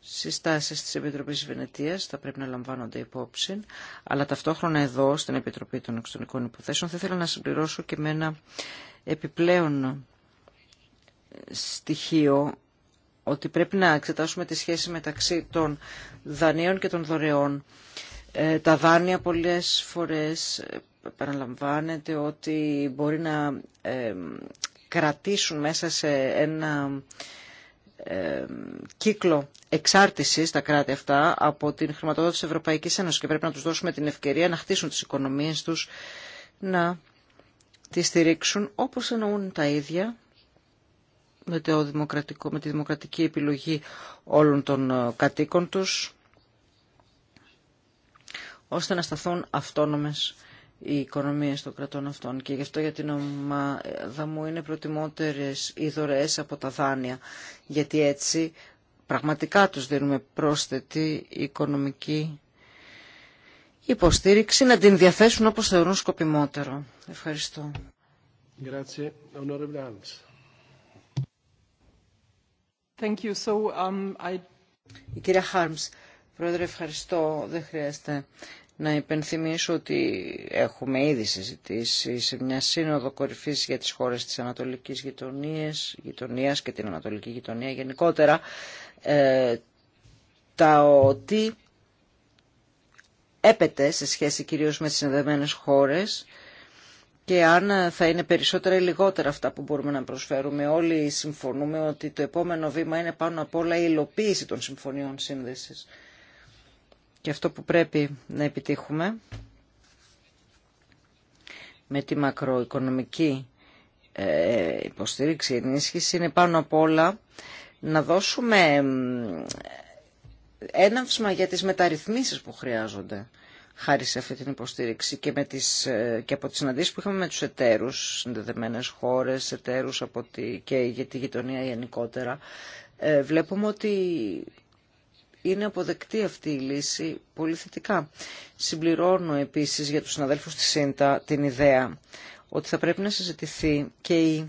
Συστάσεις της Επιτροπής Βενετίας θα πρέπει να λαμβάνονται υπόψη, αλλά ταυτόχρονα εδώ στην Επιτροπή των Εξωτερικών Υποθέσεων θα ήθελα να συμπληρώσω και με ένα επιπλέον στοιχείο ότι πρέπει να εξετάσουμε τη σχέση μεταξύ των δανείων και των δωρεών. Ε, τα δάνεια πολλές φορές επαναλαμβάνεται ότι μπορεί να ε, κρατήσουν μέσα σε ένα ε, κύκλο εξάρτησης τα κράτη αυτά από την χρηματοδότηση της Ευρωπαϊκής Ένωσης και πρέπει να τους δώσουμε την ευκαιρία να χτίσουν τις οικονομίες τους, να τις στηρίξουν όπως εννοούν τα ίδια με, το δημοκρατικό, με τη δημοκρατική επιλογή όλων των ε, κατοίκων τους ώστε να σταθούν αυτόνομες οι οικονομίες των κρατών αυτών και γι' αυτό για την ομάδα μου είναι προτιμότερες οι δωρεές από τα δάνεια γιατί έτσι πραγματικά τους δίνουμε πρόσθετη οικονομική υποστήριξη να την διαθέσουν όπως θεωρούν σκοπιμότερο. Ευχαριστώ. Thank you. So, um, I... Η κυρία Χάρμς, Πρόεδρε, ευχαριστώ. Δεν χρειάζεται να υπενθυμίσω ότι έχουμε ήδη συζητήσει σε μια σύνοδο κορυφής για τις χώρες της Ανατολικής γειτονίας, και την Ανατολική γειτονία γενικότερα ε, τα ότι έπεται σε σχέση κυρίως με τις συνδεδεμένες χώρες και αν θα είναι περισσότερα ή λιγότερα αυτά που μπορούμε να προσφέρουμε. Όλοι συμφωνούμε ότι το επόμενο βήμα είναι πάνω απ' όλα η υλοποίηση των συμφωνιών σύνδεσης και αυτό που πρέπει να επιτύχουμε με τη μακροοικονομική ε, υποστήριξη, ενίσχυση είναι πάνω απ' όλα να δώσουμε έναυσμα για τις μεταρρυθμίσεις που χρειάζονται χάρη σε αυτή την υποστήριξη και, με τις, ε, και από τις συναντήσεις που είχαμε με τους εταίρους, συνδεδεμένες χώρες, εταίρους από και για τη γειτονία γενικότερα, ε, βλέπουμε ότι είναι αποδεκτή αυτή η λύση πολύ θετικά. Συμπληρώνω επίσης για τους συναδέλφους της ΣΥΝΤΑ την ιδέα ότι θα πρέπει να συζητηθεί και η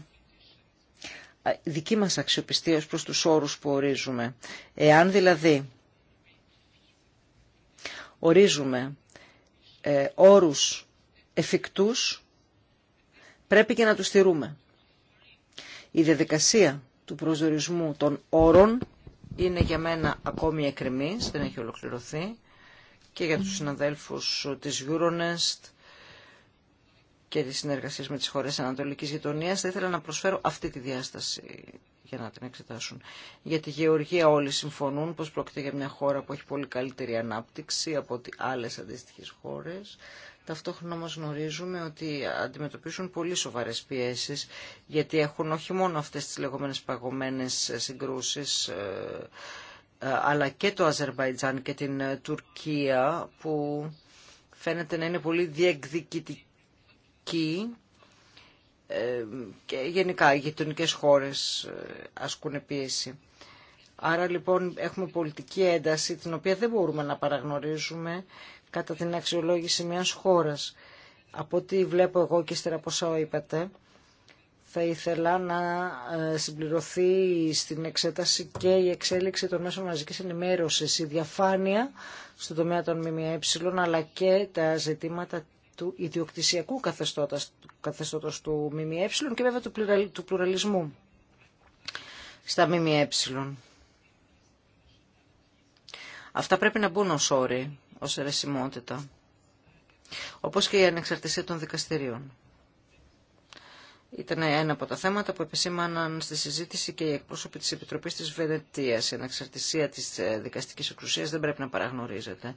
δική μας αξιοπιστία ως προς τους όρους που ορίζουμε. Εάν δηλαδή ορίζουμε ε, όρους εφικτούς, πρέπει και να τους στηρούμε. Η διαδικασία του προσδιορισμού των όρων είναι για μένα ακόμη εκκρεμής, δεν έχει ολοκληρωθεί και για τους συναδέλφους της Euronest και τη συνεργασία με τις χώρες Ανατολικής Γειτονίας θα ήθελα να προσφέρω αυτή τη διάσταση για να την εξετάσουν. Για τη Γεωργία όλοι συμφωνούν πως πρόκειται για μια χώρα που έχει πολύ καλύτερη ανάπτυξη από ότι άλλες αντίστοιχες χώρες. Ταυτόχρονα όμως γνωρίζουμε ότι αντιμετωπίζουν πολύ σοβαρές πιέσεις, γιατί έχουν όχι μόνο αυτές τις λεγόμενες παγωμένες συγκρούσεις, ε, ε, αλλά και το Αζερβαϊτζάν και την ε, Τουρκία, που φαίνεται να είναι πολύ διεκδικητική και γενικά οι γειτονικέ χώρες ασκούν πίεση. Άρα λοιπόν έχουμε πολιτική ένταση την οποία δεν μπορούμε να παραγνωρίζουμε κατά την αξιολόγηση μιας χώρας. Από ό,τι βλέπω εγώ και ύστερα από όσα είπατε, θα ήθελα να ε, συμπληρωθεί στην εξέταση και η εξέλιξη των μέσων μαζικής ενημέρωσης, η διαφάνεια στον τομέα των ΜΜΕ, αλλά και τα ζητήματα του ιδιοκτησιακού καθεστώτας καθεστώτος του ΜΜΕ και βέβαια του πλουραλισμού στα ΜΜΕ. Αυτά πρέπει να μπουν ως όροι ως αιρεσιμότητα, όπως και η ανεξαρτησία των δικαστηρίων. Ήταν ένα από τα θέματα που επισήμαναν στη συζήτηση και οι εκπρόσωποι της Επιτροπής της Βενετίας. Η ανεξαρτησία της ε, δικαστικής εξουσίας δεν πρέπει να παραγνωρίζεται.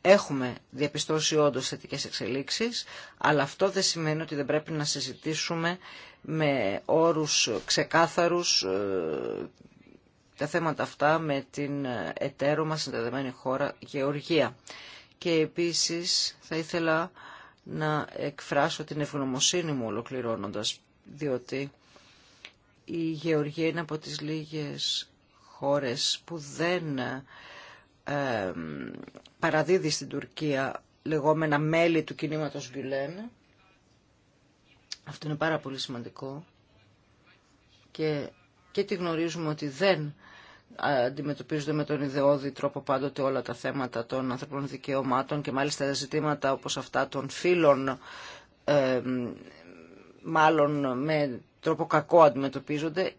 Έχουμε διαπιστώσει όντω θετικές εξελίξεις, αλλά αυτό δεν σημαίνει ότι δεν πρέπει να συζητήσουμε με όρους ξεκάθαρους ε, τα θέματα αυτά με την εταίρο μας συνδεδεμένη χώρα Γεωργία. Και επίσης θα ήθελα να εκφράσω την ευγνωμοσύνη μου ολοκληρώνοντας, διότι η Γεωργία είναι από τις λίγες χώρες που δεν ε, παραδίδει στην Τουρκία λεγόμενα μέλη του κινήματος Γκυλέν. Αυτό είναι πάρα πολύ σημαντικό και, και τη γνωρίζουμε ότι δεν αντιμετωπίζονται με τον ιδεώδη τρόπο πάντοτε όλα τα θέματα των ανθρωπών δικαιωμάτων και μάλιστα ζητήματα όπως αυτά των φύλων μάλλον με τρόπο κακό αντιμετωπίζονται,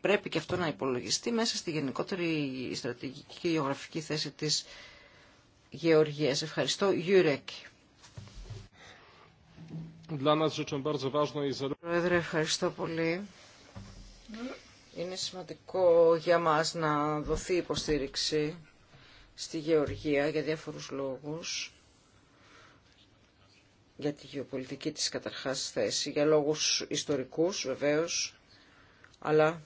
πρέπει και αυτό να υπολογιστεί μέσα στη γενικότερη στρατηγική και γεωγραφική θέση της Γεωργίας. Ευχαριστώ. Γιουρέκ. Πρόεδρε, ευχαριστώ πολύ. Είναι σημαντικό για μας να δοθεί υποστήριξη στη γεωργία για διάφορους λόγους για τη γεωπολιτική της καταρχάς θέση, για λόγους ιστορικούς βεβαίως, αλλά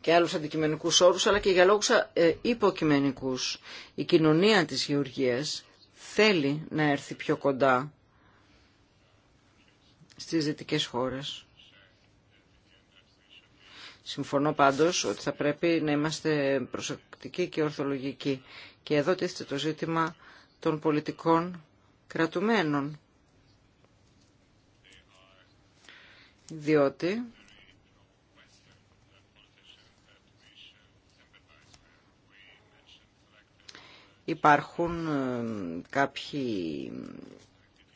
και άλλους αντικειμενικούς όρους, αλλά και για λόγους ε, υποκειμενικούς. Η κοινωνία της γεωργίας θέλει να έρθει πιο κοντά στις δυτικές χώρες. Συμφωνώ πάντως ότι θα πρέπει να είμαστε προσεκτικοί και ορθολογικοί. Και εδώ τίθεται το ζήτημα των πολιτικών κρατουμένων. Διότι υπάρχουν ε, κάποιοι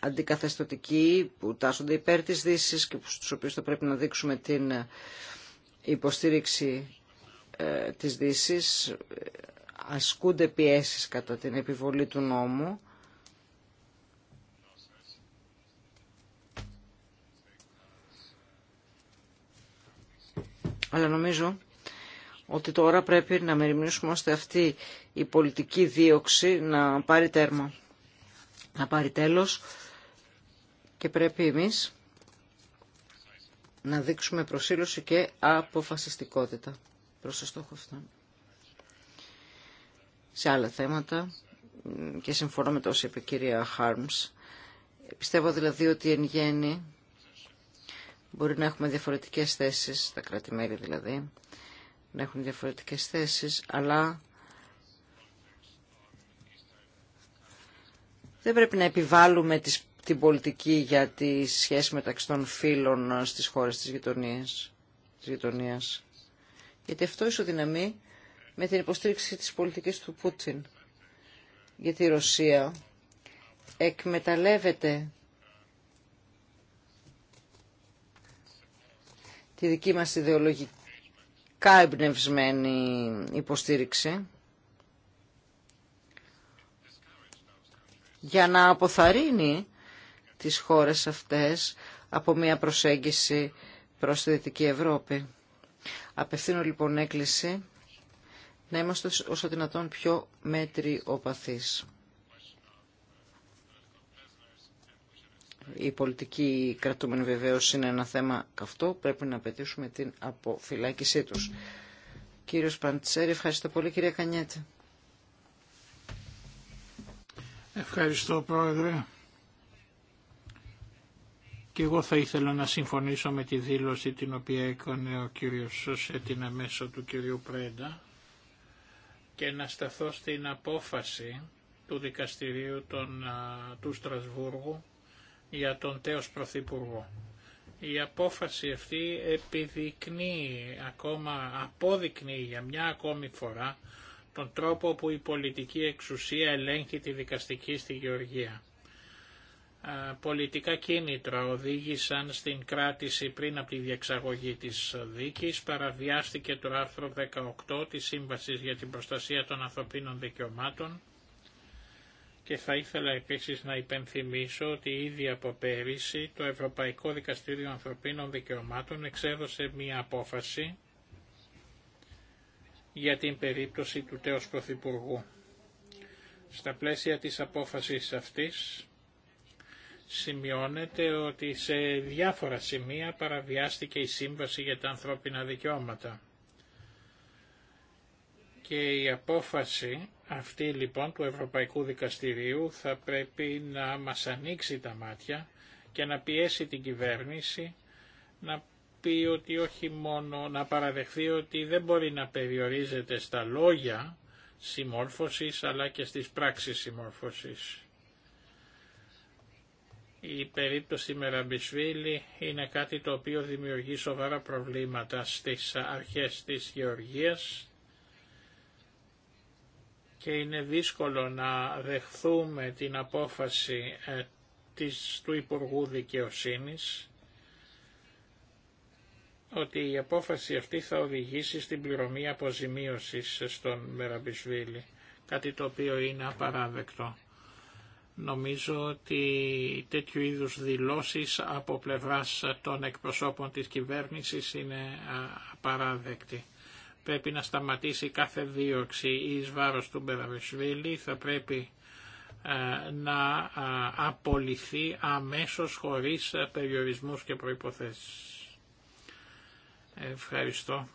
αντικαθεστοτικοί που τάσσονται υπέρ της Δύσης και στους οποίους θα πρέπει να δείξουμε την ε, υποστήριξη ε, της Δύσης. Ασκούνται πιέσεις κατά την επιβολή του νόμου. Αλλά νομίζω ότι τώρα πρέπει να μεριμνήσουμε ώστε αυτή η πολιτική δίωξη να πάρει τέρμα, να πάρει τέλος και πρέπει εμείς να δείξουμε προσήλωση και αποφασιστικότητα προς το στόχο αυτό. Σε άλλα θέματα και συμφωνώ με το είπε η κυρία Χάρμς, πιστεύω δηλαδή ότι εν γέννη μπορεί να έχουμε διαφορετικές θέσεις, τα κρατη δηλαδή, να έχουν διαφορετικές θέσεις, αλλά δεν πρέπει να επιβάλλουμε τις την πολιτική για τη σχέση μεταξύ των φίλων στις χώρες της γειτονίας. Της γειτονίας. Γιατί αυτό ισοδυναμεί με την υποστήριξη της πολιτικής του Πούτιν. Γιατί η Ρωσία εκμεταλλεύεται τη δική μας ιδεολογικά εμπνευσμένη υποστήριξη για να αποθαρρύνει τις χώρες αυτές από μια προσέγγιση προς τη Δυτική Ευρώπη. Απευθύνω λοιπόν έκκληση να είμαστε όσο δυνατόν πιο μέτριοπαθείς. Η πολιτική κρατούμενη βεβαίως είναι ένα θέμα καυτό. Πρέπει να απαιτήσουμε την αποφυλάκησή τους. Κύριος Παντσέρη, ευχαριστώ πολύ. Κυρία Κανιέτη. Ευχαριστώ Πρόεδρε. Και εγώ θα ήθελα να συμφωνήσω με τη δήλωση την οποία έκανε ο κύριος την μέσω του κυρίου Πρέντα και να σταθώ στην απόφαση του δικαστηρίου των, του Στρασβούργου για τον τέος Πρωθυπουργό. Η απόφαση αυτή επιδεικνύει ακόμα, απόδεικνύει για μια ακόμη φορά τον τρόπο που η πολιτική εξουσία ελέγχει τη δικαστική στη Γεωργία πολιτικά κίνητρα οδήγησαν στην κράτηση πριν από τη διεξαγωγή της δίκης, παραβιάστηκε το άρθρο 18 της Σύμβασης για την Προστασία των Ανθρωπίνων Δικαιωμάτων και θα ήθελα επίσης να υπενθυμίσω ότι ήδη από πέρυσι το Ευρωπαϊκό Δικαστήριο Ανθρωπίνων Δικαιωμάτων εξέδωσε μία απόφαση για την περίπτωση του τέος Πρωθυπουργού. Στα πλαίσια της απόφασης αυτής, σημειώνεται ότι σε διάφορα σημεία παραβιάστηκε η Σύμβαση για τα Ανθρώπινα Δικαιώματα. Και η απόφαση αυτή λοιπόν του Ευρωπαϊκού Δικαστηρίου θα πρέπει να μας ανοίξει τα μάτια και να πιέσει την κυβέρνηση να πει ότι όχι μόνο να παραδεχθεί ότι δεν μπορεί να περιορίζεται στα λόγια συμμόρφωσης αλλά και στις πράξεις συμμόρφωσης. Η περίπτωση Μεραμπισβήλη είναι κάτι το οποίο δημιουργεί σοβαρά προβλήματα στις αρχές της Γεωργίας και είναι δύσκολο να δεχθούμε την απόφαση ε, της, του Υπουργού Δικαιοσύνης ότι η απόφαση αυτή θα οδηγήσει στην πληρωμή αποζημίωσης στον Μεραμπισβίλη, κάτι το οποίο είναι απαράδεκτο. Νομίζω ότι τέτοιου είδους δηλώσεις από πλευράς των εκπροσώπων της κυβέρνησης είναι απαράδεκτη. Πρέπει να σταματήσει κάθε δίωξη εις βάρος του Μπεραβεσβήλη, θα πρέπει να απολυθεί αμέσως χωρίς περιορισμούς και προϋποθέσεις. Ευχαριστώ.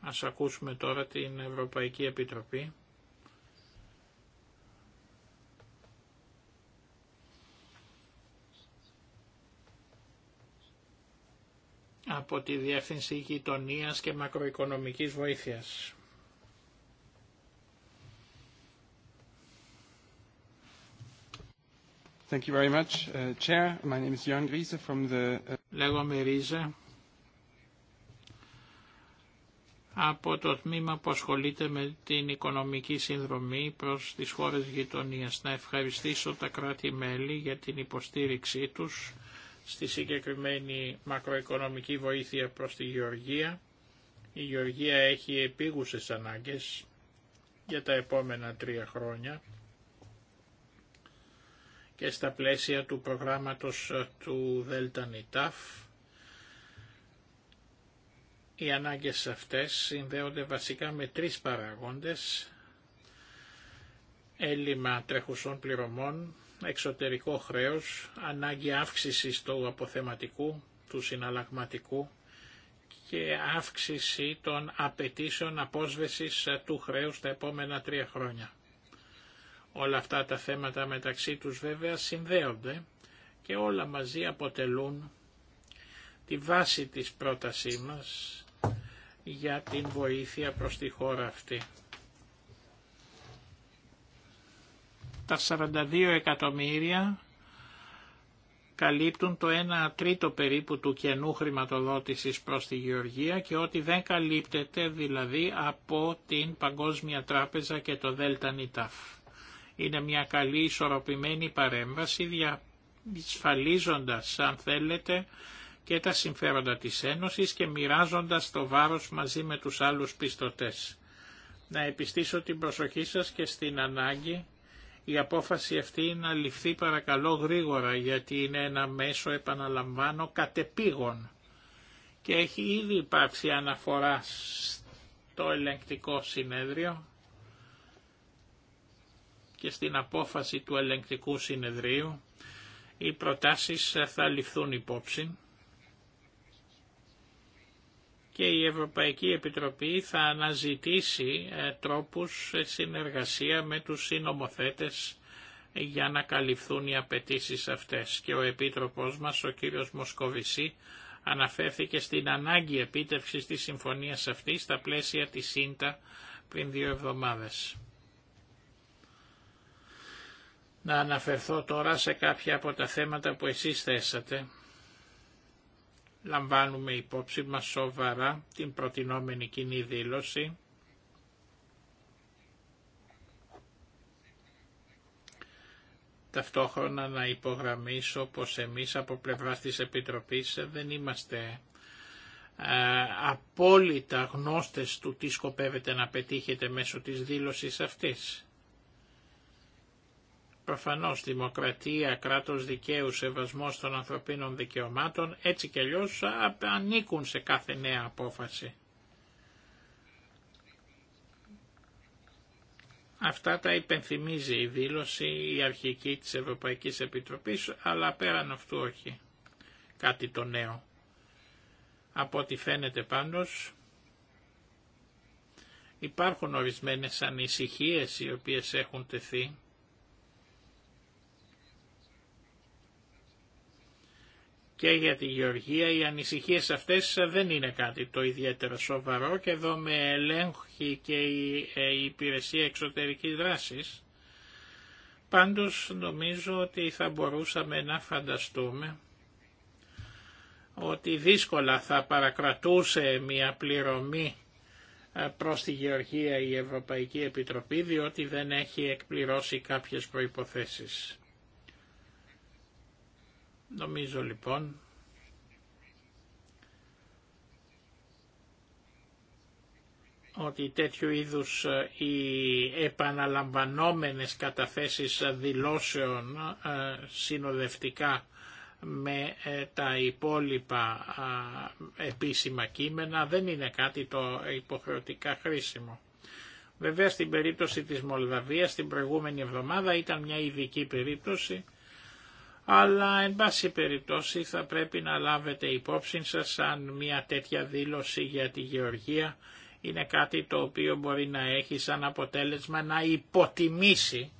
Ας ακούσουμε τώρα την Ευρωπαϊκή Επιτροπή. από τη Διεύθυνση Γειτονίας και Μακροοικονομικής Βοήθειας. Thank you very much, uh, Chair. My name is Jan from the... Uh, Λέγομαι Ρίζα. από το τμήμα που ασχολείται με την οικονομική συνδρομή προς τις χώρες γειτονίας. Να ευχαριστήσω τα κράτη-μέλη για την υποστήριξή τους στη συγκεκριμένη μακροοικονομική βοήθεια προς τη Γεωργία. Η Γεωργία έχει επίγουσες ανάγκες για τα επόμενα τρία χρόνια και στα πλαίσια του προγράμματος του Δέλτα Νιτάφ. Οι ανάγκες αυτές συνδέονται βασικά με τρεις παραγόντες, έλλειμμα τρεχουσών πληρωμών, εξωτερικό χρέος, ανάγκη αύξησης του αποθεματικού, του συναλλαγματικού και αύξηση των απαιτήσεων απόσβεσης ε, του χρέους τα επόμενα τρία χρόνια. Όλα αυτά τα θέματα μεταξύ τους βέβαια συνδέονται και όλα μαζί αποτελούν τη βάση της πρότασή μας για την βοήθεια προς τη χώρα αυτή. Τα 42 εκατομμύρια καλύπτουν το 1 τρίτο περίπου του κενού χρηματοδότησης προς τη Γεωργία και ότι δεν καλύπτεται δηλαδή από την Παγκόσμια Τράπεζα και το Δέλτα Νιτάφ. Είναι μια καλή ισορροπημένη παρέμβαση διασφαλίζοντας αν θέλετε και τα συμφέροντα της Ένωσης και μοιράζοντας το βάρος μαζί με τους άλλους πιστωτές. Να επιστήσω την προσοχή σας και στην ανάγκη η απόφαση αυτή να ληφθεί παρακαλώ γρήγορα γιατί είναι ένα μέσο επαναλαμβάνω κατεπήγον και έχει ήδη υπάρξει αναφορά στο ελεγκτικό συνέδριο και στην απόφαση του ελεγκτικού συνεδρίου οι προτάσεις θα ληφθούν υπόψη και η Ευρωπαϊκή Επιτροπή θα αναζητήσει ε, τρόπους συνεργασία με τους συνομοθέτες για να καλυφθούν οι απαιτήσει αυτές. Και ο Επίτροπός μας, ο κύριος Μοσκοβισή, αναφέρθηκε στην ανάγκη επίτευξης της συμφωνίας αυτής στα πλαίσια της ΣΥΝΤΑ πριν δύο εβδομάδες. Να αναφερθώ τώρα σε κάποια από τα θέματα που εσείς θέσατε λαμβάνουμε υπόψη μας σοβαρά την προτινόμενη κοινή δήλωση Ταυτόχρονα να υπογραμμίσω πως εμείς από πλευράς της Επιτροπής δεν είμαστε ε, απόλυτα γνώστες του τι σκοπεύετε να πετύχετε μέσω της δήλωσης αυτής. Προφανώς δημοκρατία, κράτος δικαίου, σεβασμός των ανθρωπίνων δικαιωμάτων, έτσι και αλλιώς, ανήκουν σε κάθε νέα απόφαση. Αυτά τα υπενθυμίζει η δήλωση η αρχική της Ευρωπαϊκής Επιτροπής, αλλά πέραν αυτού όχι. Κάτι το νέο. Από ό,τι φαίνεται πάντως, υπάρχουν ορισμένες ανησυχίες οι οποίες έχουν τεθεί και για τη Γεωργία οι ανησυχίες αυτές δεν είναι κάτι το ιδιαίτερα σοβαρό και εδώ με ελέγχει και η, ε, υπηρεσία εξωτερικής δράσης. Πάντως νομίζω ότι θα μπορούσαμε να φανταστούμε ότι δύσκολα θα παρακρατούσε μια πληρωμή ε, προς τη Γεωργία η Ευρωπαϊκή Επιτροπή διότι δεν έχει εκπληρώσει κάποιες προϋποθέσεις. Νομίζω λοιπόν ότι τέτοιου είδους ε, οι επαναλαμβανόμενες καταθέσεις δηλώσεων ε, συνοδευτικά με ε, τα υπόλοιπα επίσημα κείμενα δεν είναι κάτι το υποχρεωτικά χρήσιμο. Βέβαια στην περίπτωση της Μολδαβίας την προηγούμενη εβδομάδα ήταν μια ειδική περίπτωση αλλά εν πάση περιπτώσει θα πρέπει να λάβετε υπόψη σας αν μια τέτοια δήλωση για τη γεωργία είναι κάτι το οποίο μπορεί να έχει σαν αποτέλεσμα να υποτιμήσει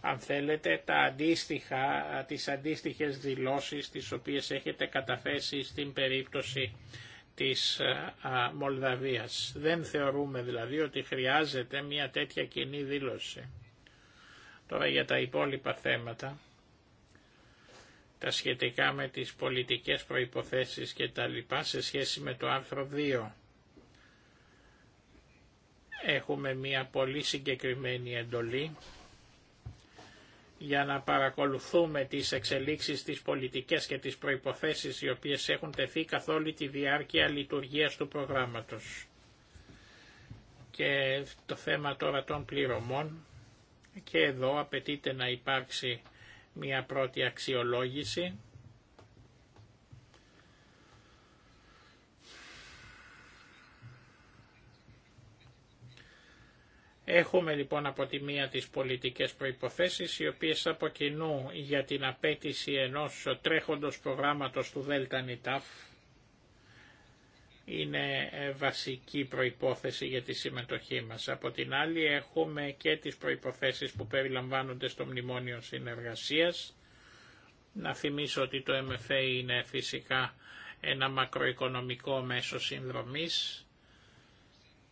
αν θέλετε τα αντίστοιχα, τις αντίστοιχες δηλώσεις τις οποίες έχετε καταφέσει στην περίπτωση της Μολδαβίας. Δεν θεωρούμε δηλαδή ότι χρειάζεται μια τέτοια κοινή δήλωση. Τώρα για τα υπόλοιπα θέματα τα σχετικά με τις πολιτικές προϋποθέσεις και τα λοιπά σε σχέση με το άρθρο 2. Έχουμε μία πολύ συγκεκριμένη εντολή για να παρακολουθούμε τις εξελίξεις, τις πολιτικές και τις προϋποθέσεις οι οποίες έχουν τεθεί καθ' όλη τη διάρκεια λειτουργίας του προγράμματος. Και το θέμα τώρα των πληρωμών και εδώ απαιτείται να υπάρξει μια πρώτη αξιολόγηση. Έχουμε λοιπόν από τη μία τις πολιτικές προϋποθέσεις, οι οποίες από για την απέτηση ενός τρέχοντος προγράμματος του ΔΝΤ είναι ε, βασική προϋπόθεση για τη συμμετοχή μας. Από την άλλη έχουμε και τις προϋποθέσεις που περιλαμβάνονται στο Μνημόνιο Συνεργασίας. Να θυμίσω ότι το MFA είναι φυσικά ένα μακροοικονομικό μέσο συνδρομής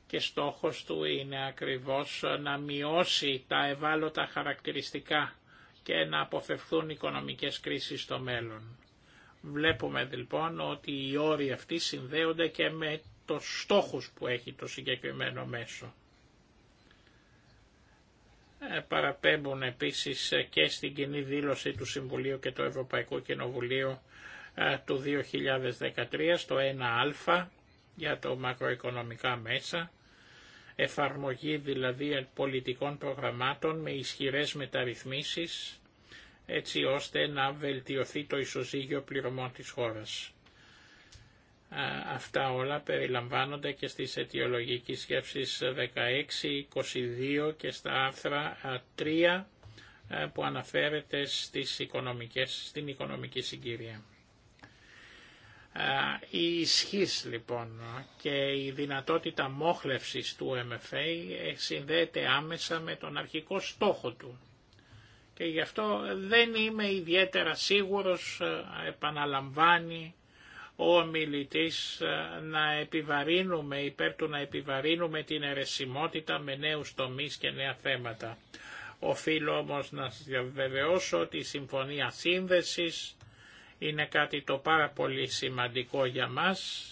και στόχος του είναι ακριβώς να μειώσει τα ευάλωτα χαρακτηριστικά και να αποφευθούν οικονομικές κρίσεις στο μέλλον. Βλέπουμε λοιπόν ότι οι όροι αυτοί συνδέονται και με το στόχους που έχει το συγκεκριμένο μέσο. Ε, παραπέμπουν επίσης και στην κοινή δήλωση του Συμβουλίου και του Ευρωπαϊκού Κοινοβουλίου ε, του 2013 στο 1α για το μακροοικονομικά μέσα, εφαρμογή δηλαδή πολιτικών προγραμμάτων με ισχυρές μεταρρυθμίσεις, έτσι ώστε να βελτιωθεί το ισοζύγιο πληρωμών της χώρας. Αυτά όλα περιλαμβάνονται και στις αιτιολογικές σκέψεις 16, 22 και στα άρθρα 3 που αναφέρεται στις οικονομικές, στην οικονομική συγκυρία. Η ισχύ λοιπόν και η δυνατότητα μόχλευσης του MFA ε, συνδέεται άμεσα με τον αρχικό στόχο του και γι' αυτό δεν είμαι ιδιαίτερα σίγουρος, ε, επαναλαμβάνει ο ομιλητής, ε, να επιβαρύνουμε, υπέρ του να επιβαρύνουμε την αιρεσιμότητα με νέους τομείς και νέα θέματα. Οφείλω όμως να σας διαβεβαιώσω ότι η Συμφωνία Σύνδεσης είναι κάτι το πάρα πολύ σημαντικό για μας,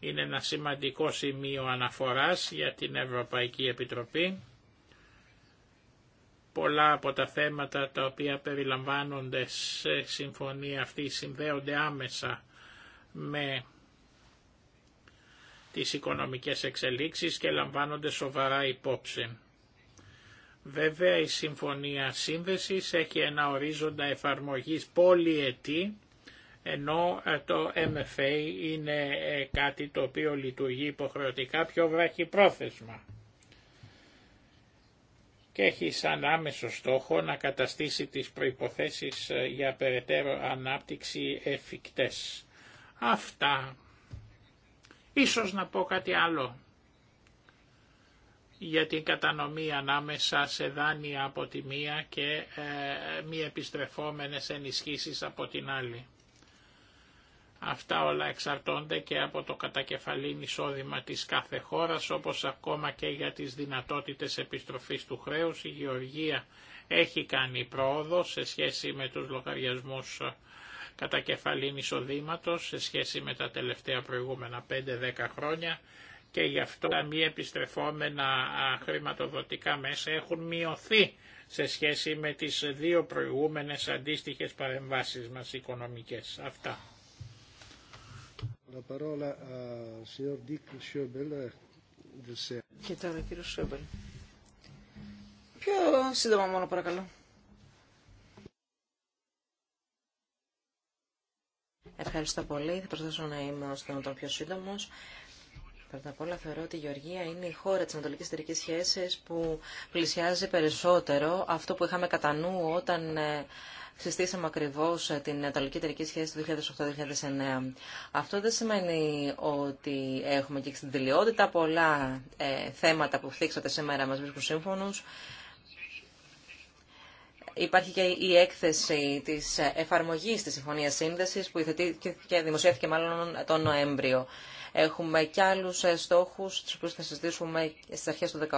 είναι ένα σημαντικό σημείο αναφοράς για την Ευρωπαϊκή Επιτροπή πολλά από τα θέματα τα οποία περιλαμβάνονται σε συμφωνία αυτή συνδέονται άμεσα με τις οικονομικές εξελίξεις και λαμβάνονται σοβαρά υπόψη. Βέβαια η Συμφωνία Σύνδεσης έχει ένα ορίζοντα εφαρμογής πολυετή, ενώ ε, το MFA είναι ε, κάτι το οποίο λειτουργεί υποχρεωτικά πιο βραχυπρόθεσμα και έχει σαν άμεσο στόχο να καταστήσει τις προϋποθέσεις ε, για περαιτέρω ανάπτυξη εφικτές. Αυτά. Ίσως να πω κάτι άλλο για την κατανομή ανάμεσα σε δάνεια από τη μία και ε, μη επιστρεφόμενες ενισχύσεις από την άλλη. Αυτά όλα εξαρτώνται και από το κατακεφαλήν εισόδημα της κάθε χώρας, όπως ακόμα και για τις δυνατότητες επιστροφής του χρέους. Η Γεωργία έχει κάνει πρόοδο σε σχέση με τους λογαριασμούς κατακεφαλήν εισοδήματος, σε σχέση με τα τελευταία προηγούμενα 5-10 χρόνια και γι' αυτό τα μη επιστρεφόμενα χρηματοδοτικά μέσα έχουν μειωθεί σε σχέση με τις δύο προηγούμενες αντίστοιχες παρεμβάσεις μας οικονομικές. Αυτά. Και τώρα Πιο σύντομα μόνο παρακαλώ. Ευχαριστώ πολύ. Θα προσθέσω να είμαι ο το πιο σύντομο. Πρώτα απ' όλα θεωρώ ότι η Γεωργία είναι η χώρα της Ανατολικής Εταιρική Σχέσης που πλησιάζει περισσότερο αυτό που είχαμε κατά νου όταν ε, συστήσαμε ακριβώς ε, την Ανατολική Εταιρική Σχέση του 2008-2009. Αυτό δεν σημαίνει ότι έχουμε και στην τελειότητα πολλά ε, θέματα που φτύξατε σήμερα μας βρίσκουν σύμφωνους. Υπάρχει και η έκθεση της εφαρμογής της Συμφωνίας Σύνδεσης που δημοσιεύθηκε μάλλον τον Νοέμβριο. Έχουμε και άλλους ε, στόχου του οποίους θα συζητήσουμε στι αρχέ του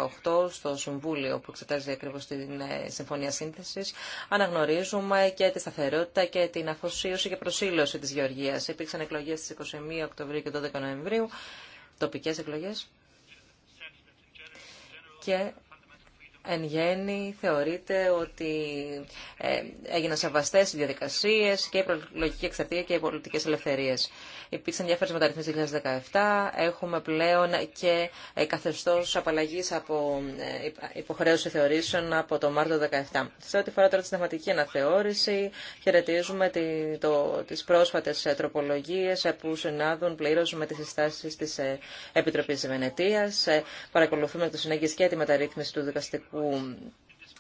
2018 στο Συμβούλιο που εξετάζει ακριβώ την ε, Συμφωνία Σύνθεσης. Αναγνωρίζουμε και τη σταθερότητα και την αφοσίωση και προσήλωση της Γεωργία. Υπήρξαν εκλογέ στι 21 Οκτωβρίου και 12 Νοεμβρίου, τοπικές εκλογέ Και εν γέννη θεωρείται ότι ε, έγιναν σεβαστές οι διαδικασίες και η προλογική εξαρτία και οι πολιτικές ελευθερίες. Υπήρξαν διάφορες μεταρρυθμίσεις 2017, έχουμε πλέον και ε, καθεστώς απαλλαγής από ε, υποχρέωση θεωρήσεων από το Μάρτιο 2017. Σε ό,τι φορά τώρα τη συνταγματική αναθεώρηση, χαιρετίζουμε τη, το, τις πρόσφατες τροπολογίες που συνάδουν πλήρω με τις συστάσεις της Επιτροπής Βενετίας. Παρακολουθούμε το συνέγγι και τη μεταρρύθμιση του δικαστικού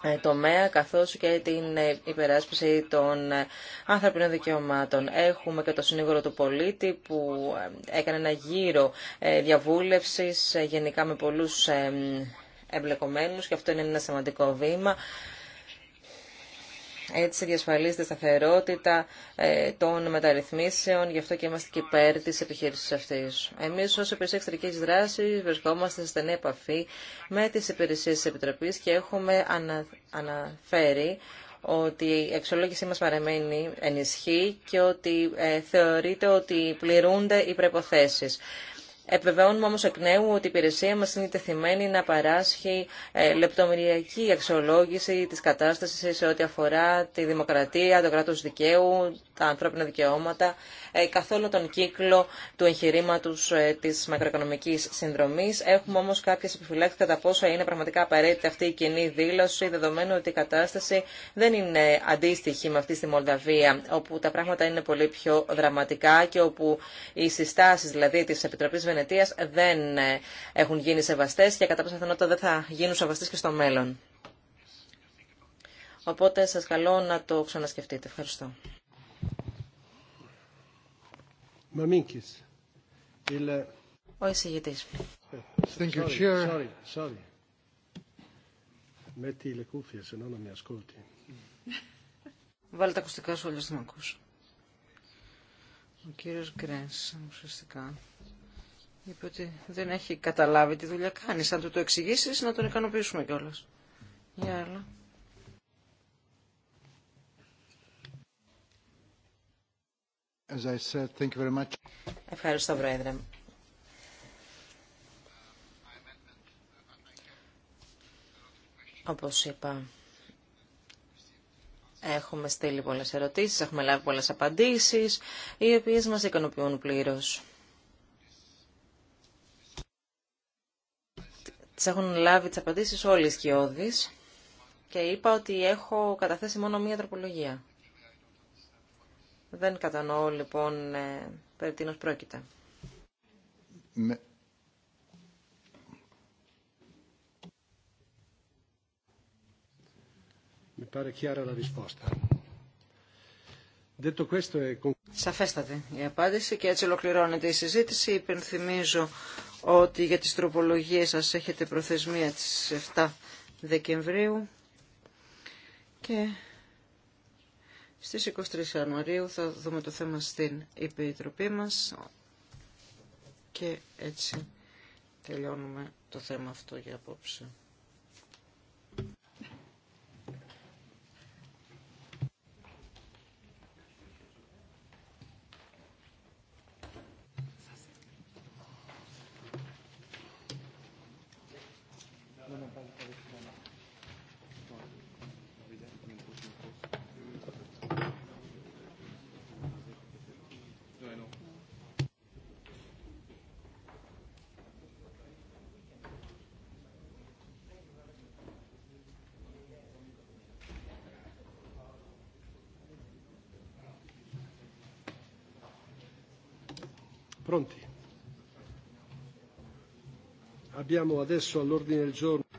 ε, τομέα καθώς και την ε, υπεράσπιση των ε, ανθρωπινών δικαιωμάτων. Έχουμε και το συνήγορο του πολίτη που έκανε ένα γύρο διαβούλευσης γενικά με πολλούς εμπλεκομένους και αυτό είναι ένα σημαντικό βήμα. Έτσι διασφαλίζεται η σταθερότητα ε, των μεταρρυθμίσεων, γι' αυτό και είμαστε και υπέρ τη επιχείρηση αυτή. Εμεί, ω Υπηρεσία Εξωτερική Δράση, βρισκόμαστε σε στενή επαφή με τι υπηρεσίε τη Επιτροπή και έχουμε αναφέρει ότι η αξιολόγησή μας παραμένει ενισχύ και ότι ε, θεωρείται ότι πληρούνται οι προϋποθέσεις. Επιβεβαιώνουμε όμως εκ νέου ότι η υπηρεσία μας είναι τεθειμένη να παράσχει ε, λεπτομεριακή αξιολόγηση της κατάστασης σε ό,τι αφορά τη δημοκρατία, το κράτος δικαίου, τα ανθρώπινα δικαιώματα, ε, καθόλου τον κύκλο του εγχειρήματο ε, τη μακροοικονομική συνδρομή. Έχουμε όμω κάποιε επιφυλάξει κατά πόσο είναι πραγματικά απαραίτητη αυτή η κοινή δήλωση, δεδομένου ότι η κατάσταση δεν είναι αντίστοιχη με αυτή στη Μολδαβία, όπου τα πράγματα είναι πολύ πιο δραματικά και όπου οι συστάσει δηλαδή τη Επιτροπή Βενετία δεν ε, έχουν γίνει σεβαστέ και κατά πάσα πιθανότητα δεν θα γίνουν σεβαστέ και στο μέλλον. Οπότε σας καλώ να το ξανασκεφτείτε. Ευχαριστώ. Μαμίνκης. Ε, Ο εισηγητής. Thank you, Chair. Sorry, sorry. Metti le cuffie, se no non mi ascolti. Βάλε τα ακουστικά σου, όλες να μ' ακούς. Ο κύριος Γκρένς, ουσιαστικά, είπε ότι δεν έχει καταλάβει τι δουλειά κάνει Αν του το εξηγήσεις, να τον ικανοποιήσουμε κιόλας. Για άλλα. Ευχαριστώ, Πρόεδρε. Όπω είπα, έχουμε στείλει πολλέ ερωτήσεις, έχουμε λάβει πολλές απαντήσεις, οι οποίε μας ικανοποιούν πλήρω. Τις έχουν λάβει τις απαντήσεις όλοι οι σκιώδεις και είπα ότι έχω καταθέσει μόνο μία τροπολογία. Δεν κατανοώ λοιπόν ε, περί τίνος πρόκειται. Με... Σαφέστατη η απάντηση και έτσι ολοκληρώνεται η συζήτηση. Υπενθυμίζω ότι για τις τροπολογίες σας έχετε προθεσμία τις 7 Δεκεμβρίου και στις 23 Ιανουαρίου θα δούμε το θέμα στην Επιτροπή μας και έτσι τελειώνουμε το θέμα αυτό για απόψε.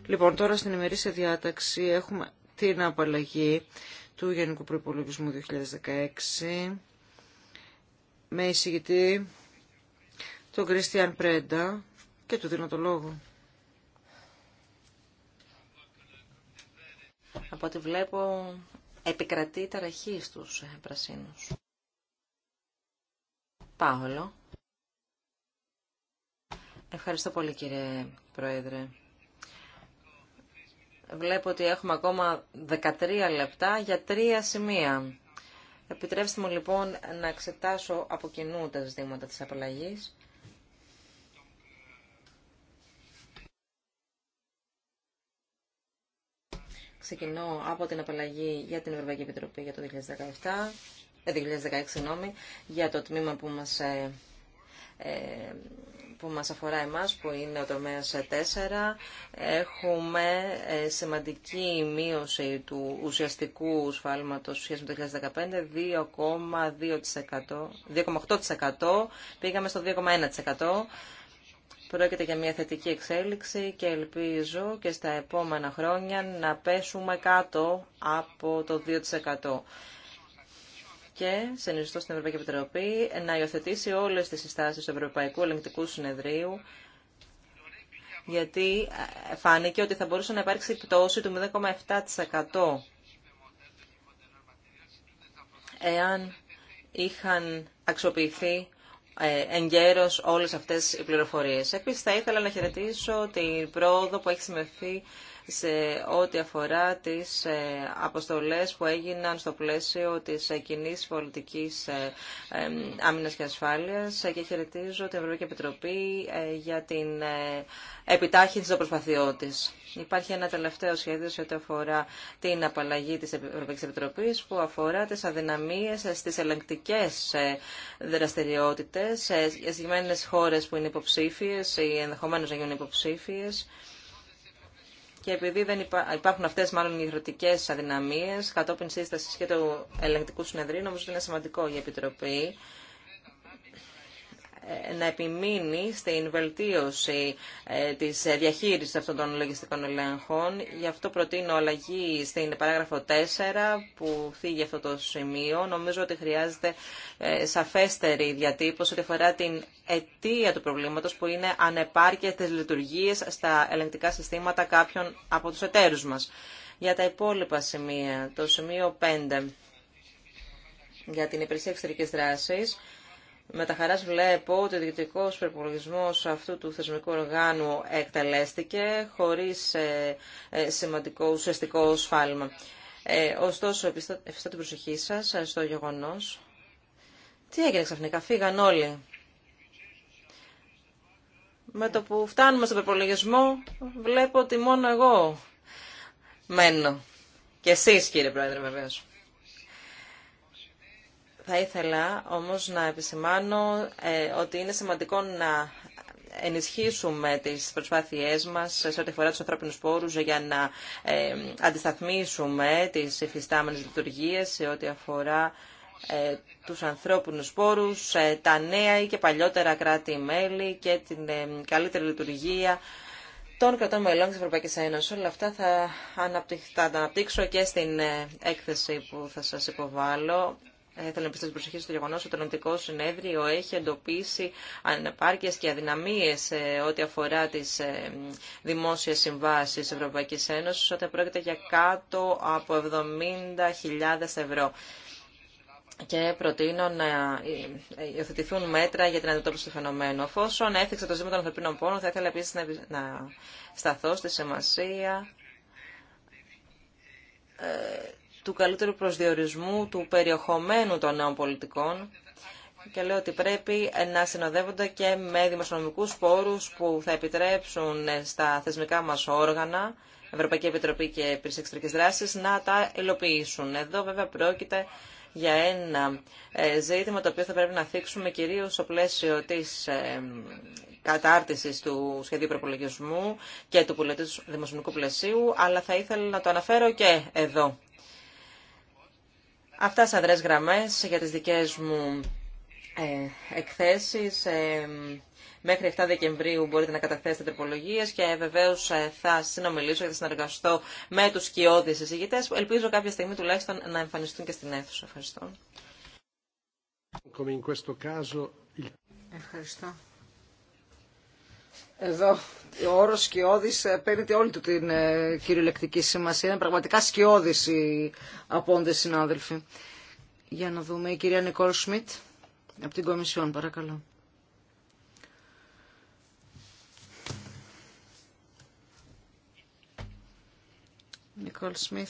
Λοιπόν, τώρα στην ημερήσια διάταξη έχουμε την απαλλαγή του Γενικού Προϋπολογισμού 2016 με εισηγητή τον Κριστιαν Πρέντα και του δίνω το λόγο. Από ό,τι βλέπω επικρατεί ταραχή στους ε, πρασίνους. Πάολο. Ευχαριστώ πολύ κύριε Πρόεδρε. Βλέπω ότι έχουμε ακόμα 13 λεπτά για τρία σημεία. Επιτρέψτε μου λοιπόν να εξετάσω από κοινού τα ζητήματα της απαλλαγής. Ξεκινώ από την απαλλαγή για την Ευρωπαϊκή Επιτροπή για το 2017, 2016, νόμι για το τμήμα που μας ε, ε που μας αφορά εμάς, που είναι ο τομέας 4, έχουμε ε, σημαντική μείωση του ουσιαστικού σφάλματος σχέση με το 2015, 2,8%, πήγαμε στο 2,1%. Πρόκειται για μια θετική εξέλιξη και ελπίζω και στα επόμενα χρόνια να πέσουμε κάτω από το 2% και συνιστώ στην Ευρωπαϊκή Επιτροπή να υιοθετήσει όλες τις συστάσεις του Ευρωπαϊκού Ελεγκτικού Συνεδρίου γιατί ε, φάνηκε ότι θα μπορούσε να υπάρξει πτώση του 0,7% εάν είχαν αξιοποιηθεί ε, γέρος όλες αυτές οι πληροφορίες. Επίσης θα ήθελα να χαιρετήσω την πρόοδο που έχει σημειωθεί σε ό,τι αφορά τις ε, αποστολές που έγιναν στο πλαίσιο της ε, κοινή πολιτικής ε, άμυνας και ασφάλειας και χαιρετίζω την Ευρωπαϊκή Επιτροπή για την επιτάχυνση των προσπαθειών τη. Υπάρχει ένα τελευταίο σχέδιο σε ό,τι αφορά την απαλλαγή της Ευρωπαϊκής Επιτροπής που αφορά τις αδυναμίες στις ελεγκτικές δραστηριότητες σε συγκεκριμένες χώρες που είναι υποψήφιες ή ενδεχομένως να γίνουν υποψήφιες και επειδή δεν υπάρχουν αυτές μάλλον οι υγροτικές αδυναμίες κατόπιν σύσταση και του ελεγκτικού συνεδρίου, νομίζω ότι είναι σημαντικό η Επιτροπή να επιμείνει στην βελτίωση ε, της διαχείρισης αυτών των λογιστικών ελέγχων. Γι' αυτό προτείνω αλλαγή στην παράγραφο 4 που θίγει αυτό το σημείο. Νομίζω ότι χρειάζεται ε, σαφέστερη διατύπωση ότι αφορά την αιτία του προβλήματος που είναι ανεπάρκεια της λειτουργίες στα ελεγκτικά συστήματα κάποιων από τους εταίρους μας. Για τα υπόλοιπα σημεία, το σημείο 5 για την υπηρεσία εξωτερικής δράσης, με τα χαράς βλέπω ότι ο διοικητικός προπολογισμός αυτού του θεσμικού οργάνου εκτελέστηκε χωρίς ε, ε, σημαντικό ουσιαστικό σφάλμα. Ε, ωστόσο, ευχαριστώ την προσοχή σας στο γεγονός. Τι έγινε ξαφνικά, φύγαν όλοι. Με το που φτάνουμε στον προπολογισμό, βλέπω ότι μόνο εγώ μένω. Και εσείς κύριε Πρόεδρε βεβαίως. Θα ήθελα όμως να επισημάνω ε, ότι είναι σημαντικό να ενισχύσουμε τις προσπάθειές μας σε ό,τι αφορά τους ανθρώπινους πόρους για να ε, αντισταθμίσουμε τις υφιστάμενες λειτουργίες σε ό,τι αφορά ε, τους ανθρώπινους πόρους, τα νέα ή και παλιότερα κράτη-μέλη και την καλύτερη λειτουργία των κρατών μελών της Ευρωπαϊκής Ένωσης. Όλα αυτά θα, τα αναπτύξω και στην έκθεση που θα σας υποβάλω. Ε, θέλω να πιστεύω την προσοχή στο γεγονό ότι το νομικό συνέδριο έχει εντοπίσει ανεπάρκειε και αδυναμίε ε, ό,τι αφορά τι ε, δημόσιε συμβάσει τη Ευρωπαϊκή Ένωση, όταν πρόκειται για κάτω από 70.000 ευρώ. Και προτείνω να υιοθετηθούν μέτρα για την αντιμετώπιση του φαινομένου. Αφόσον έθιξε το ζήτημα των ανθρωπίνων πόρων, θα ήθελα επίση να σταθώ στη σημασία του καλύτερου προσδιορισμού του περιεχομένου των νέων πολιτικών και λέω ότι πρέπει να συνοδεύονται και με δημοσιονομικούς πόρους που θα επιτρέψουν στα θεσμικά μας όργανα, Ευρωπαϊκή Επιτροπή και Επιτροπή Εξωτερικής Δράσης, να τα υλοποιήσουν. Εδώ βέβαια πρόκειται για ένα ε, ζήτημα το οποίο θα πρέπει να θίξουμε κυρίως στο πλαίσιο της ε, κατάρτισης του σχεδίου προπολογισμού και του δημοσιονομικού πλαισίου, αλλά θα ήθελα να το αναφέρω και εδώ. Αυτά σε αδρές γραμμές για τις δικές μου ε, εκθέσεις. Ε, μέχρι 7 Δεκεμβρίου μπορείτε να καταθέσετε τροπολογίε και βεβαίω ε, θα συνομιλήσω και θα συνεργαστώ με τους σκιώδει εισηγητές που ελπίζω κάποια στιγμή τουλάχιστον να εμφανιστούν και στην αίθουσα. Ευχαριστώ. Ευχαριστώ. Εδώ ο όρο σκιώδη ε, παίρνει όλη του την ε, κυριολεκτική σημασία. Είναι πραγματικά σκιώδη οι απόντε συνάδελφοι. Για να δούμε η κυρία Νικόλ Σμιτ από την Κομισιόν, παρακαλώ. Νικόλ Σμιτ...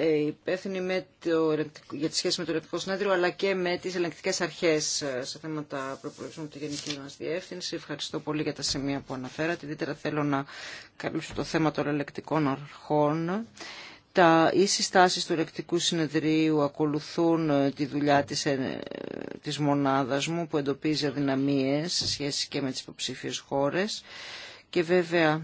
Ε, υπεύθυνη με το, για τη σχέση με το Ελεκτικό Συνέδριο αλλά και με τις ελεγκτικές αρχές ε, σε θέματα προπολογισμού από τη Γενική Διεύθυνση. Ευχαριστώ πολύ για τα σημεία που αναφέρατε. Ιδιαίτερα θέλω να καλύψω το θέμα των ελεκτικών αρχών. Τα, οι στάσεις του Ελεκτικού Συνεδρίου ακολουθούν ε, τη δουλειά της, της μονάδας μου που εντοπίζει αδυναμίες σε σχέση και με τις υποψήφιες χώρες και βέβαια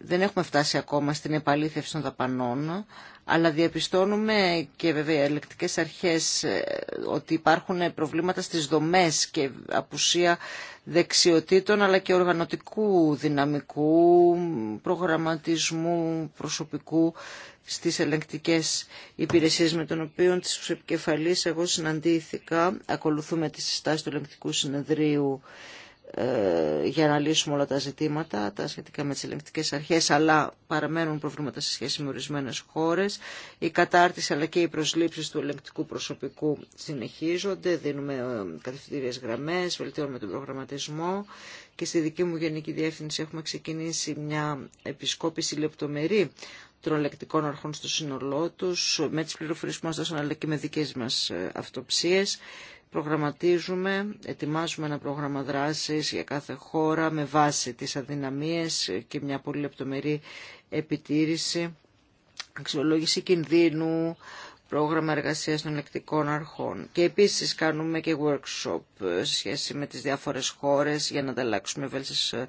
δεν έχουμε φτάσει ακόμα στην επαλήθευση των δαπανών, αλλά διαπιστώνουμε και βέβαια οι ελεκτικές αρχές ε, ότι υπάρχουν προβλήματα στις δομές και απουσία δεξιοτήτων, αλλά και οργανωτικού δυναμικού, προγραμματισμού, προσωπικού στις ελεγκτικές υπηρεσίες με τον οποίο τις επικεφαλής εγώ συναντήθηκα. Ακολουθούμε τις συστάσεις του ελεγκτικού συνεδρίου ε, για να λύσουμε όλα τα ζητήματα, τα σχετικά με τις ελεγκτικές αρχές, αλλά παραμένουν προβλήματα σε σχέση με ορισμένε χώρες. Η κατάρτιση αλλά και οι προσλήψεις του ελεγκτικού προσωπικού συνεχίζονται, δίνουμε ε, κατευθυντήριες γραμμές, βελτιώνουμε τον προγραμματισμό και στη δική μου Γενική Διεύθυνση έχουμε ξεκινήσει μια επισκόπηση λεπτομερή των ελεκτικών αρχών στο σύνολό τους, με τις πληροφορίες που μας δώσαν αλλά και με μας ε, αυτοψίες προγραμματίζουμε, ετοιμάζουμε ένα πρόγραμμα δράσης για κάθε χώρα με βάση τις αδυναμίες και μια πολύ λεπτομερή επιτήρηση, αξιολόγηση κινδύνου, πρόγραμμα εργασίας των ελεκτικών αρχών. Και επίσης κάνουμε και workshop σε σχέση με τις διάφορες χώρες για να ανταλλάξουμε βέλτιστες ε,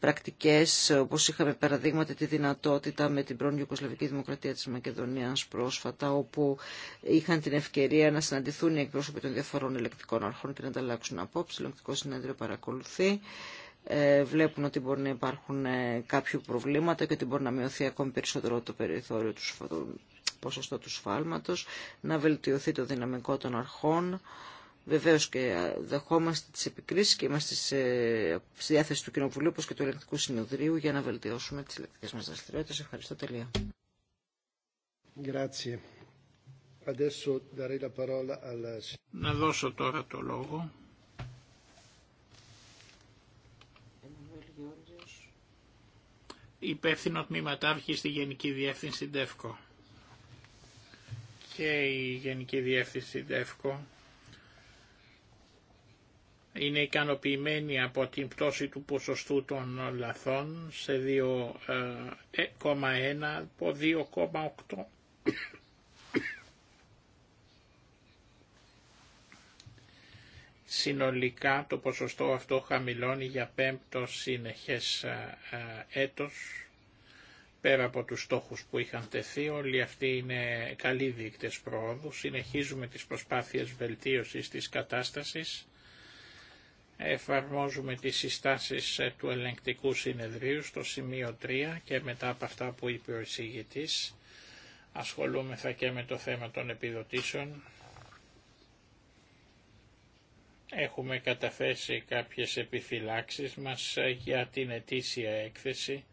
πρακτικές, όπως είχαμε παραδείγματα τη δυνατότητα με την πρώην Ιουκοσλαβική Δημοκρατία της Μακεδονίας πρόσφατα, όπου είχαν την ευκαιρία να συναντηθούν οι εκπρόσωποι των διαφορών ελεκτικών αρχών και να ανταλλάξουν απόψη. Το ελεκτικό συνέδριο παρακολουθεί ε, βλέπουν ότι μπορεί να υπάρχουν ε, κάποια προβλήματα και ότι μπορεί να μειωθεί ακόμη περισσότερο το περιθώριο του ποσοστό του σφάλματος, να βελτιωθεί το δυναμικό των αρχών. Βεβαίως και δεχόμαστε τις επικρίσεις και είμαστε σε, στη διάθεση του Κοινοβουλίου όπως και του Ελεκτικού Συνοδρίου για να βελτιώσουμε τις ελεκτικές μας δραστηριότητες. Ευχαριστώ τελεία. Να δώσω τώρα το λόγο. Υπεύθυνο τμήματάρχη στη Γενική Διεύθυνση ΤΕΦΚΟ και η Γενική Διεύθυνση ΔΕΦΚΟ είναι ικανοποιημένη από την πτώση του ποσοστού των λαθών σε 2,1 από 2,8. Συνολικά το ποσοστό αυτό χαμηλώνει για πέμπτο συνεχές ε, ε, έτος πέρα από τους στόχους που είχαν τεθεί, όλοι αυτοί είναι καλοί δείκτες προόδου. Συνεχίζουμε τις προσπάθειες βελτίωσης της κατάστασης. Εφαρμόζουμε τις συστάσεις ε, του ελεγκτικού συνεδρίου στο σημείο 3 και μετά από αυτά που είπε ο εισηγητής. Ασχολούμεθα και με το θέμα των επιδοτήσεων. Έχουμε καταθέσει κάποιες επιφυλάξεις μας ε, για την ετήσια έκθεση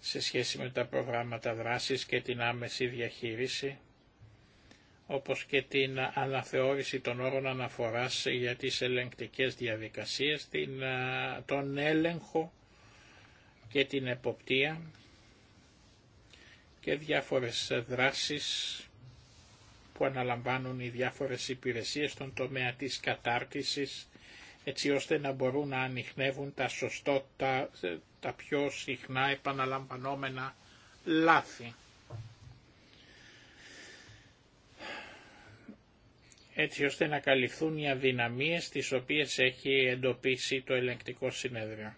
σε σχέση με τα προγράμματα δράσης και την άμεση διαχείριση, όπως και την αναθεώρηση των όρων αναφοράς για τις ελεγκτικές διαδικασίες, την, τον έλεγχο και την εποπτεία και διάφορες δράσεις που αναλαμβάνουν οι διάφορες υπηρεσίες στον τομέα της κατάρτισης, έτσι ώστε να μπορούν να ανοιχνεύουν τα σωστότα τα πιο συχνά επαναλαμβανόμενα λάθη. έτσι ώστε να καλυφθούν οι αδυναμίες τις οποίες έχει εντοπίσει το ελεγκτικό συνέδριο.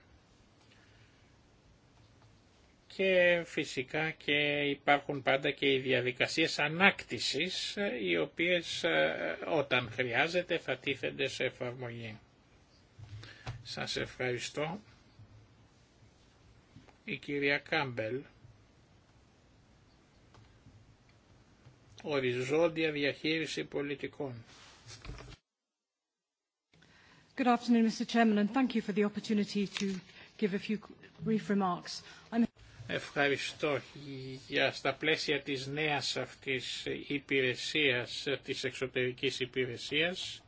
Και φυσικά και υπάρχουν πάντα και οι διαδικασίες ανάκτησης, οι οποίες ε, όταν χρειάζεται θα τίθενται σε εφαρμογή. Σας ευχαριστώ η κυρία Κάμπελ οριζόντια διαχείριση πολιτικών. Good afternoon, Mr. Chairman, and thank you for the opportunity to give a few brief remarks. I'm... Ευχαριστώ για στα πλαίσια της νέας αυτής υπηρεσίας, της εξωτερικής υπηρεσίας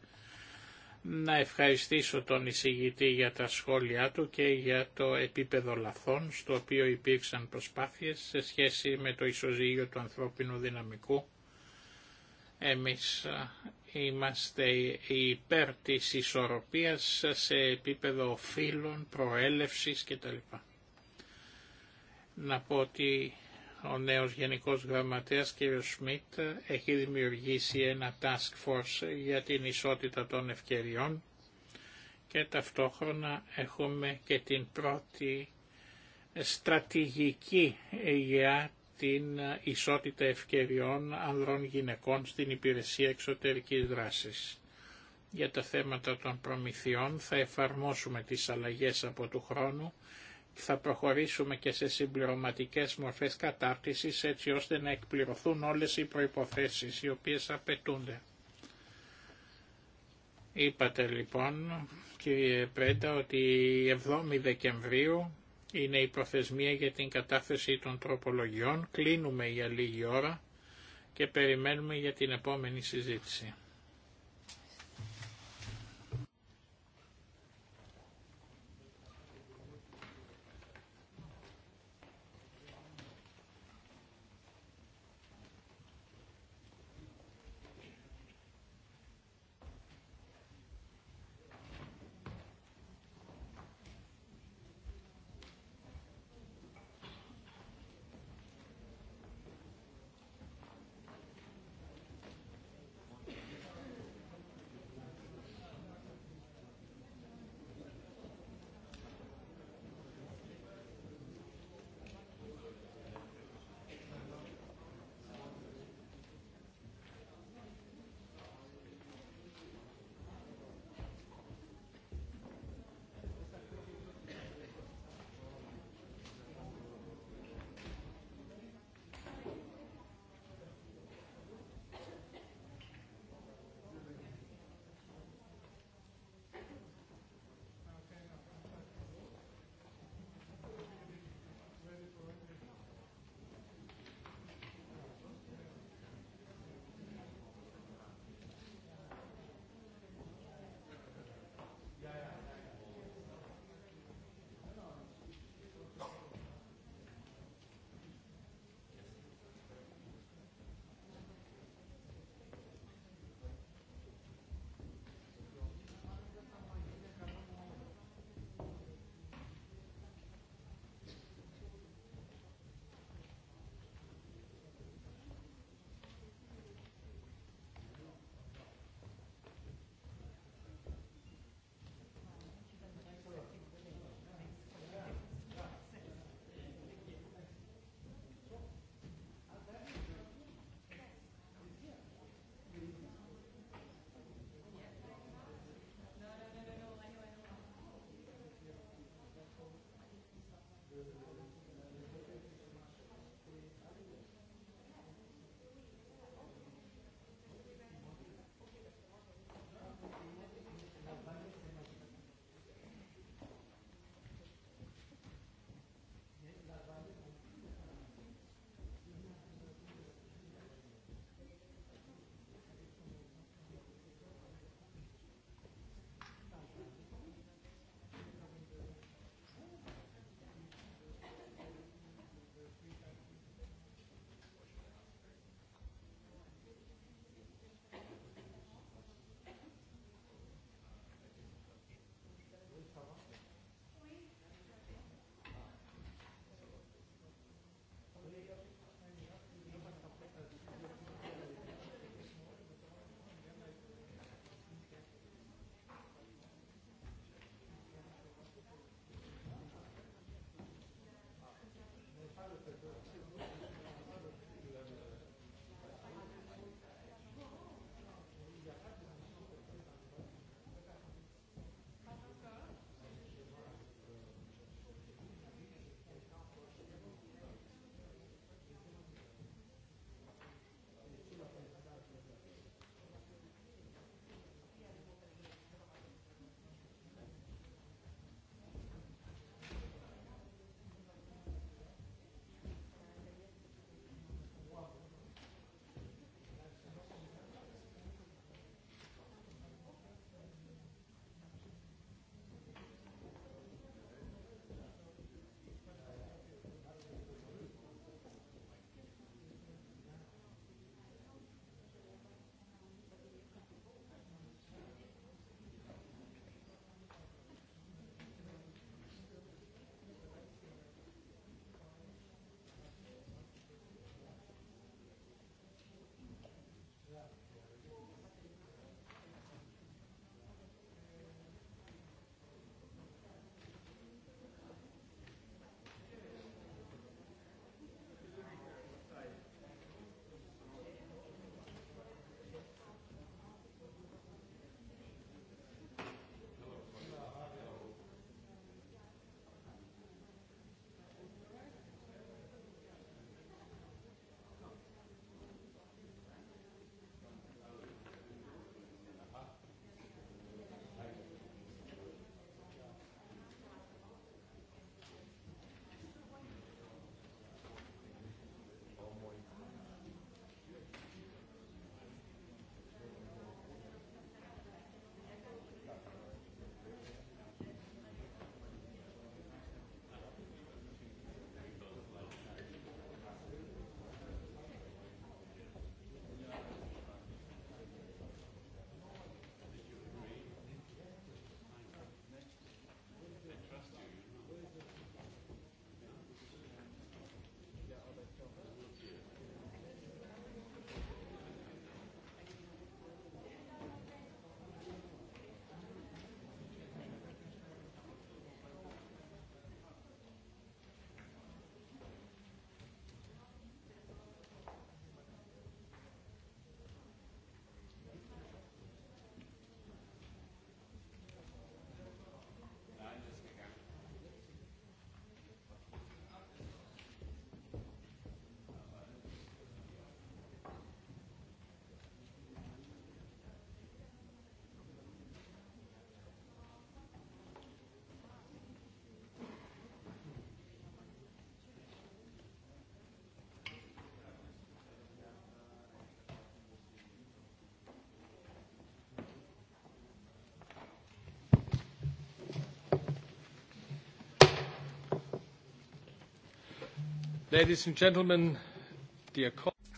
να ευχαριστήσω τον εισηγητή για τα σχόλιά του και για το επίπεδο λαθών στο οποίο υπήρξαν προσπάθειες σε σχέση με το ισοζύγιο του ανθρώπινου δυναμικού. Εμείς είμαστε υπέρ της ισορροπίας σε επίπεδο φύλων, προέλευσης κτλ. Να πω ότι ο νέος Γενικός Γραμματέας κ. Σμιτ έχει δημιουργήσει ένα task force για την ισότητα των ευκαιριών και ταυτόχρονα έχουμε και την πρώτη στρατηγική για την ισότητα ευκαιριών ανδρών γυναικών στην υπηρεσία εξωτερικής δράσης. Για τα θέματα των προμηθειών θα εφαρμόσουμε τις αλλαγές από του χρόνου θα προχωρήσουμε και σε συμπληρωματικές μορφές κατάρτισης έτσι ώστε να εκπληρωθούν όλες οι προϋποθέσεις οι οποίες απαιτούνται. Είπατε λοιπόν κύριε Πρέντα ότι η 7η Δεκεμβρίου είναι η προθεσμία για την κατάθεση των τροπολογιών. Κλείνουμε για λίγη ώρα και περιμένουμε για την επόμενη συζήτηση.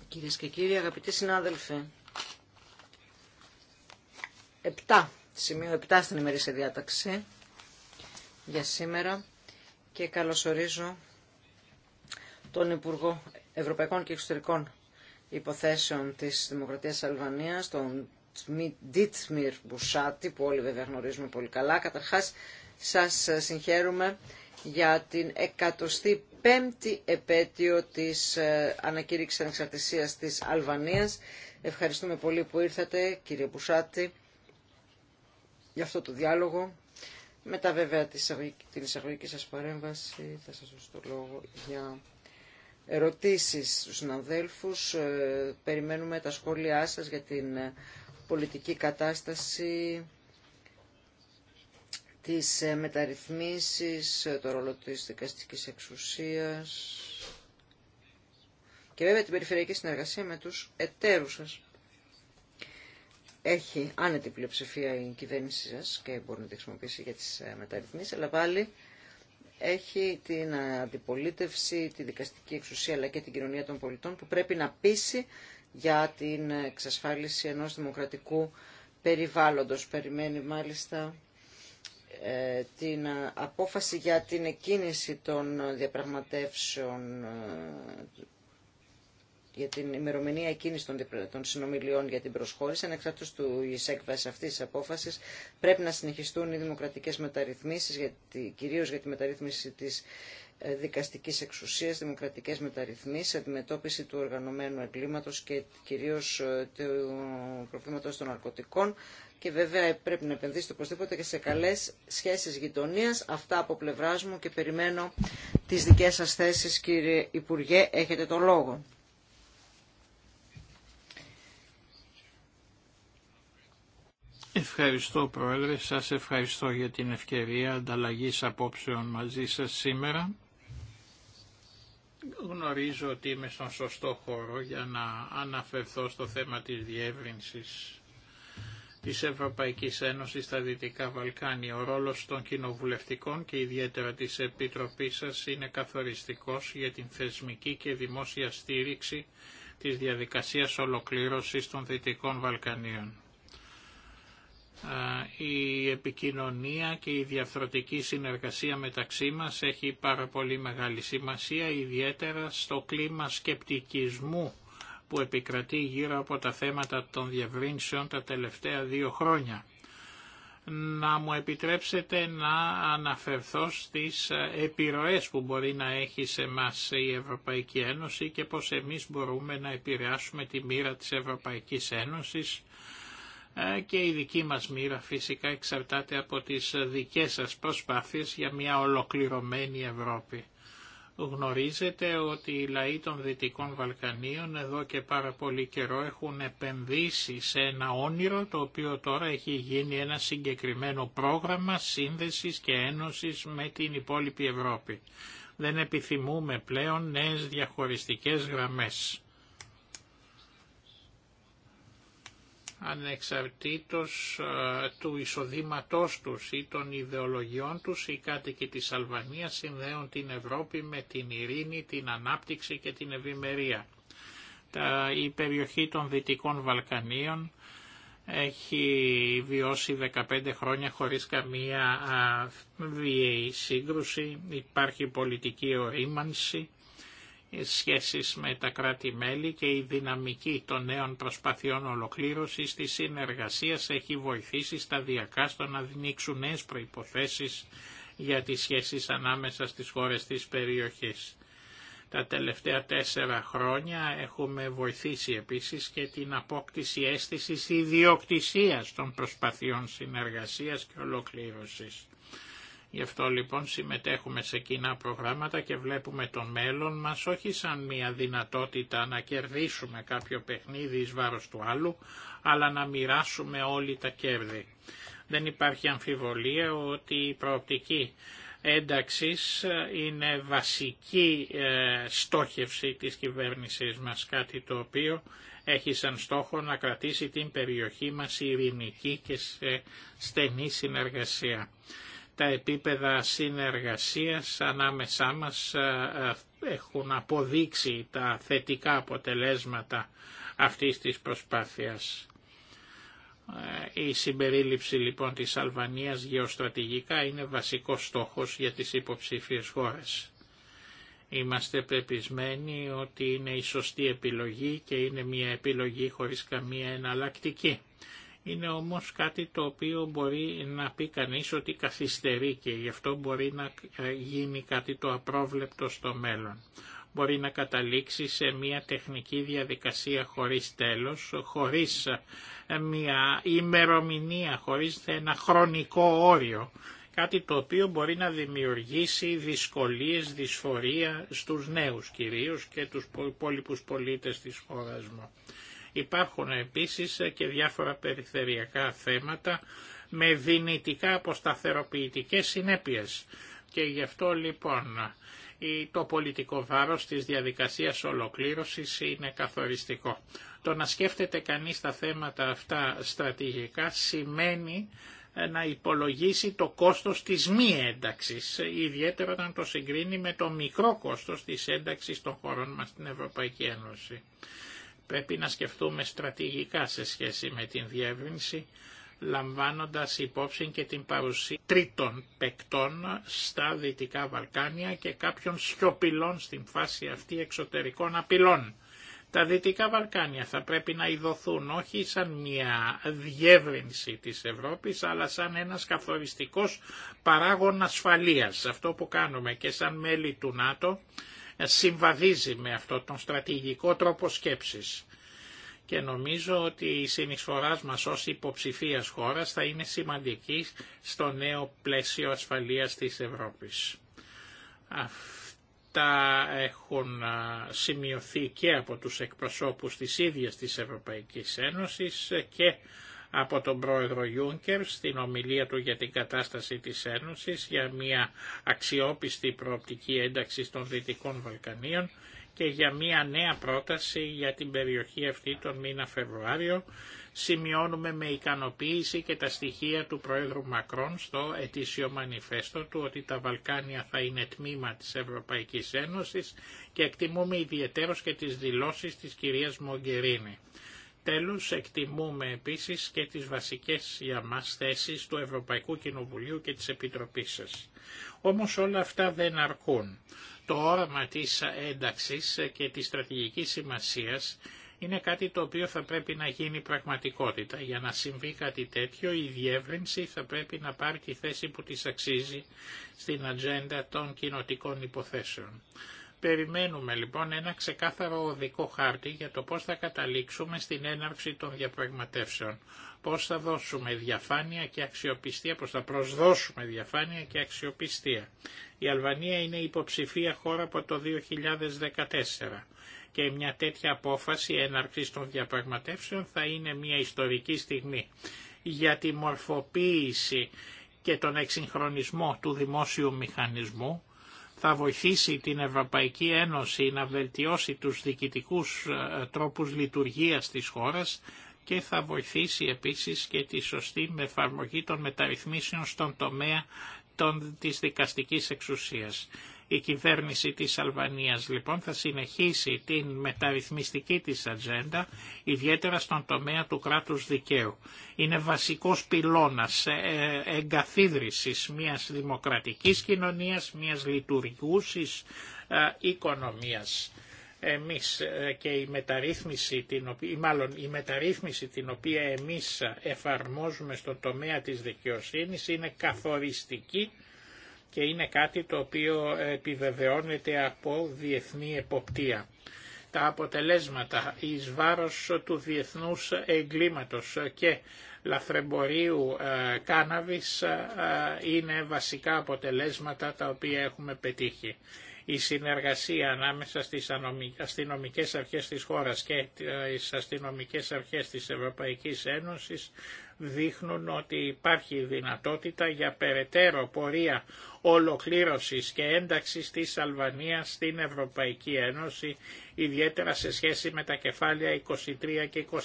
Κυρίες και κύριοι, αγαπητοί συνάδελφοι, 7, σημείο 7 στην ημερήσια διάταξη για σήμερα και καλωσορίζω τον Υπουργό Ευρωπαϊκών και Εξωτερικών Υποθέσεων της Δημοκρατίας Αλβανίας, τον Ντίτμιρ Μπουσάτη, που όλοι βέβαια γνωρίζουμε πολύ καλά. Καταρχάς, σας συγχαίρουμε για την 105η επέτειο της ε, ανακήρυξης ανεξαρτησίας της Αλβανίας. Ευχαριστούμε πολύ που ήρθατε, κύριε Μπουσάτη, για αυτό το διάλογο. Μετά βέβαια την εισαγωγική σας παρέμβαση θα σας δώσω το λόγο για ερωτήσεις στους συναδέλφους. Ε, περιμένουμε τα σχόλιά σας για την ε, πολιτική κατάσταση τις ε, μεταρρυθμίσεις, ε, το ρόλο της δικαστικής εξουσίας και βέβαια την περιφερειακή συνεργασία με τους εταίρους σας. Έχει άνετη πλειοψηφία η κυβέρνησή σας και μπορεί να τη χρησιμοποιήσει για τις ε, μεταρρυθμίσεις, αλλά πάλι έχει την αντιπολίτευση, τη δικαστική εξουσία αλλά και την κοινωνία των πολιτών που πρέπει να πείσει για την εξασφάλιση ενός δημοκρατικού περιβάλλοντος. Περιμένει μάλιστα την απόφαση για την εκκίνηση των διαπραγματεύσεων ε, για την ημερομηνία εκείνης των, συνομιλιών για την προσχώρηση, ανεξάρτητος του εισέκβαση αυτής της απόφασης, πρέπει να συνεχιστούν οι δημοκρατικές μεταρρυθμίσεις, γιατί, κυρίως για τη μεταρρύθμιση της δικαστικής εξουσίας, δημοκρατικές μεταρρυθμίσεις, αντιμετώπιση του οργανωμένου εγκλήματος και κυρίως ε, του προβλήματος των ναρκωτικών και βέβαια πρέπει να επενδύσετε οπωσδήποτε και σε καλές σχέσεις γειτονίας. Αυτά από πλευράς μου και περιμένω τις δικές σας θέσεις κύριε Υπουργέ, έχετε το λόγο. Ευχαριστώ Πρόεδρε, σας ευχαριστώ για την ευκαιρία ανταλλαγής απόψεων μαζί σας σήμερα. Γνωρίζω ότι είμαι στον σωστό χώρο για να αναφερθώ στο θέμα της διεύρυνσης της Ευρωπαϊκής Ένωσης στα Δυτικά Βαλκάνια. Ο ρόλος των κοινοβουλευτικών και ιδιαίτερα της Επιτροπής σας είναι καθοριστικός για την θεσμική και δημόσια στήριξη της διαδικασίας ολοκλήρωσης των Δυτικών Βαλκανίων. Ε, η επικοινωνία και η διαφθρωτική συνεργασία μεταξύ μας έχει πάρα πολύ μεγάλη σημασία, ιδιαίτερα στο κλίμα σκεπτικισμού που επικρατεί γύρω από τα θέματα των διευρύνσεων τα τελευταία δύο χρόνια. Να μου επιτρέψετε να αναφερθώ στις επιρροές που μπορεί να έχει σε μας η Ευρωπαϊκή Ένωση και πώς εμείς μπορούμε να επηρεάσουμε τη μοίρα της Ευρωπαϊκής Ένωσης ε, και η δική μας μοίρα φυσικά εξαρτάται από τις δικές σας προσπάθειες για μια ολοκληρωμένη Ευρώπη. Γνωρίζετε ότι οι λαοί των Δυτικών Βαλκανίων εδώ και πάρα πολύ καιρό έχουν επενδύσει σε ένα όνειρο το οποίο τώρα έχει γίνει ένα συγκεκριμένο πρόγραμμα σύνδεσης και ένωσης με την υπόλοιπη Ευρώπη. Δεν επιθυμούμε πλέον νέες διαχωριστικές γραμμές. ανεξαρτήτως ε, του εισοδήματός τους ή των ιδεολογιών τους, οι κάτοικοι της Αλβανίας συνδέουν την Ευρώπη με την ειρήνη, την ανάπτυξη και την ευημερία. Η περιοχή των Δυτικών Βαλκανίων έχει βιώσει 15 χρόνια χωρίς καμία βίαιη σύγκρουση, υπάρχει πολιτική ορίμανση, σχέσεις με τα κράτη-μέλη και η δυναμική των νέων προσπαθειών ολοκλήρωσης της συνεργασίας έχει βοηθήσει σταδιακά στο να δινήξουν νέες προϋποθέσεις για τις σχέσεις ανάμεσα στις χώρες της περιοχής. Τα τελευταία τέσσερα χρόνια έχουμε βοηθήσει επίσης και την απόκτηση αίσθησης ιδιοκτησίας των προσπαθειών συνεργασίας και ολοκλήρωσης. Γι' αυτό λοιπόν συμμετέχουμε σε κοινά προγράμματα και βλέπουμε το μέλλον μας όχι σαν μια δυνατότητα να κερδίσουμε κάποιο παιχνίδι εις βάρος του άλλου, αλλά να μοιράσουμε όλοι τα κέρδη. Δεν υπάρχει αμφιβολία ότι η προοπτική ένταξης είναι βασική ε, στόχευση της κυβέρνησης μας, κάτι το οποίο έχει σαν στόχο να κρατήσει την περιοχή μας ειρηνική και σε στενή συνεργασία τα επίπεδα συνεργασίας ανάμεσά μας ε, ε, έχουν αποδείξει τα θετικά αποτελέσματα αυτής της προσπάθειας. Ε, η συμπερίληψη λοιπόν της Αλβανίας γεωστρατηγικά είναι βασικός στόχος για τις υποψήφιες χώρες. Είμαστε πεπισμένοι ότι είναι η σωστή επιλογή και είναι μια επιλογή χωρίς καμία εναλλακτική. Είναι όμως κάτι το οποίο μπορεί να πει κανείς ότι καθυστερεί και γι' αυτό μπορεί να ε, γίνει κάτι το απρόβλεπτο στο μέλλον. Μπορεί να καταλήξει σε μια τεχνική διαδικασία χωρίς τέλος, χωρίς ε, μια ημερομηνία, χωρίς ένα χρονικό όριο. Κάτι το οποίο μπορεί να δημιουργήσει δυσκολίες, δυσφορία στους νέους κυρίως και τους υπόλοιπους πολίτες της χώρας μου. Υπάρχουν επίσης και διάφορα περιφερειακά θέματα με δυνητικά αποσταθεροποιητικές συνέπειες. Και γι' αυτό λοιπόν το πολιτικό βάρος της διαδικασίας ολοκλήρωσης είναι καθοριστικό. Το να σκέφτεται κανείς τα θέματα αυτά στρατηγικά σημαίνει ε, να υπολογίσει το κόστος της μη ένταξης, ιδιαίτερα όταν το συγκρίνει με το μικρό κόστος της ένταξης των χωρών μας στην Ευρωπαϊκή Ένωση. Πρέπει να σκεφτούμε στρατηγικά σε σχέση με την διεύρυνση, λαμβάνοντας υπόψη και την παρουσία τρίτων παικτών στα Δυτικά Βαλκάνια και κάποιων σιωπηλών στην φάση αυτή εξωτερικών απειλών. Τα Δυτικά Βαλκάνια θα πρέπει να ειδωθούν όχι σαν μια διεύρυνση της Ευρώπης, αλλά σαν ένας καθοριστικός παράγων ασφαλείας. Αυτό που κάνουμε και σαν μέλη του ΝΑΤΟ συμβαδίζει με αυτό τον στρατηγικό τρόπο σκέψης. Και νομίζω ότι η συνεισφορά μας ως υποψηφίας χώρας θα είναι σημαντική στο νέο πλαίσιο ασφαλείας της Ευρώπης. Αυτά έχουν σημειωθεί και από τους εκπροσώπους της ίδιας της Ευρωπαϊκής Ένωσης και από τον πρόεδρο Ιούνκερ στην ομιλία του για την κατάσταση της Ένωσης για μια αξιόπιστη προοπτική ένταξη των Δυτικών Βαλκανίων και για μια νέα πρόταση για την περιοχή αυτή τον μήνα Φεβρουάριο. Σημειώνουμε με ικανοποίηση και τα στοιχεία του Πρόεδρου Μακρόν στο ετήσιο μανιφέστο του ότι τα Βαλκάνια θα είναι τμήμα της Ευρωπαϊκής Ένωσης και εκτιμούμε ιδιαίτερως και τις δηλώσεις της κυρίας Μογκερίνη. Τέλος, εκτιμούμε επίσης και τις βασικές για μας θέσεις του Ευρωπαϊκού Κοινοβουλίου και της Επιτροπής σας. Όμως όλα αυτά δεν αρκούν. Το όραμα της ένταξης και της στρατηγικής σημασίας είναι κάτι το οποίο θα πρέπει να γίνει πραγματικότητα. Για να συμβεί κάτι τέτοιο, η διεύρυνση θα πρέπει να πάρει τη θέση που της αξίζει στην ατζέντα των κοινοτικών υποθέσεων. Περιμένουμε λοιπόν ένα ξεκάθαρο οδικό χάρτη για το πώς θα καταλήξουμε στην έναρξη των διαπραγματεύσεων. Πώς θα δώσουμε διαφάνεια και αξιοπιστία, πώς θα προσδώσουμε διαφάνεια και αξιοπιστία. Η Αλβανία είναι υποψηφία χώρα από το 2014 και μια τέτοια απόφαση έναρξης των διαπραγματεύσεων θα είναι μια ιστορική στιγμή για τη μορφοποίηση και τον εξυγχρονισμό του δημόσιου μηχανισμού θα βοηθήσει την Ευρωπαϊκή Ένωση να βελτιώσει τους διοικητικούς ε, τρόπους λειτουργίας της χώρας και θα βοηθήσει επίσης και τη σωστή εφαρμογή των μεταρρυθμίσεων στον τομέα των, της δικαστικής εξουσίας. Η κυβέρνηση της Αλβανίας λοιπόν θα συνεχίσει την μεταρρυθμιστική της ατζέντα, ιδιαίτερα στον τομέα του κράτους δικαίου. Είναι βασικός πυλώνας ε, εγκαθίδρυσης μιας δημοκρατικής κοινωνίας, μιας λειτουργούσης ε, οικονομίας. Εμείς ε, και η μεταρρύθμιση, την οποία, μάλλον η μεταρρύθμιση την οποία εμείς εφαρμόζουμε στον τομέα της δικαιοσύνης είναι καθοριστική και είναι κάτι το οποίο επιβεβαιώνεται από διεθνή εποπτεία. Τα αποτελέσματα εις βάρος του διεθνούς εγκλήματος και λαθρεμπορίου ε, κάναβης ε, είναι βασικά αποτελέσματα τα οποία έχουμε πετύχει. Η συνεργασία ανάμεσα στις αστυνομικές αρχές της χώρας και ε, στις αστυνομικές αρχές της Ευρωπαϊκής Ένωσης δείχνουν ότι υπάρχει δυνατότητα για περαιτέρω πορεία ολοκλήρωσης και ένταξης της Αλβανίας στην Ευρωπαϊκή Ένωση, ιδιαίτερα σε σχέση με τα κεφάλαια 23 και 24.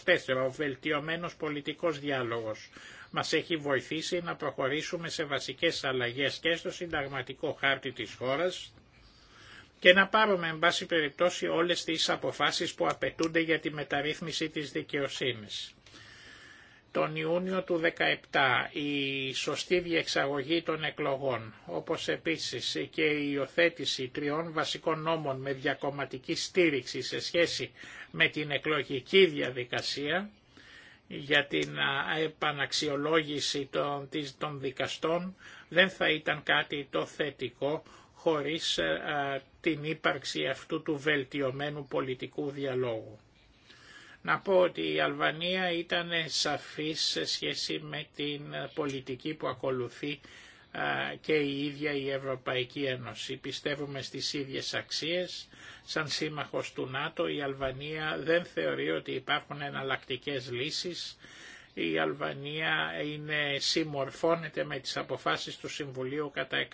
Ο βελτιωμένος πολιτικός διάλογος μας έχει βοηθήσει να προχωρήσουμε σε βασικές αλλαγές και στο συνταγματικό χάρτη της χώρας, και να πάρουμε εν πάση περιπτώσει όλες τις αποφάσεις που απαιτούνται για τη μεταρρύθμιση της δικαιοσύνης τον Ιούνιο του 2017 η σωστή διεξαγωγή των εκλογών, όπως επίσης και η υιοθέτηση τριών βασικών νόμων με διακομματική στήριξη σε σχέση με την εκλογική διαδικασία για την επαναξιολόγηση των, των δικαστών δεν θα ήταν κάτι το θετικό χωρίς ε, την ύπαρξη αυτού του βελτιωμένου πολιτικού διαλόγου. Να πω ότι η Αλβανία ήταν σαφής σε σχέση με την πολιτική που ακολουθεί και η ίδια η Ευρωπαϊκή Ένωση. Πιστεύουμε στις ίδιες αξίες. Σαν σύμμαχος του ΝΑΤΟ η Αλβανία δεν θεωρεί ότι υπάρχουν εναλλακτικέ λύσεις. Η Αλβανία είναι, συμμορφώνεται με τις αποφάσεις του Συμβουλίου κατά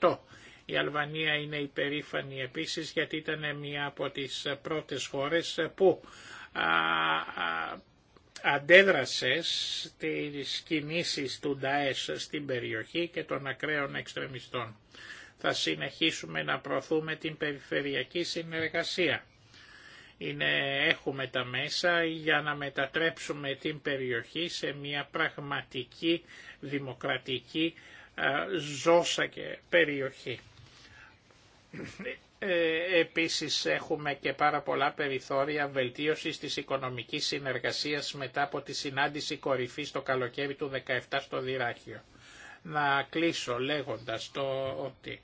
100%. Η Αλβανία είναι υπερήφανη επίσης γιατί ήταν μια από τις πρώτες χώρες που αντέδρασε στις κινήσεις του ΝΤΑΕΣ στην περιοχή και των ακραίων εξτρεμιστών. Θα συνεχίσουμε να προωθούμε την περιφερειακή συνεργασία. Είναι, έχουμε τα μέσα για να μετατρέψουμε την περιοχή σε μια πραγματική δημοκρατική ζώσα και περιοχή. Ε, επίσης έχουμε και πάρα πολλά περιθώρια βελτίωσης της οικονομικής συνεργασίας μετά από τη συνάντηση κορυφής το καλοκαίρι του 17 στο διράχιο Να κλείσω λέγοντας το ότι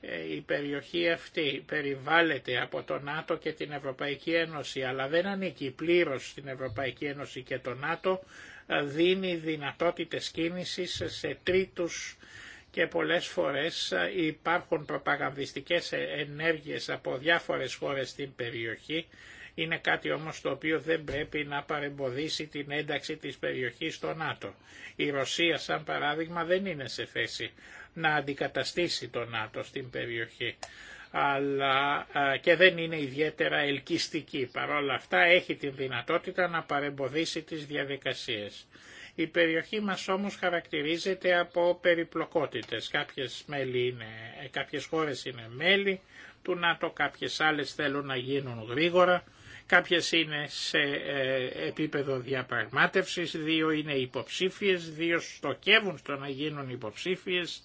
ε, η περιοχή αυτή περιβάλλεται από το ΝΑΤΟ και την Ευρωπαϊκή Ένωση αλλά δεν ανήκει πλήρως στην Ευρωπαϊκή Ένωση και το ΝΑΤΟ ε, δίνει δυνατότητες κίνησης σε τρίτους και πολλές φορές υπάρχουν προπαγανδιστικές ε, ενέργειες από διάφορες χώρες στην περιοχή. Είναι κάτι όμως το οποίο δεν πρέπει να παρεμποδίσει την ένταξη της περιοχής στο ΝΑΤΟ. Η Ρωσία σαν παράδειγμα δεν είναι σε θέση να αντικαταστήσει το ΝΑΤΟ στην περιοχή αλλά και δεν είναι ιδιαίτερα ελκυστική. Παρ' όλα αυτά έχει την δυνατότητα να παρεμποδίσει τις διαδικασίες. Η περιοχή μας όμως χαρακτηρίζεται από περιπλοκότητες. Κάποιες, μέλη είναι, κάποιες χώρες είναι μέλη του ΝΑΤΟ, κάποιες άλλες θέλουν να γίνουν γρήγορα, κάποιες είναι σε ε, επίπεδο διαπραγμάτευσης, δύο είναι υποψήφιες, δύο στοκεύουν στο να γίνουν υποψήφιες,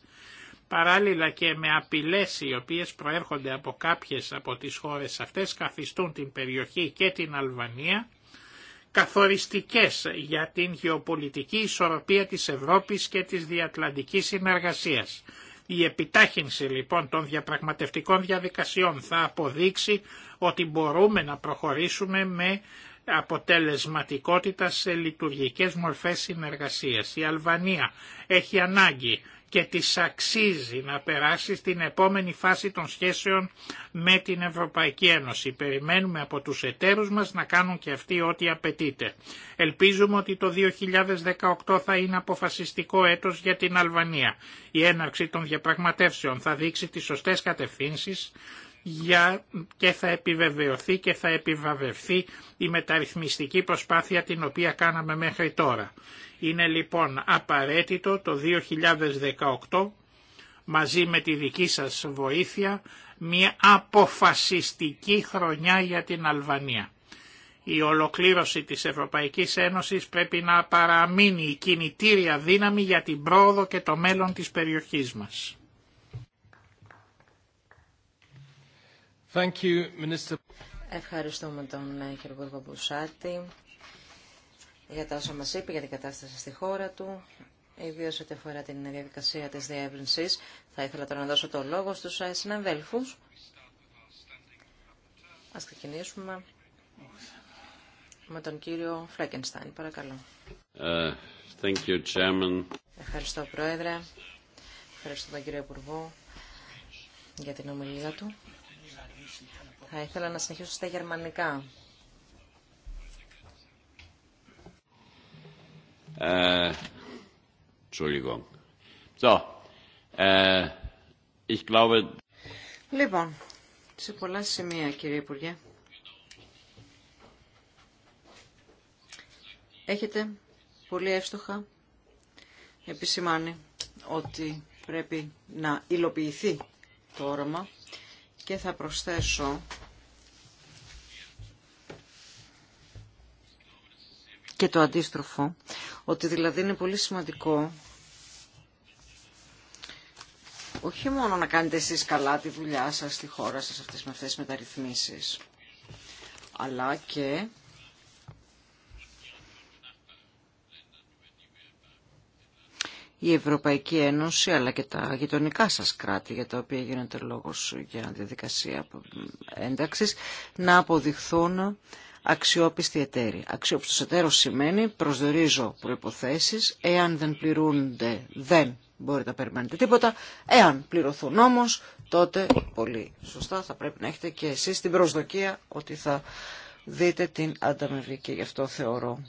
παράλληλα και με απειλές οι οποίες προέρχονται από κάποιες από τις χώρες αυτές καθιστούν την περιοχή και την Αλβανία καθοριστικές για την γεωπολιτική ισορροπία της Ευρώπης και της διατλαντικής συνεργασίας. Η επιτάχυνση λοιπόν των διαπραγματευτικών διαδικασιών θα αποδείξει ότι μπορούμε να προχωρήσουμε με αποτελεσματικότητα σε λειτουργικές μορφές συνεργασίας. Η Αλβανία έχει ανάγκη και της αξίζει να περάσει στην επόμενη φάση των σχέσεων με την Ευρωπαϊκή Ένωση. Περιμένουμε από τους εταίρους μας να κάνουν και αυτοί ό,τι απαιτείται. Ελπίζουμε ότι το 2018 θα είναι αποφασιστικό έτος για την Αλβανία. Η έναρξη των διαπραγματεύσεων θα δείξει τις σωστές κατευθύνσεις για και θα επιβεβαιωθεί και θα επιβαβευθεί η μεταρρυθμιστική προσπάθεια την οποία κάναμε μέχρι τώρα. Είναι λοιπόν απαραίτητο το 2018 μαζί με τη δική σας βοήθεια μια αποφασιστική χρονιά για την Αλβανία. Η ολοκλήρωση της Ευρωπαϊκής Ένωσης πρέπει να παραμείνει η κινητήρια δύναμη για την πρόοδο και το μέλλον της περιοχής μας. Thank you, Ευχαριστούμε τον κύριο για τα όσα μας είπε για την κατάσταση στη χώρα του, ιδίως ό,τι αφορά την διαδικασία της διεύρυνσης. Θα ήθελα τώρα να δώσω το λόγο στους ε, συναδέλφους. Ας ξεκινήσουμε με τον κύριο Φλέκενστάιν, παρακαλώ. Ε, thank you, Chairman. Ευχαριστώ, Πρόεδρε. Ευχαριστώ τον κύριο Υπουργό για την ομιλία του. Θα ήθελα να συνεχίσω στα γερμανικά, Äh, Entschuldigung. So, äh, ich Λοιπόν, σε πολλά σημεία, κύριε Υπουργέ. Έχετε πολύ εύστοχα επισημάνει ότι πρέπει να υλοποιηθεί το όραμα και θα προσθέσω και το αντίστροφο ότι δηλαδή είναι πολύ σημαντικό όχι μόνο να κάνετε εσείς καλά τη δουλειά σας στη χώρα σας αυτές με αυτές τις μεταρρυθμίσεις, αλλά και η Ευρωπαϊκή Ένωση αλλά και τα γειτονικά σας κράτη για τα οποία γίνεται λόγος για διαδικασία ένταξης να αποδειχθούν αξιόπιστη εταίρη. Αξιόπιστος εταίρος σημαίνει προσδορίζω προϋποθέσεις, εάν δεν πληρούνται δεν μπορείτε να περιμένετε τίποτα, εάν πληρωθούν όμως τότε πολύ σωστά θα πρέπει να έχετε και εσείς την προσδοκία ότι θα δείτε την ανταμοιβή και γι' αυτό θεωρώ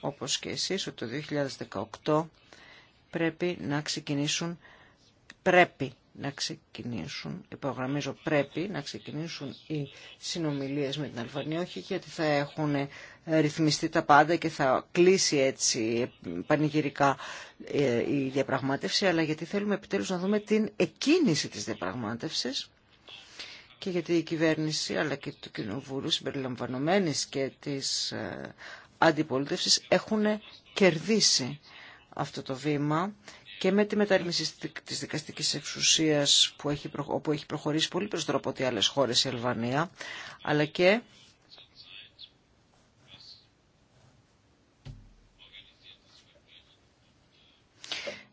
όπως και εσείς ότι το 2018 πρέπει να ξεκινήσουν πρέπει να ξεκινήσουν, υπογραμμίζω πρέπει να ξεκινήσουν οι συνομιλίες με την Αλβανία, όχι γιατί θα έχουν ρυθμιστεί τα πάντα και θα κλείσει έτσι πανηγυρικά ε, η διαπραγμάτευση, αλλά γιατί θέλουμε επιτέλους να δούμε την εκκίνηση της διαπραγμάτευσης και γιατί η κυβέρνηση αλλά και του Κοινοβούλου συμπεριλαμβανομένης και της ε, αντιπολίτευσης έχουν κερδίσει αυτό το βήμα και με τη μεταρρύθμιση της δικαστικής εξουσίας που έχει έχει προχωρήσει πολύ περισσότερο από ό,τι άλλες χώρες η Αλβανία, αλλά και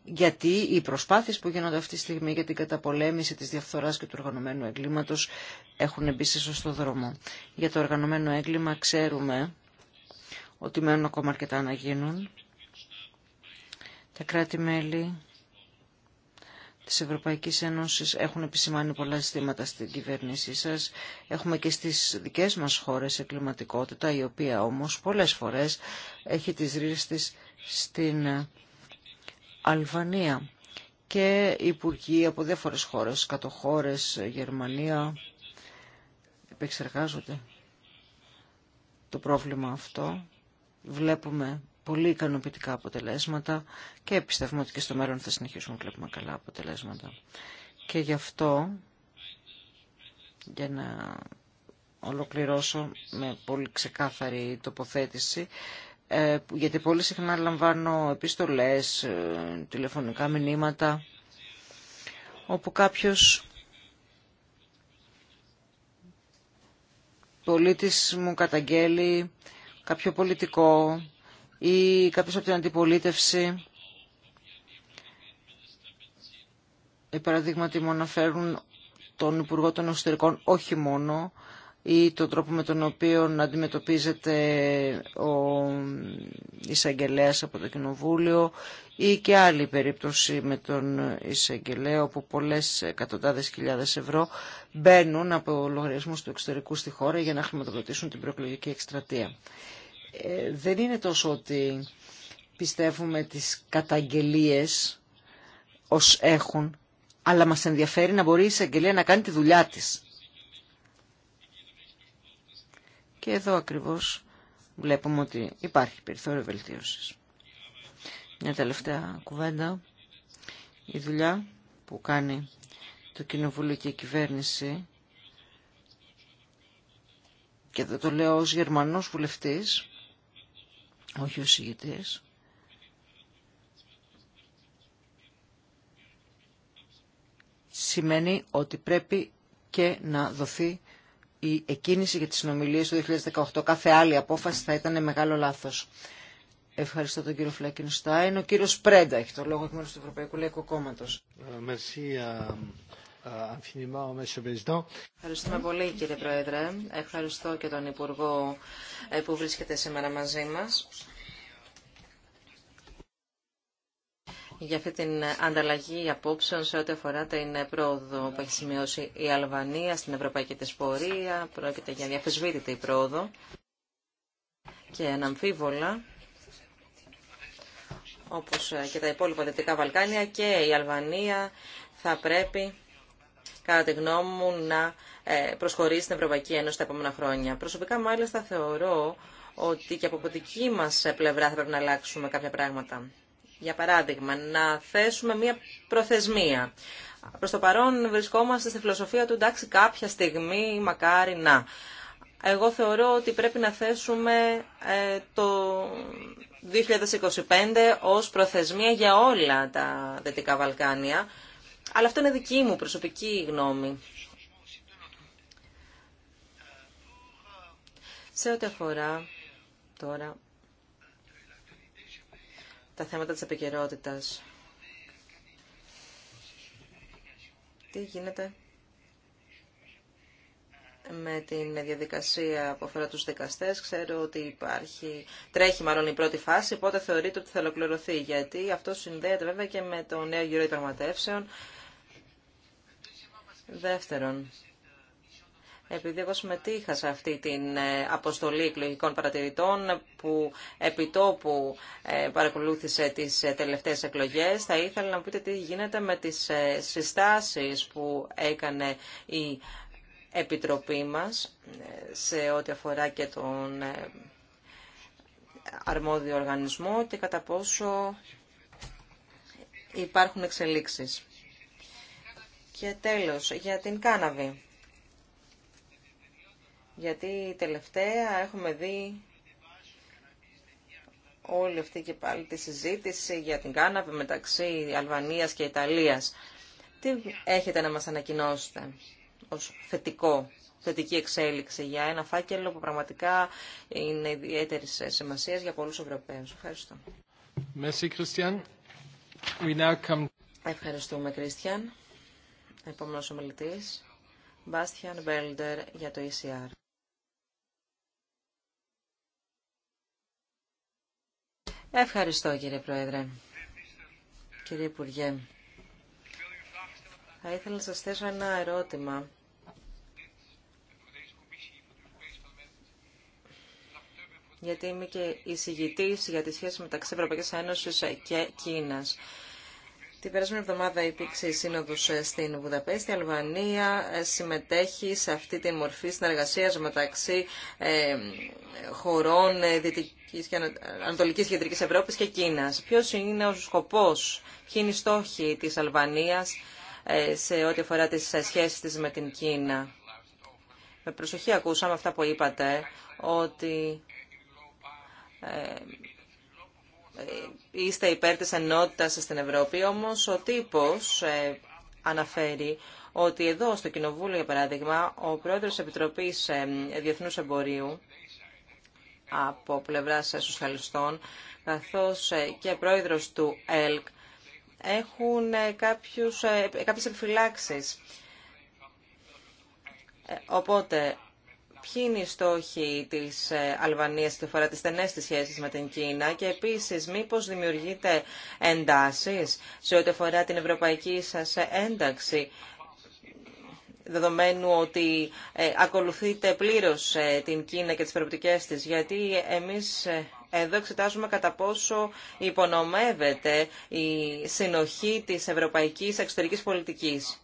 γιατί οι προσπάθειες που γίνονται αυτή τη στιγμή για την καταπολέμηση της διαφθοράς και του οργανωμένου εγκλήματος έχουν μπει σε σωστό δρόμο. Για το οργανωμένο έγκλημα ξέρουμε ότι μένουν ακόμα αρκετά να γίνουν τα κράτη-μέλη της Ευρωπαϊκής Ένωσης έχουν επισημάνει πολλά ζητήματα στην κυβέρνησή σας. Έχουμε και στις δικές μας χώρες εγκληματικότητα, η οποία όμως πολλές φορές έχει τις ρίζες της στην Αλβανία. Και υπουργοί από διάφορες χώρες, κατοχώρες, Γερμανία, επεξεργάζονται το πρόβλημα αυτό. Βλέπουμε πολύ ικανοποιητικά αποτελέσματα και πιστεύουμε ότι και στο μέλλον θα συνεχίσουν να βλέπουμε καλά αποτελέσματα. Και γι' αυτό, για να ολοκληρώσω με πολύ ξεκάθαρη τοποθέτηση, ε, γιατί πολύ συχνά λαμβάνω επιστολές, ε, τηλεφωνικά μηνύματα, όπου κάποιος πολίτης μου καταγγέλει κάποιο πολιτικό ή κάποιος από την αντιπολίτευση. Οι παραδείγματοι μου αναφέρουν τον Υπουργό των Εξωτερικών όχι μόνο ή τον τρόπο με τον οποίο αντιμετωπίζεται ο εισαγγελέα από το Κοινοβούλιο ή και άλλη περίπτωση με τον εισαγγελέα όπου πολλές εκατοντάδες χιλιάδες ευρώ μπαίνουν από λογαριασμού του εξωτερικού στη χώρα για να χρηματοδοτήσουν την προεκλογική εκστρατεία. Ε, δεν είναι τόσο ότι πιστεύουμε τις καταγγελίες ως έχουν, αλλά μας ενδιαφέρει να μπορεί η εισαγγελία να κάνει τη δουλειά της. Και εδώ ακριβώς βλέπουμε ότι υπάρχει περιθώριο βελτίωσης. Μια τελευταία κουβέντα. Η δουλειά που κάνει το Κοινοβούλιο και η Κυβέρνηση και δεν το λέω ως Γερμανός βουλευτής όχι ο συγητής. Σημαίνει ότι πρέπει και να δοθεί η εκκίνηση για τις συνομιλίες του 2018. Κάθε άλλη απόφαση θα ήταν μεγάλο λάθος. Ευχαριστώ τον κύριο Φλέκινστάιν. Ο κύριος Πρέντα έχει το λόγο εκ μέρους του Ευρωπαϊκού Λαϊκού Κόμματος. Ε, ε, Ευχαριστούμε πολύ κύριε Πρόεδρε. Ευχαριστώ και τον Υπουργό ε, που βρίσκεται σήμερα μαζί μας για αυτή την ανταλλαγή απόψεων σε ό,τι αφορά την πρόοδο που έχει σημειώσει η Αλβανία στην ευρωπαϊκή της πορεία. Πρόκειται για διαφεσβήτητη πρόοδο και αναμφίβολα όπως και τα υπόλοιπα Δυτικά Βαλκάνια και η Αλβανία θα πρέπει κατά τη γνώμη μου, να ε, προσχωρήσει στην Ευρωπαϊκή Ένωση τα επόμενα χρόνια. Προσωπικά, μάλιστα, θεωρώ ότι και από δική μας πλευρά θα πρέπει να αλλάξουμε κάποια πράγματα. Για παράδειγμα, να θέσουμε μία προθεσμία. Προς το παρόν βρισκόμαστε στη φιλοσοφία του εντάξει κάποια στιγμή μακάρι να. Εγώ θεωρώ ότι πρέπει να θέσουμε ε, το 2025 ως προθεσμία για όλα τα Δυτικά Βαλκάνια αλλά αυτό είναι δική μου προσωπική γνώμη. Σε ό,τι αφορά τώρα τα θέματα της επικαιρότητα. Τι γίνεται με την διαδικασία που αφορά τους δικαστές. Ξέρω ότι υπάρχει, τρέχει μάλλον η πρώτη φάση, πότε θεωρείται ότι θα ολοκληρωθεί, γιατί αυτό συνδέεται βέβαια και με το νέο γύρο διαπραγματεύσεων Δεύτερον, επειδή εγώ συμμετείχα σε αυτή την ε, αποστολή εκλογικών παρατηρητών που επί επιτόπου ε, παρακολούθησε τις ε, τελευταίες εκλογές, θα ήθελα να πείτε τι γίνεται με τις συστάσεις που έκανε η Επιτροπή μας σε ό,τι αφορά και τον αρμόδιο οργανισμό και κατά πόσο υπάρχουν εξελίξεις. Και τέλος, για την κάναβη. Γιατί τελευταία έχουμε δει όλη αυτή και πάλι τη συζήτηση για την κάναβη μεταξύ Αλβανίας και Ιταλίας. Τι έχετε να μας ανακοινώσετε ως θετικό, θετική εξέλιξη για ένα φάκελο που πραγματικά είναι ιδιαίτερη σημασία για πολλούς Ευρωπαίους. Ευχαριστώ. Ευχαριστούμε, Κρίστιαν. Επόμενος ομιλητή Μπάστιαν Μπέλντερ για το ECR. Ευχαριστώ κύριε Πρόεδρε. Κύριε Υπουργέ, θα ήθελα να σας θέσω ένα ερώτημα. Γιατί είμαι και εισηγητής για τη σχέση μεταξύ Ευρωπαϊκής Ένωσης και Κίνας. Την περασμένη εβδομάδα υπήρξε η Σύνοδος ε, στην Βουδαπέστη. Η Αλβανία ε, συμμετέχει σε αυτή τη μορφή συνεργασία μεταξύ ε, χωρών δυτική και ανατολική και Κεντρικής Ευρώπης και Κίνας. Ποιος είναι ο σκοπός, ποιοι είναι οι στόχοι της Αλβανίας σε ό,τι αφορά τις σχέσεις της με την Κίνα. Με προσοχή ακούσαμε αυτά που είπατε, ότι ε, είστε υπέρ της ενότητας στην Ευρώπη, όμως ο τύπος ε, αναφέρει ότι εδώ στο Κοινοβούλιο, για παράδειγμα, ο πρόεδρος της Επιτροπής ε, Διεθνούς Εμπορίου από πλευράς σοσιαλιστών, καθώς και πρόεδρος του ΕΛΚ, έχουν κάποιους, κάποιες επιφυλάξεις. Οπότε, ποιοι είναι οι στόχοι της ε, Αλβανίας και αφορά τις στενές της σχέσεις με την Κίνα και επίσης μήπως δημιουργείται εντάσεις σε ό,τι αφορά την ευρωπαϊκή σας ένταξη δεδομένου ότι ε, ακολουθείτε πλήρως ε, την Κίνα και τις προοπτικές της, γιατί εμείς ε, εδώ εξετάζουμε κατά πόσο υπονομεύεται η συνοχή της ευρωπαϊκής εξωτερικής πολιτικής.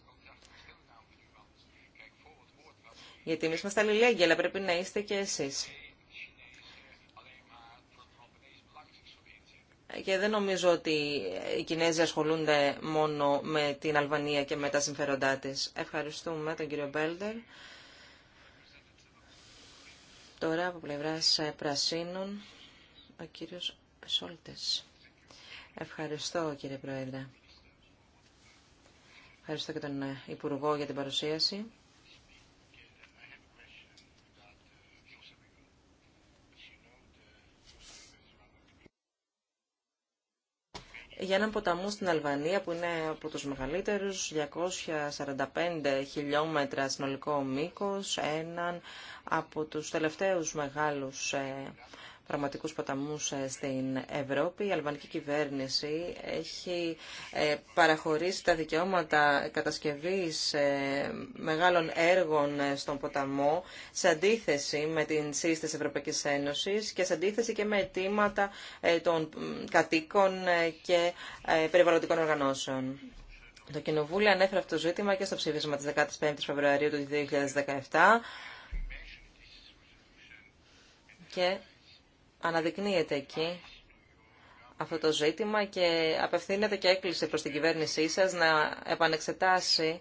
Γιατί εμείς είμαστε αλληλεγγύα, αλλά πρέπει να είστε και εσείς. Και δεν νομίζω ότι οι Κινέζοι ασχολούνται μόνο με την Αλβανία και με τα συμφέροντά τη. Ευχαριστούμε τον κύριο Μπέλτερ. Τώρα από πλευρά Πρασίνων, ο κύριο Πεσόλτες. Ευχαριστώ κύριε Πρόεδρε. Ευχαριστώ και τον Υπουργό για την παρουσίαση. για έναν ποταμό στην Αλβανία που είναι από τους μεγαλύτερους, 245 χιλιόμετρα συνολικό μήκος, έναν από τους τελευταίους μεγάλους ε, πραγματικούς ποταμούς ε, στην Ευρώπη. Η αλβανική κυβέρνηση έχει ε, παραχωρήσει τα δικαιώματα κατασκευής ε, μεγάλων έργων στον ποταμό σε αντίθεση με την σύσταση της Ευρωπαϊκής Ένωσης και σε αντίθεση και με αιτήματα των κατοίκων και περιβαλλοντικών οργανώσεων. Το Κοινοβούλιο ανέφερε αυτό το ζήτημα και στο ψήφισμα της 15ης Φεβρουαρίου του 2017 και αναδεικνύεται εκεί αυτό το ζήτημα και απευθύνεται και έκκληση προς την κυβέρνησή σας να επανεξετάσει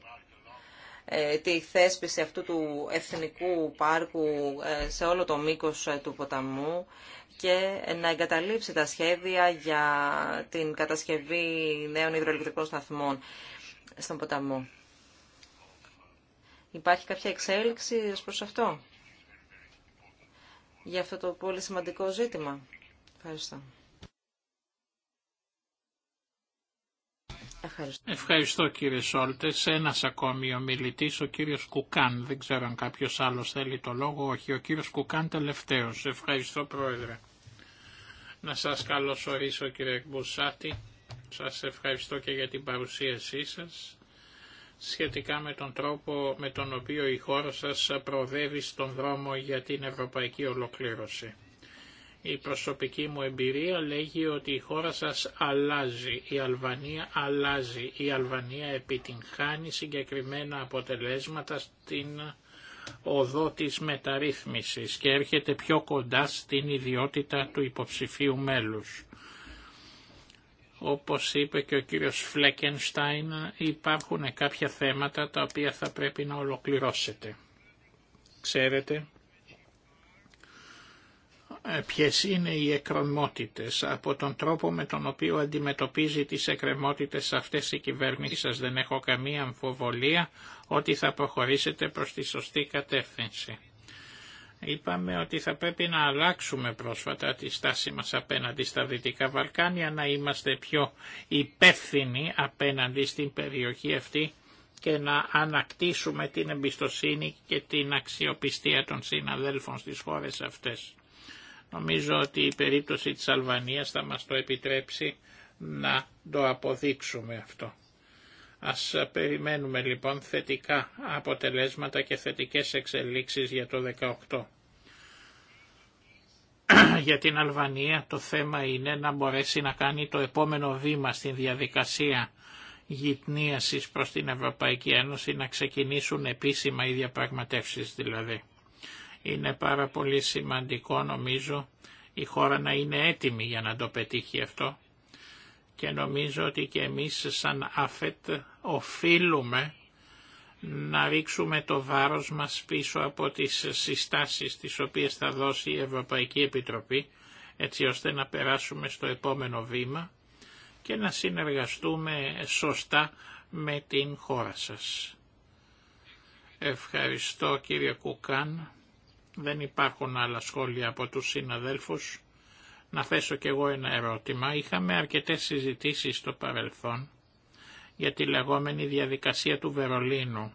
ε, τη θέσπιση αυτού του εθνικού πάρκου ε, σε όλο το μήκος ε, του ποταμού και να εγκαταλείψει τα σχέδια για την κατασκευή νέων υδροελεκτρικών σταθμών στον ποταμό. Υπάρχει κάποια εξέλιξη ως προς αυτό για αυτό το πολύ σημαντικό ζήτημα. Ευχαριστώ. Ευχαριστώ. Ευχαριστώ κύριε Σόλτες. Ένας ακόμη ομιλητής, ο κύριος Κουκάν. Δεν ξέρω αν κάποιος άλλος θέλει το λόγο. Όχι, ο κύριος Κουκάν τελευταίος. Ευχαριστώ πρόεδρε. Να σας καλωσορίσω κύριε Μπουσάτη. Σας ευχαριστώ και για την παρουσίασή σας σχετικά με τον τρόπο με τον οποίο η χώρα σας προοδεύει στον δρόμο για την ευρωπαϊκή ολοκλήρωση. Η προσωπική μου εμπειρία λέγει ότι η χώρα σας αλλάζει, η Αλβανία αλλάζει, η Αλβανία επιτυγχάνει συγκεκριμένα αποτελέσματα στην οδό της μεταρρύθμισης και έρχεται πιο κοντά στην ιδιότητα του υποψηφίου μέλους. Όπως είπε και ο κύριος Φλέκενστάιν, υπάρχουν κάποια θέματα τα οποία θα πρέπει να ολοκληρώσετε. Ξέρετε ε, ποιες είναι οι εκκρεμότητες από τον τρόπο με τον οποίο αντιμετωπίζει τις εκκρεμότητες αυτές οι κυβέρνηση σας. Δεν έχω καμία αμφιβολία ότι θα προχωρήσετε προς τη σωστή κατεύθυνση. Είπαμε ότι θα πρέπει να αλλάξουμε πρόσφατα τη στάση μας απέναντι στα Δυτικά Βαλκάνια, να είμαστε πιο υπεύθυνοι απέναντι στην περιοχή αυτή και να ανακτήσουμε την εμπιστοσύνη και την αξιοπιστία των συναδέλφων στις χώρες αυτές. Νομίζω ότι η περίπτωση της Αλβανίας θα μας το επιτρέψει να το αποδείξουμε αυτό. Ας ε, περιμένουμε λοιπόν θετικά αποτελέσματα και θετικές εξελίξεις για το 18 για την Αλβανία το θέμα είναι να μπορέσει να κάνει το επόμενο βήμα στην διαδικασία γυτνίασης προς την Ευρωπαϊκή Ένωση, να ξεκινήσουν επίσημα οι διαπραγματεύσεις δηλαδή. Είναι πάρα πολύ σημαντικό νομίζω η χώρα να είναι έτοιμη για να το πετύχει αυτό και νομίζω ότι και εμείς σαν ΑΦΕΤ οφείλουμε να ρίξουμε το βάρος μας πίσω από τις συστάσεις τις οποίες θα δώσει η Ευρωπαϊκή Επιτροπή έτσι ώστε να περάσουμε στο επόμενο βήμα και να συνεργαστούμε σωστά με την χώρα σας. Ευχαριστώ κύριε Κουκάν. Δεν υπάρχουν άλλα σχόλια από τους συναδέλφους. Να θέσω κι εγώ ένα ερώτημα. Είχαμε αρκετές συζητήσεις στο παρελθόν για τη λεγόμενη διαδικασία του Βερολίνου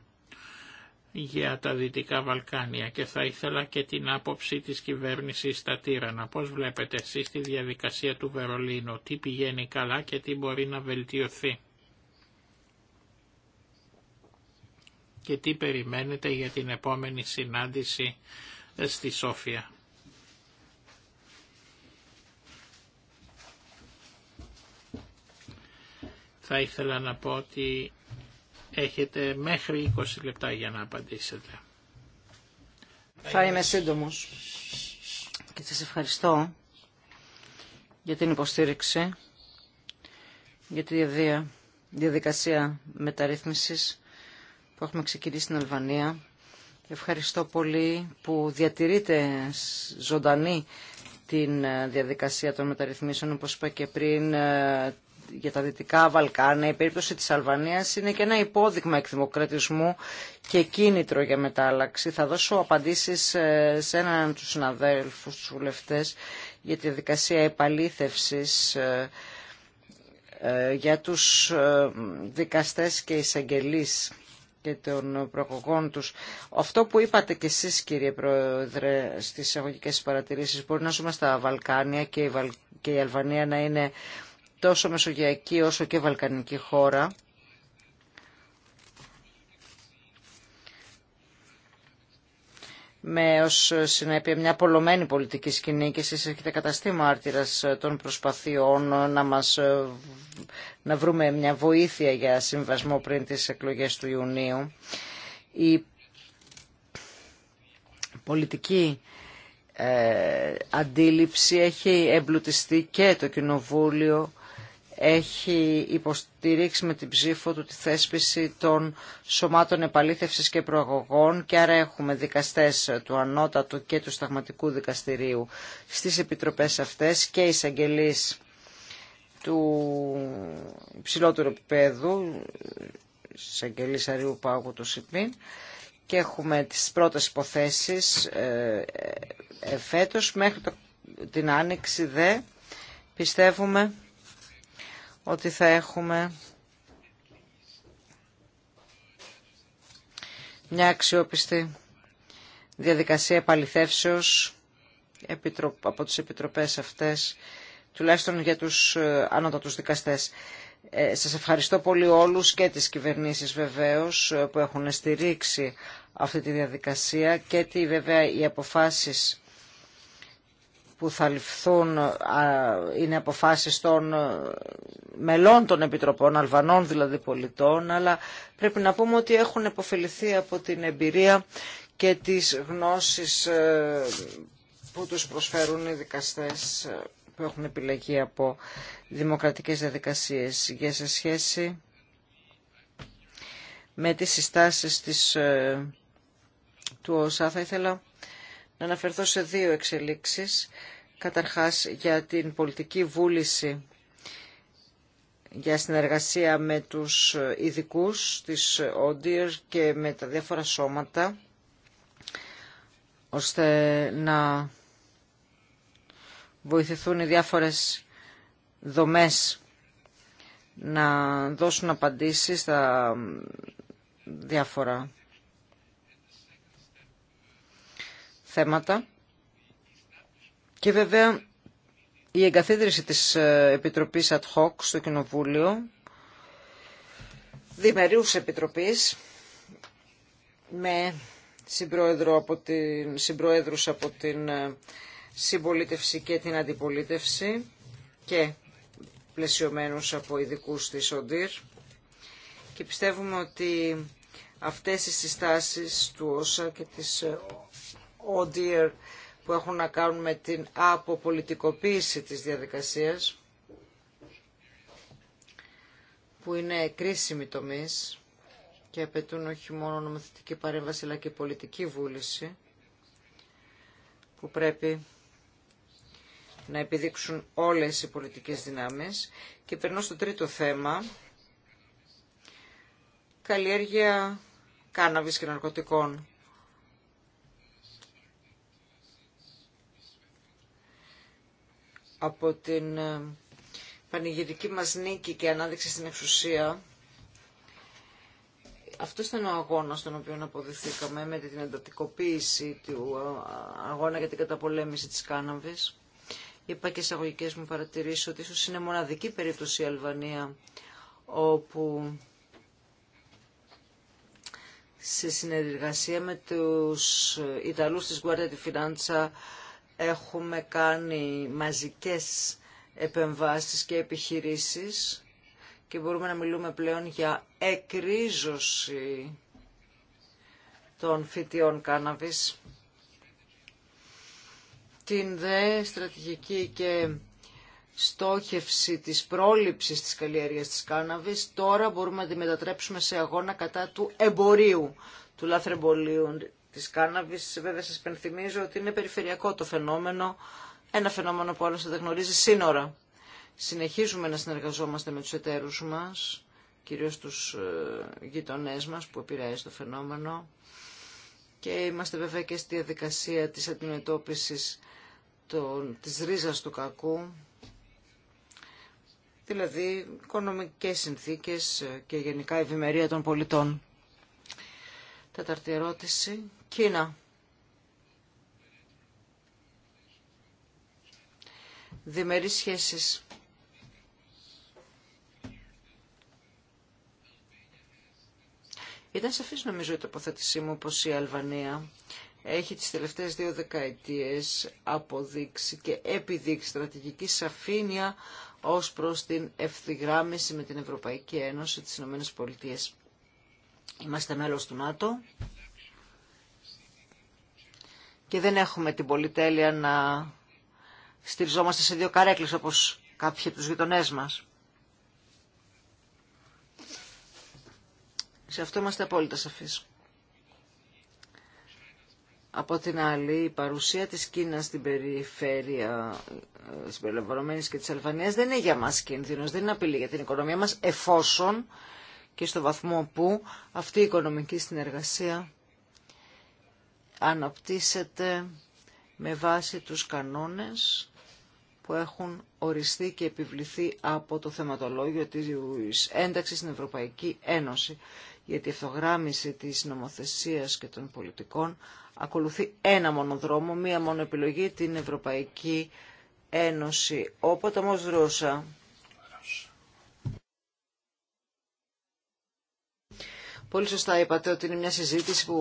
για τα Δυτικά Βαλκάνια και θα ήθελα και την άποψη της κυβέρνησης στα Τύρανα. Πώς βλέπετε εσείς τη διαδικασία του Βερολίνου, τι πηγαίνει καλά και τι μπορεί να βελτιωθεί. Και τι περιμένετε για την επόμενη συνάντηση στη Σόφια. θα ήθελα να πω ότι έχετε μέχρι 20 λεπτά για να απαντήσετε. Θα είμαι σύντομος και σας ευχαριστώ για την υποστήριξη, για τη διαδικασία μεταρρύθμισης που έχουμε ξεκινήσει στην Αλβανία. Ευχαριστώ πολύ που διατηρείτε ζωντανή την ε, διαδικασία των μεταρρυθμίσεων, όπως είπα και πριν, ε, για τα Δυτικά Βαλκάνια, η περίπτωση της Αλβανίας είναι και ένα υπόδειγμα εκδημοκρατισμού και κίνητρο για μετάλλαξη. Θα δώσω απαντήσεις ε, σε έναν από τους συναδέλφους, τους βουλευτές, για τη δικασία επαλήθευσης ε, ε, για τους δικαστές και εισαγγελείς και των προκογών τους. Αυτό που είπατε και εσείς κύριε Πρόεδρε στις εισαγωγικές παρατηρήσεις μπορεί να ζούμε στα Βαλκάνια και η, Αλβανία να είναι τόσο μεσογειακή όσο και βαλκανική χώρα. με ως συνέπεια μια πολλωμένη πολιτική σκηνή και εσείς έχετε καταστεί μάρτυρας των προσπαθειών να, μας, να βρούμε μια βοήθεια για συμβασμό πριν τις εκλογές του Ιουνίου. Η πολιτική ε, αντίληψη έχει εμπλουτιστεί και το Κοινοβούλιο έχει υποστηρίξει με την ψήφο του τη θέσπιση των σωμάτων επαλήθευσης και προαγωγών και άρα έχουμε δικαστές του Ανώτατου και του Σταγματικού Δικαστηρίου στις επιτροπές αυτές και εισαγγελείς του ψηλότερου επίπεδου, εισαγγελείς Αριού Πάγου του ΣΥΠΜΗΝ, και έχουμε τις πρώτες υποθέσεις ε, ε, ε μέχρι το, την άνοιξη δε πιστεύουμε ότι θα έχουμε μια αξιόπιστη διαδικασία επαληθεύσεως από τις επιτροπές αυτές, τουλάχιστον για τους ε, ανώτατους δικαστές. Ε, σας ευχαριστώ πολύ όλους και τις κυβερνήσεις βεβαίως ε, που έχουν στηρίξει αυτή τη διαδικασία και τι βέβαια οι αποφάσεις που θα ληφθούν είναι αποφάσεις των ε, μελών των Επιτροπών, Αλβανών δηλαδή πολιτών, αλλά πρέπει να πούμε ότι έχουν επωφεληθεί από την εμπειρία και τις γνώσεις ε, που τους προσφέρουν οι δικαστές ε, που έχουν επιλεγεί από δημοκρατικές διαδικασίες για σε σχέση με τις συστάσεις της, του ΩΣΑ θα ήθελα να αναφερθώ σε δύο εξελίξεις. Καταρχάς για την πολιτική βούληση για συνεργασία με τους ειδικού της ΟΝΤΙΡ και με τα διάφορα σώματα ώστε να βοηθηθούν οι διάφορες δομές να δώσουν απαντήσεις στα διάφορα θέματα και βέβαια η εγκαθίδρυση της ε, Επιτροπής Ad Hoc στο Κοινοβούλιο, διμερίους Επιτροπής, με συμπρόεδρο από την, συμπρόεδρους από την ε, συμπολίτευση και την αντιπολίτευση και πλαισιωμένους από ειδικού της ΟΝΤΙΡ. Και πιστεύουμε ότι αυτές οι συστάσεις του ΩΣΑ και της ε, που έχουν να κάνουν με την αποπολιτικοποίηση της διαδικασίας που είναι κρίσιμοι τομής και απαιτούν όχι μόνο νομοθετική παρέμβαση αλλά και πολιτική βούληση που πρέπει να επιδείξουν όλες οι πολιτικές δυνάμεις. Και περνώ στο τρίτο θέμα, καλλιέργεια κάναβης και ναρκωτικών. από την ε, πανηγυρική μας νίκη και ανάδειξη στην εξουσία. Αυτό ήταν ο αγώνα στον οποίο αποδεθήκαμε με την εντατικοποίηση του ε, αγώνα για την καταπολέμηση της κάναβης. Είπα και σε αγωγικές μου παρατηρήσει ότι ίσω είναι μοναδική περίπτωση η Αλβανία όπου σε συνεργασία με τους Ιταλούς της Guardia di Finanza έχουμε κάνει μαζικές επεμβάσεις και επιχειρήσεις και μπορούμε να μιλούμε πλέον για εκρίζωση των φυτιών κάναβης. Την δε στρατηγική και στόχευση της πρόληψης της καλλιέργειας της κάναβης τώρα μπορούμε να τη μετατρέψουμε σε αγώνα κατά του εμπορίου, του λαθρεμπολιού της κάναβης. Βέβαια σας πενθυμίζω ότι είναι περιφερειακό το φαινόμενο, ένα φαινόμενο που άλλωστε δεν γνωρίζει σύνορα. Συνεχίζουμε να συνεργαζόμαστε με τους εταίρους μας, κυρίως τους ε, γειτονές μας που επηρεάζει το φαινόμενο και είμαστε βέβαια και στη διαδικασία της αντιμετώπισης των, της ρίζας του κακού, δηλαδή οικονομικές συνθήκες και γενικά ευημερία των πολιτών. Τέταρτη ερώτηση. Κίνα. Διμερείς σχέσεις. Ήταν σαφής νομίζω η τοποθέτησή μου πως η Αλβανία έχει τις τελευταίες δύο δεκαετίες αποδείξει και επιδείξει στρατηγική σαφήνεια ως προς την ευθυγράμμιση με την Ευρωπαϊκή Ένωση της Ηνωμένες Πολιτείες. Είμαστε μέλος του ΝΑΤΟ και δεν έχουμε την πολυτέλεια να στηριζόμαστε σε δύο καρέκλες όπως κάποιοι από τους γειτονέ μας. Σε αυτό είμαστε απόλυτα σαφείς. Από την άλλη, η παρουσία της Κίνας στην περιφέρεια ε, συμπεριλαμβανομένης και της Αλβανίας δεν είναι για μας κίνδυνος, δεν είναι απειλή για την οικονομία μας, εφόσον και στο βαθμό που αυτή η οικονομική συνεργασία αναπτύσσεται με βάση τους κανόνες που έχουν οριστεί και επιβληθεί από το θεματολόγιο της ένταξης στην Ευρωπαϊκή Ένωση. Γιατί η ευθογράμμιση της νομοθεσίας και των πολιτικών ακολουθεί ένα μόνο δρόμο, μία μόνο επιλογή, την Ευρωπαϊκή Ένωση. Ο ποταμός Ρώσα Πολύ σωστά είπατε ότι είναι μια συζήτηση που,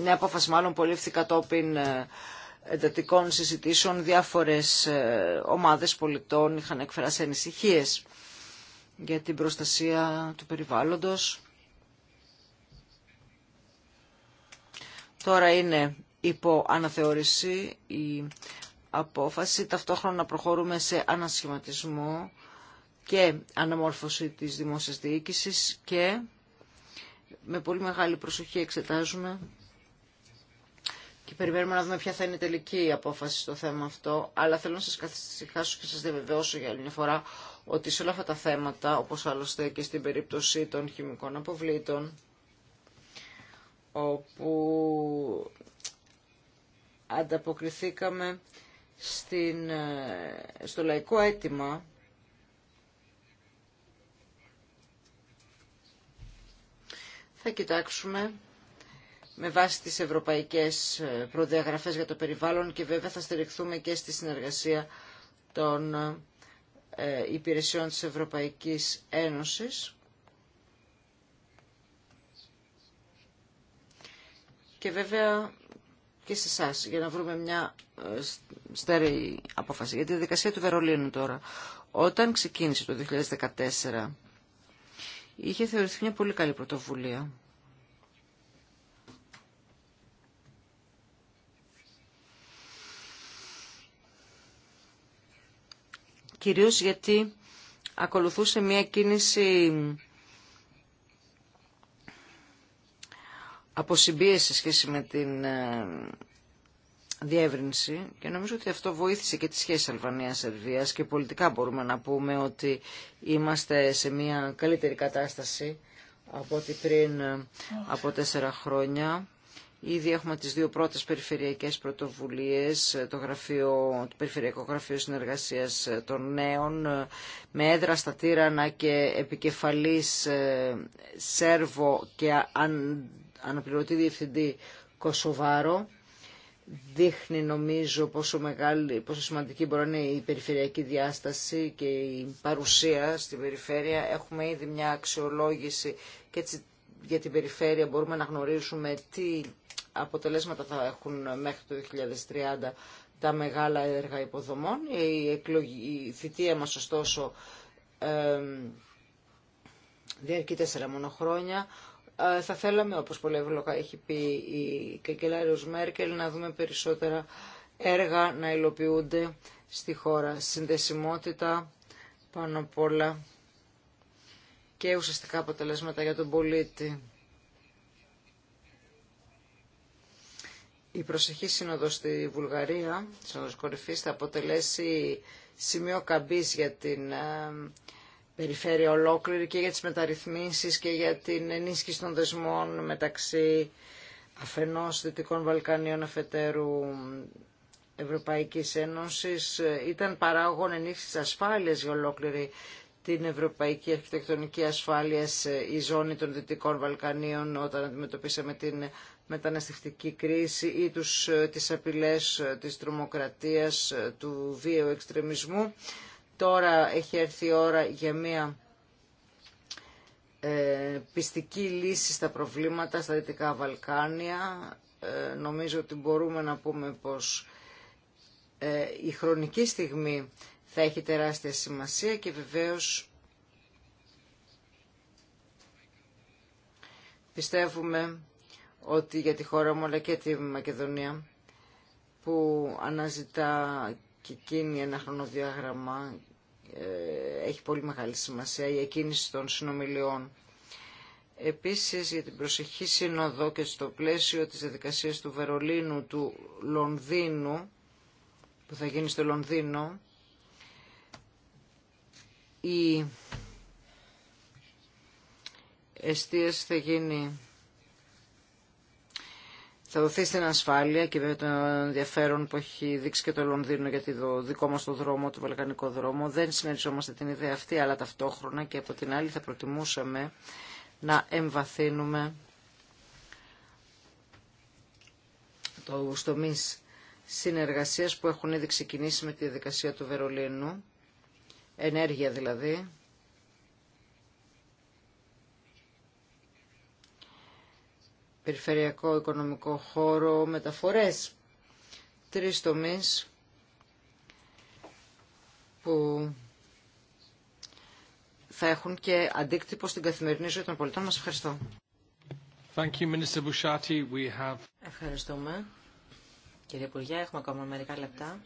μια απόφαση μάλλον που λήφθη κατόπιν ε, εντατικών συζητήσεων. Διάφορες ε, ομάδες πολιτών είχαν εκφράσει ανησυχίε για την προστασία του περιβάλλοντος. Τώρα είναι υπό αναθεώρηση η απόφαση. Ταυτόχρονα προχωρούμε σε ανασχηματισμό και αναμόρφωση της δημόσιας διοίκησης και με πολύ μεγάλη προσοχή εξετάζουμε και περιμένουμε να δούμε ποια θα είναι η τελική απόφαση στο θέμα αυτό. Αλλά θέλω να σας καθησυχάσω και σας διαβεβαιώσω για άλλη μια φορά ότι σε όλα αυτά τα θέματα, όπως άλλωστε και στην περίπτωση των χημικών αποβλήτων, όπου ανταποκριθήκαμε στην, ε, στο λαϊκό αίτημα θα κοιτάξουμε με βάση τις ευρωπαϊκές ε, προδιαγραφές για το περιβάλλον και βέβαια θα στηριχθούμε και στη συνεργασία των ε, ε, υπηρεσιών της Ευρωπαϊκής Ένωσης. Και βέβαια και σε εσά για να βρούμε μια στέρεη απόφαση. Για τη διαδικασία του Βερολίνου τώρα. Όταν ξεκίνησε το 2014 είχε θεωρηθεί μια πολύ καλή πρωτοβουλία. Κυρίως γιατί ακολουθούσε μια κίνηση αποσυμπίεση σχέση με την ε, διεύρυνση και νομίζω ότι αυτό βοήθησε και τις σχέσεις Αλβανίας-Σερβίας και πολιτικά μπορούμε να πούμε ότι είμαστε σε μια καλύτερη κατάσταση από ότι πριν ε, από τέσσερα χρόνια. Ήδη έχουμε τις δύο πρώτες περιφερειακές πρωτοβουλίες, ε, το, γραφείο, το Περιφερειακό Γραφείο Συνεργασίας ε, των Νέων, με έδρα στα Τύρανα και επικεφαλής Σέρβο και αναπληρωτή διευθυντή Κοσοβάρο δείχνει νομίζω πόσο, μεγάλη, πόσο σημαντική μπορεί να είναι η περιφερειακή διάσταση και η παρουσία στην περιφέρεια. Έχουμε ήδη μια αξιολόγηση και έτσι για την περιφέρεια μπορούμε να γνωρίσουμε τι αποτελέσματα θα έχουν μέχρι το 2030 τα μεγάλα έργα υποδομών. Η, εκλογή, η θητεία μας ωστόσο ε, διαρκεί τέσσερα μόνο χρόνια. Ε, θα θέλαμε, όπως πολύ εύλογα έχει πει η καγκελάριος Μέρκελ, να δούμε περισσότερα έργα να υλοποιούνται στη χώρα. Συνδεσιμότητα πάνω απ' όλα και ουσιαστικά αποτελέσματα για τον πολίτη. Η προσεχή σύνοδος στη Βουλγαρία, σύνοδος κορυφής, θα αποτελέσει σημείο καμπής για την ε, περιφέρεια ολόκληρη και για τις μεταρρυθμίσεις και για την ενίσχυση των δεσμών μεταξύ αφενός Δυτικών Βαλκανίων αφετέρου Ευρωπαϊκής Ένωσης ήταν παράγον ενίσχυσης ασφάλειας για ολόκληρη την Ευρωπαϊκή Αρχιτεκτονική Ασφάλεια η ζώνη των Δυτικών Βαλκανίων όταν αντιμετωπίσαμε την μεταναστευτική κρίση ή τους, ε, τις απειλές ε, της τρομοκρατίας, ε, του βίαιου εξτρεμισμού τώρα έχει έρθει η ώρα για μια ε, πιστική λύση στα προβλήματα στα Δυτικά Βαλκάνια. Ε, νομίζω ότι μπορούμε να πούμε πως ε, η χρονική στιγμή θα έχει τεράστια σημασία και βεβαίως πιστεύουμε ότι για τη χώρα μου αλλά και τη Μακεδονία που αναζητά και εκείνη ένα χρονοδιάγραμμα ε, έχει πολύ μεγάλη σημασία η εκκίνηση των συνομιλιών. Επίσης για την προσεχή σύνοδο και στο πλαίσιο της διαδικασίας του Βερολίνου, του Λονδίνου, που θα γίνει στο Λονδίνο, η εστίαση θα γίνει θα δοθεί στην ασφάλεια και βέβαια τον ενδιαφέρον που έχει δείξει και το Λονδίνο για το δικό μας το δρόμο, το βαλκανικό δρόμο. Δεν συνεργαζόμαστε την ιδέα αυτή, αλλά ταυτόχρονα και από την άλλη θα προτιμούσαμε να εμβαθύνουμε το τομεί συνεργασίας που έχουν ήδη ξεκινήσει με τη διαδικασία του Βερολίνου, ενέργεια δηλαδή, περιφερειακό οικονομικό χώρο, μεταφορές. Τρεις τομείς που θα έχουν και αντίκτυπο στην καθημερινή ζωή των πολιτών μας. Ευχαριστώ. Ευχαριστούμε. Κύριε Υπουργέ, έχουμε ακόμα μερικά λεπτά.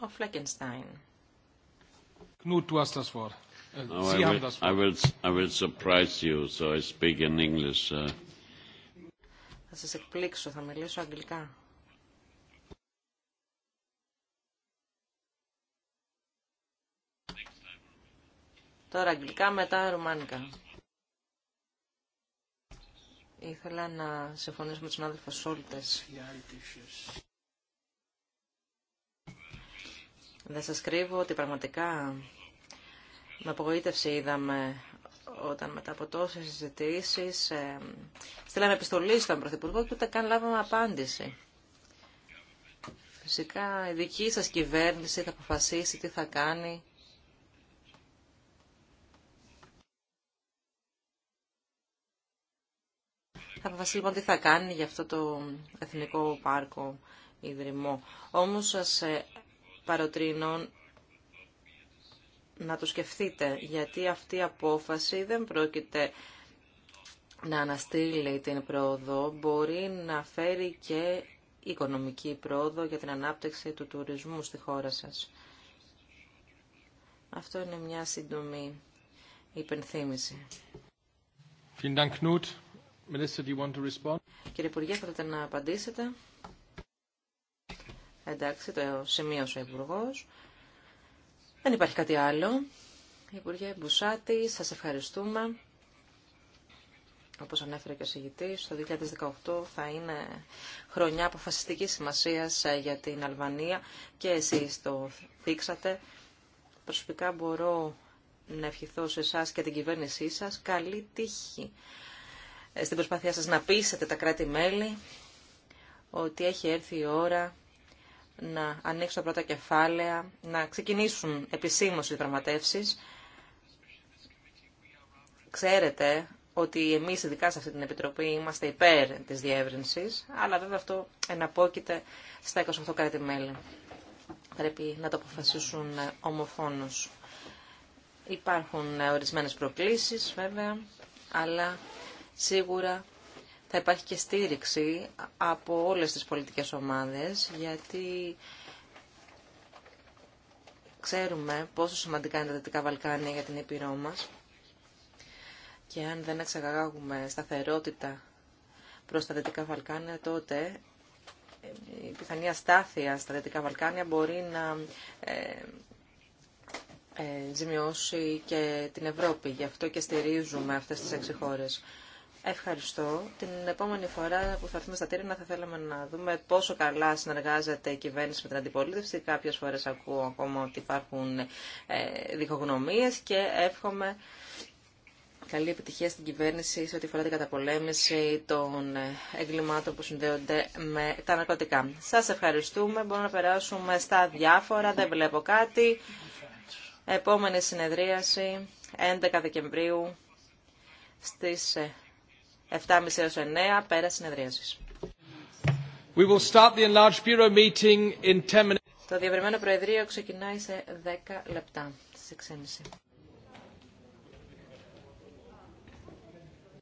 Ο Φλέκενστάιν. Knut, du Oh, I will, I will surprise you, so I speak in English. Uh. Θα σας εκπλήξω, θα μιλήσω αγγλικά. Τώρα αγγλικά, μετά ρουμάνικα. Ήθελα να συμφωνήσω με τον συνάδελφο Σόλτες. Δεν σας κρύβω ότι πραγματικά με απογοήτευση είδαμε όταν μετά από τόσες συζητήσει ε, στείλαμε επιστολή στον Πρωθυπουργό και ούτε καν λάβαμε απάντηση. Φυσικά η δική σας κυβέρνηση θα αποφασίσει τι θα κάνει. Θα αποφασίσει λοιπόν τι θα κάνει για αυτό το Εθνικό Πάρκο Ιδρυμό. Όμως σας ε, παροτρύνω να το σκεφτείτε, γιατί αυτή η απόφαση δεν πρόκειται να αναστείλει την πρόοδο, μπορεί να φέρει και οικονομική πρόοδο για την ανάπτυξη του τουρισμού στη χώρα σας. Αυτό είναι μια σύντομη υπενθύμηση. Κύριε Υπουργέ, θέλετε να απαντήσετε. Εντάξει, το σημείωσε ο Υπουργός. Δεν υπάρχει κάτι άλλο. Υπουργέ Μπουσάτη, σας ευχαριστούμε. Όπως ανέφερε και ο συγητής, το 2018 θα είναι χρονιά αποφασιστική σημασία ε, για την Αλβανία και εσείς το δείξατε. Προσωπικά μπορώ να ευχηθώ σε εσά και την κυβέρνησή σας. Καλή τύχη ε, στην προσπάθειά σας να πείσετε τα κράτη-μέλη ότι έχει έρθει η ώρα να ανοίξουν τα πρώτα κεφάλαια, να ξεκινήσουν επισήμως οι δραματεύσεις. Ξέρετε ότι εμείς ειδικά σε αυτή την Επιτροπή είμαστε υπέρ της διεύρυνσης, αλλά βέβαια αυτό εναπόκειται στα 28 κράτη-μέλη. Πρέπει να το αποφασίσουν ομοφόνος. Υπάρχουν ορισμένες προκλήσεις βέβαια, αλλά σίγουρα θα υπάρχει και στήριξη από όλες τις πολιτικές ομάδες, γιατί ξέρουμε πόσο σημαντικά είναι τα Δυτικά Βαλκάνια για την Ήπειρό μας και αν δεν εξαγάγουμε σταθερότητα προς τα Δυτικά Βαλκάνια, τότε η πιθανή αστάθεια στα Δυτικά Βαλκάνια μπορεί να ε, ε, ζημιώσει και την Ευρώπη. Γι' αυτό και στηρίζουμε αυτές τις έξι χώρες. Ευχαριστώ. Την επόμενη φορά που θα έρθουμε στα τύρινα θα θέλαμε να δούμε πόσο καλά συνεργάζεται η κυβέρνηση με την αντιπολίτευση. Κάποιες φορές ακούω ακόμα ότι υπάρχουν ε, διχογνωμίες και εύχομαι καλή επιτυχία στην κυβέρνηση σε ό,τι φορά την καταπολέμηση των ε, εγκλημάτων που συνδέονται με τα ναρκωτικά. Σας ευχαριστούμε. Μπορούμε να περάσουμε στα διάφορα. Δεν βλέπω κάτι. Επόμενη συνεδρίαση 11 Δεκεμβρίου στις ε, 7.30 έως 9, πέρα συνεδρίασης. We will start the enlarged bureau meeting in 10 minutes. Το διαβριμένο προεδρείο ξεκινάει σε 10 λεπτά στις 6.30.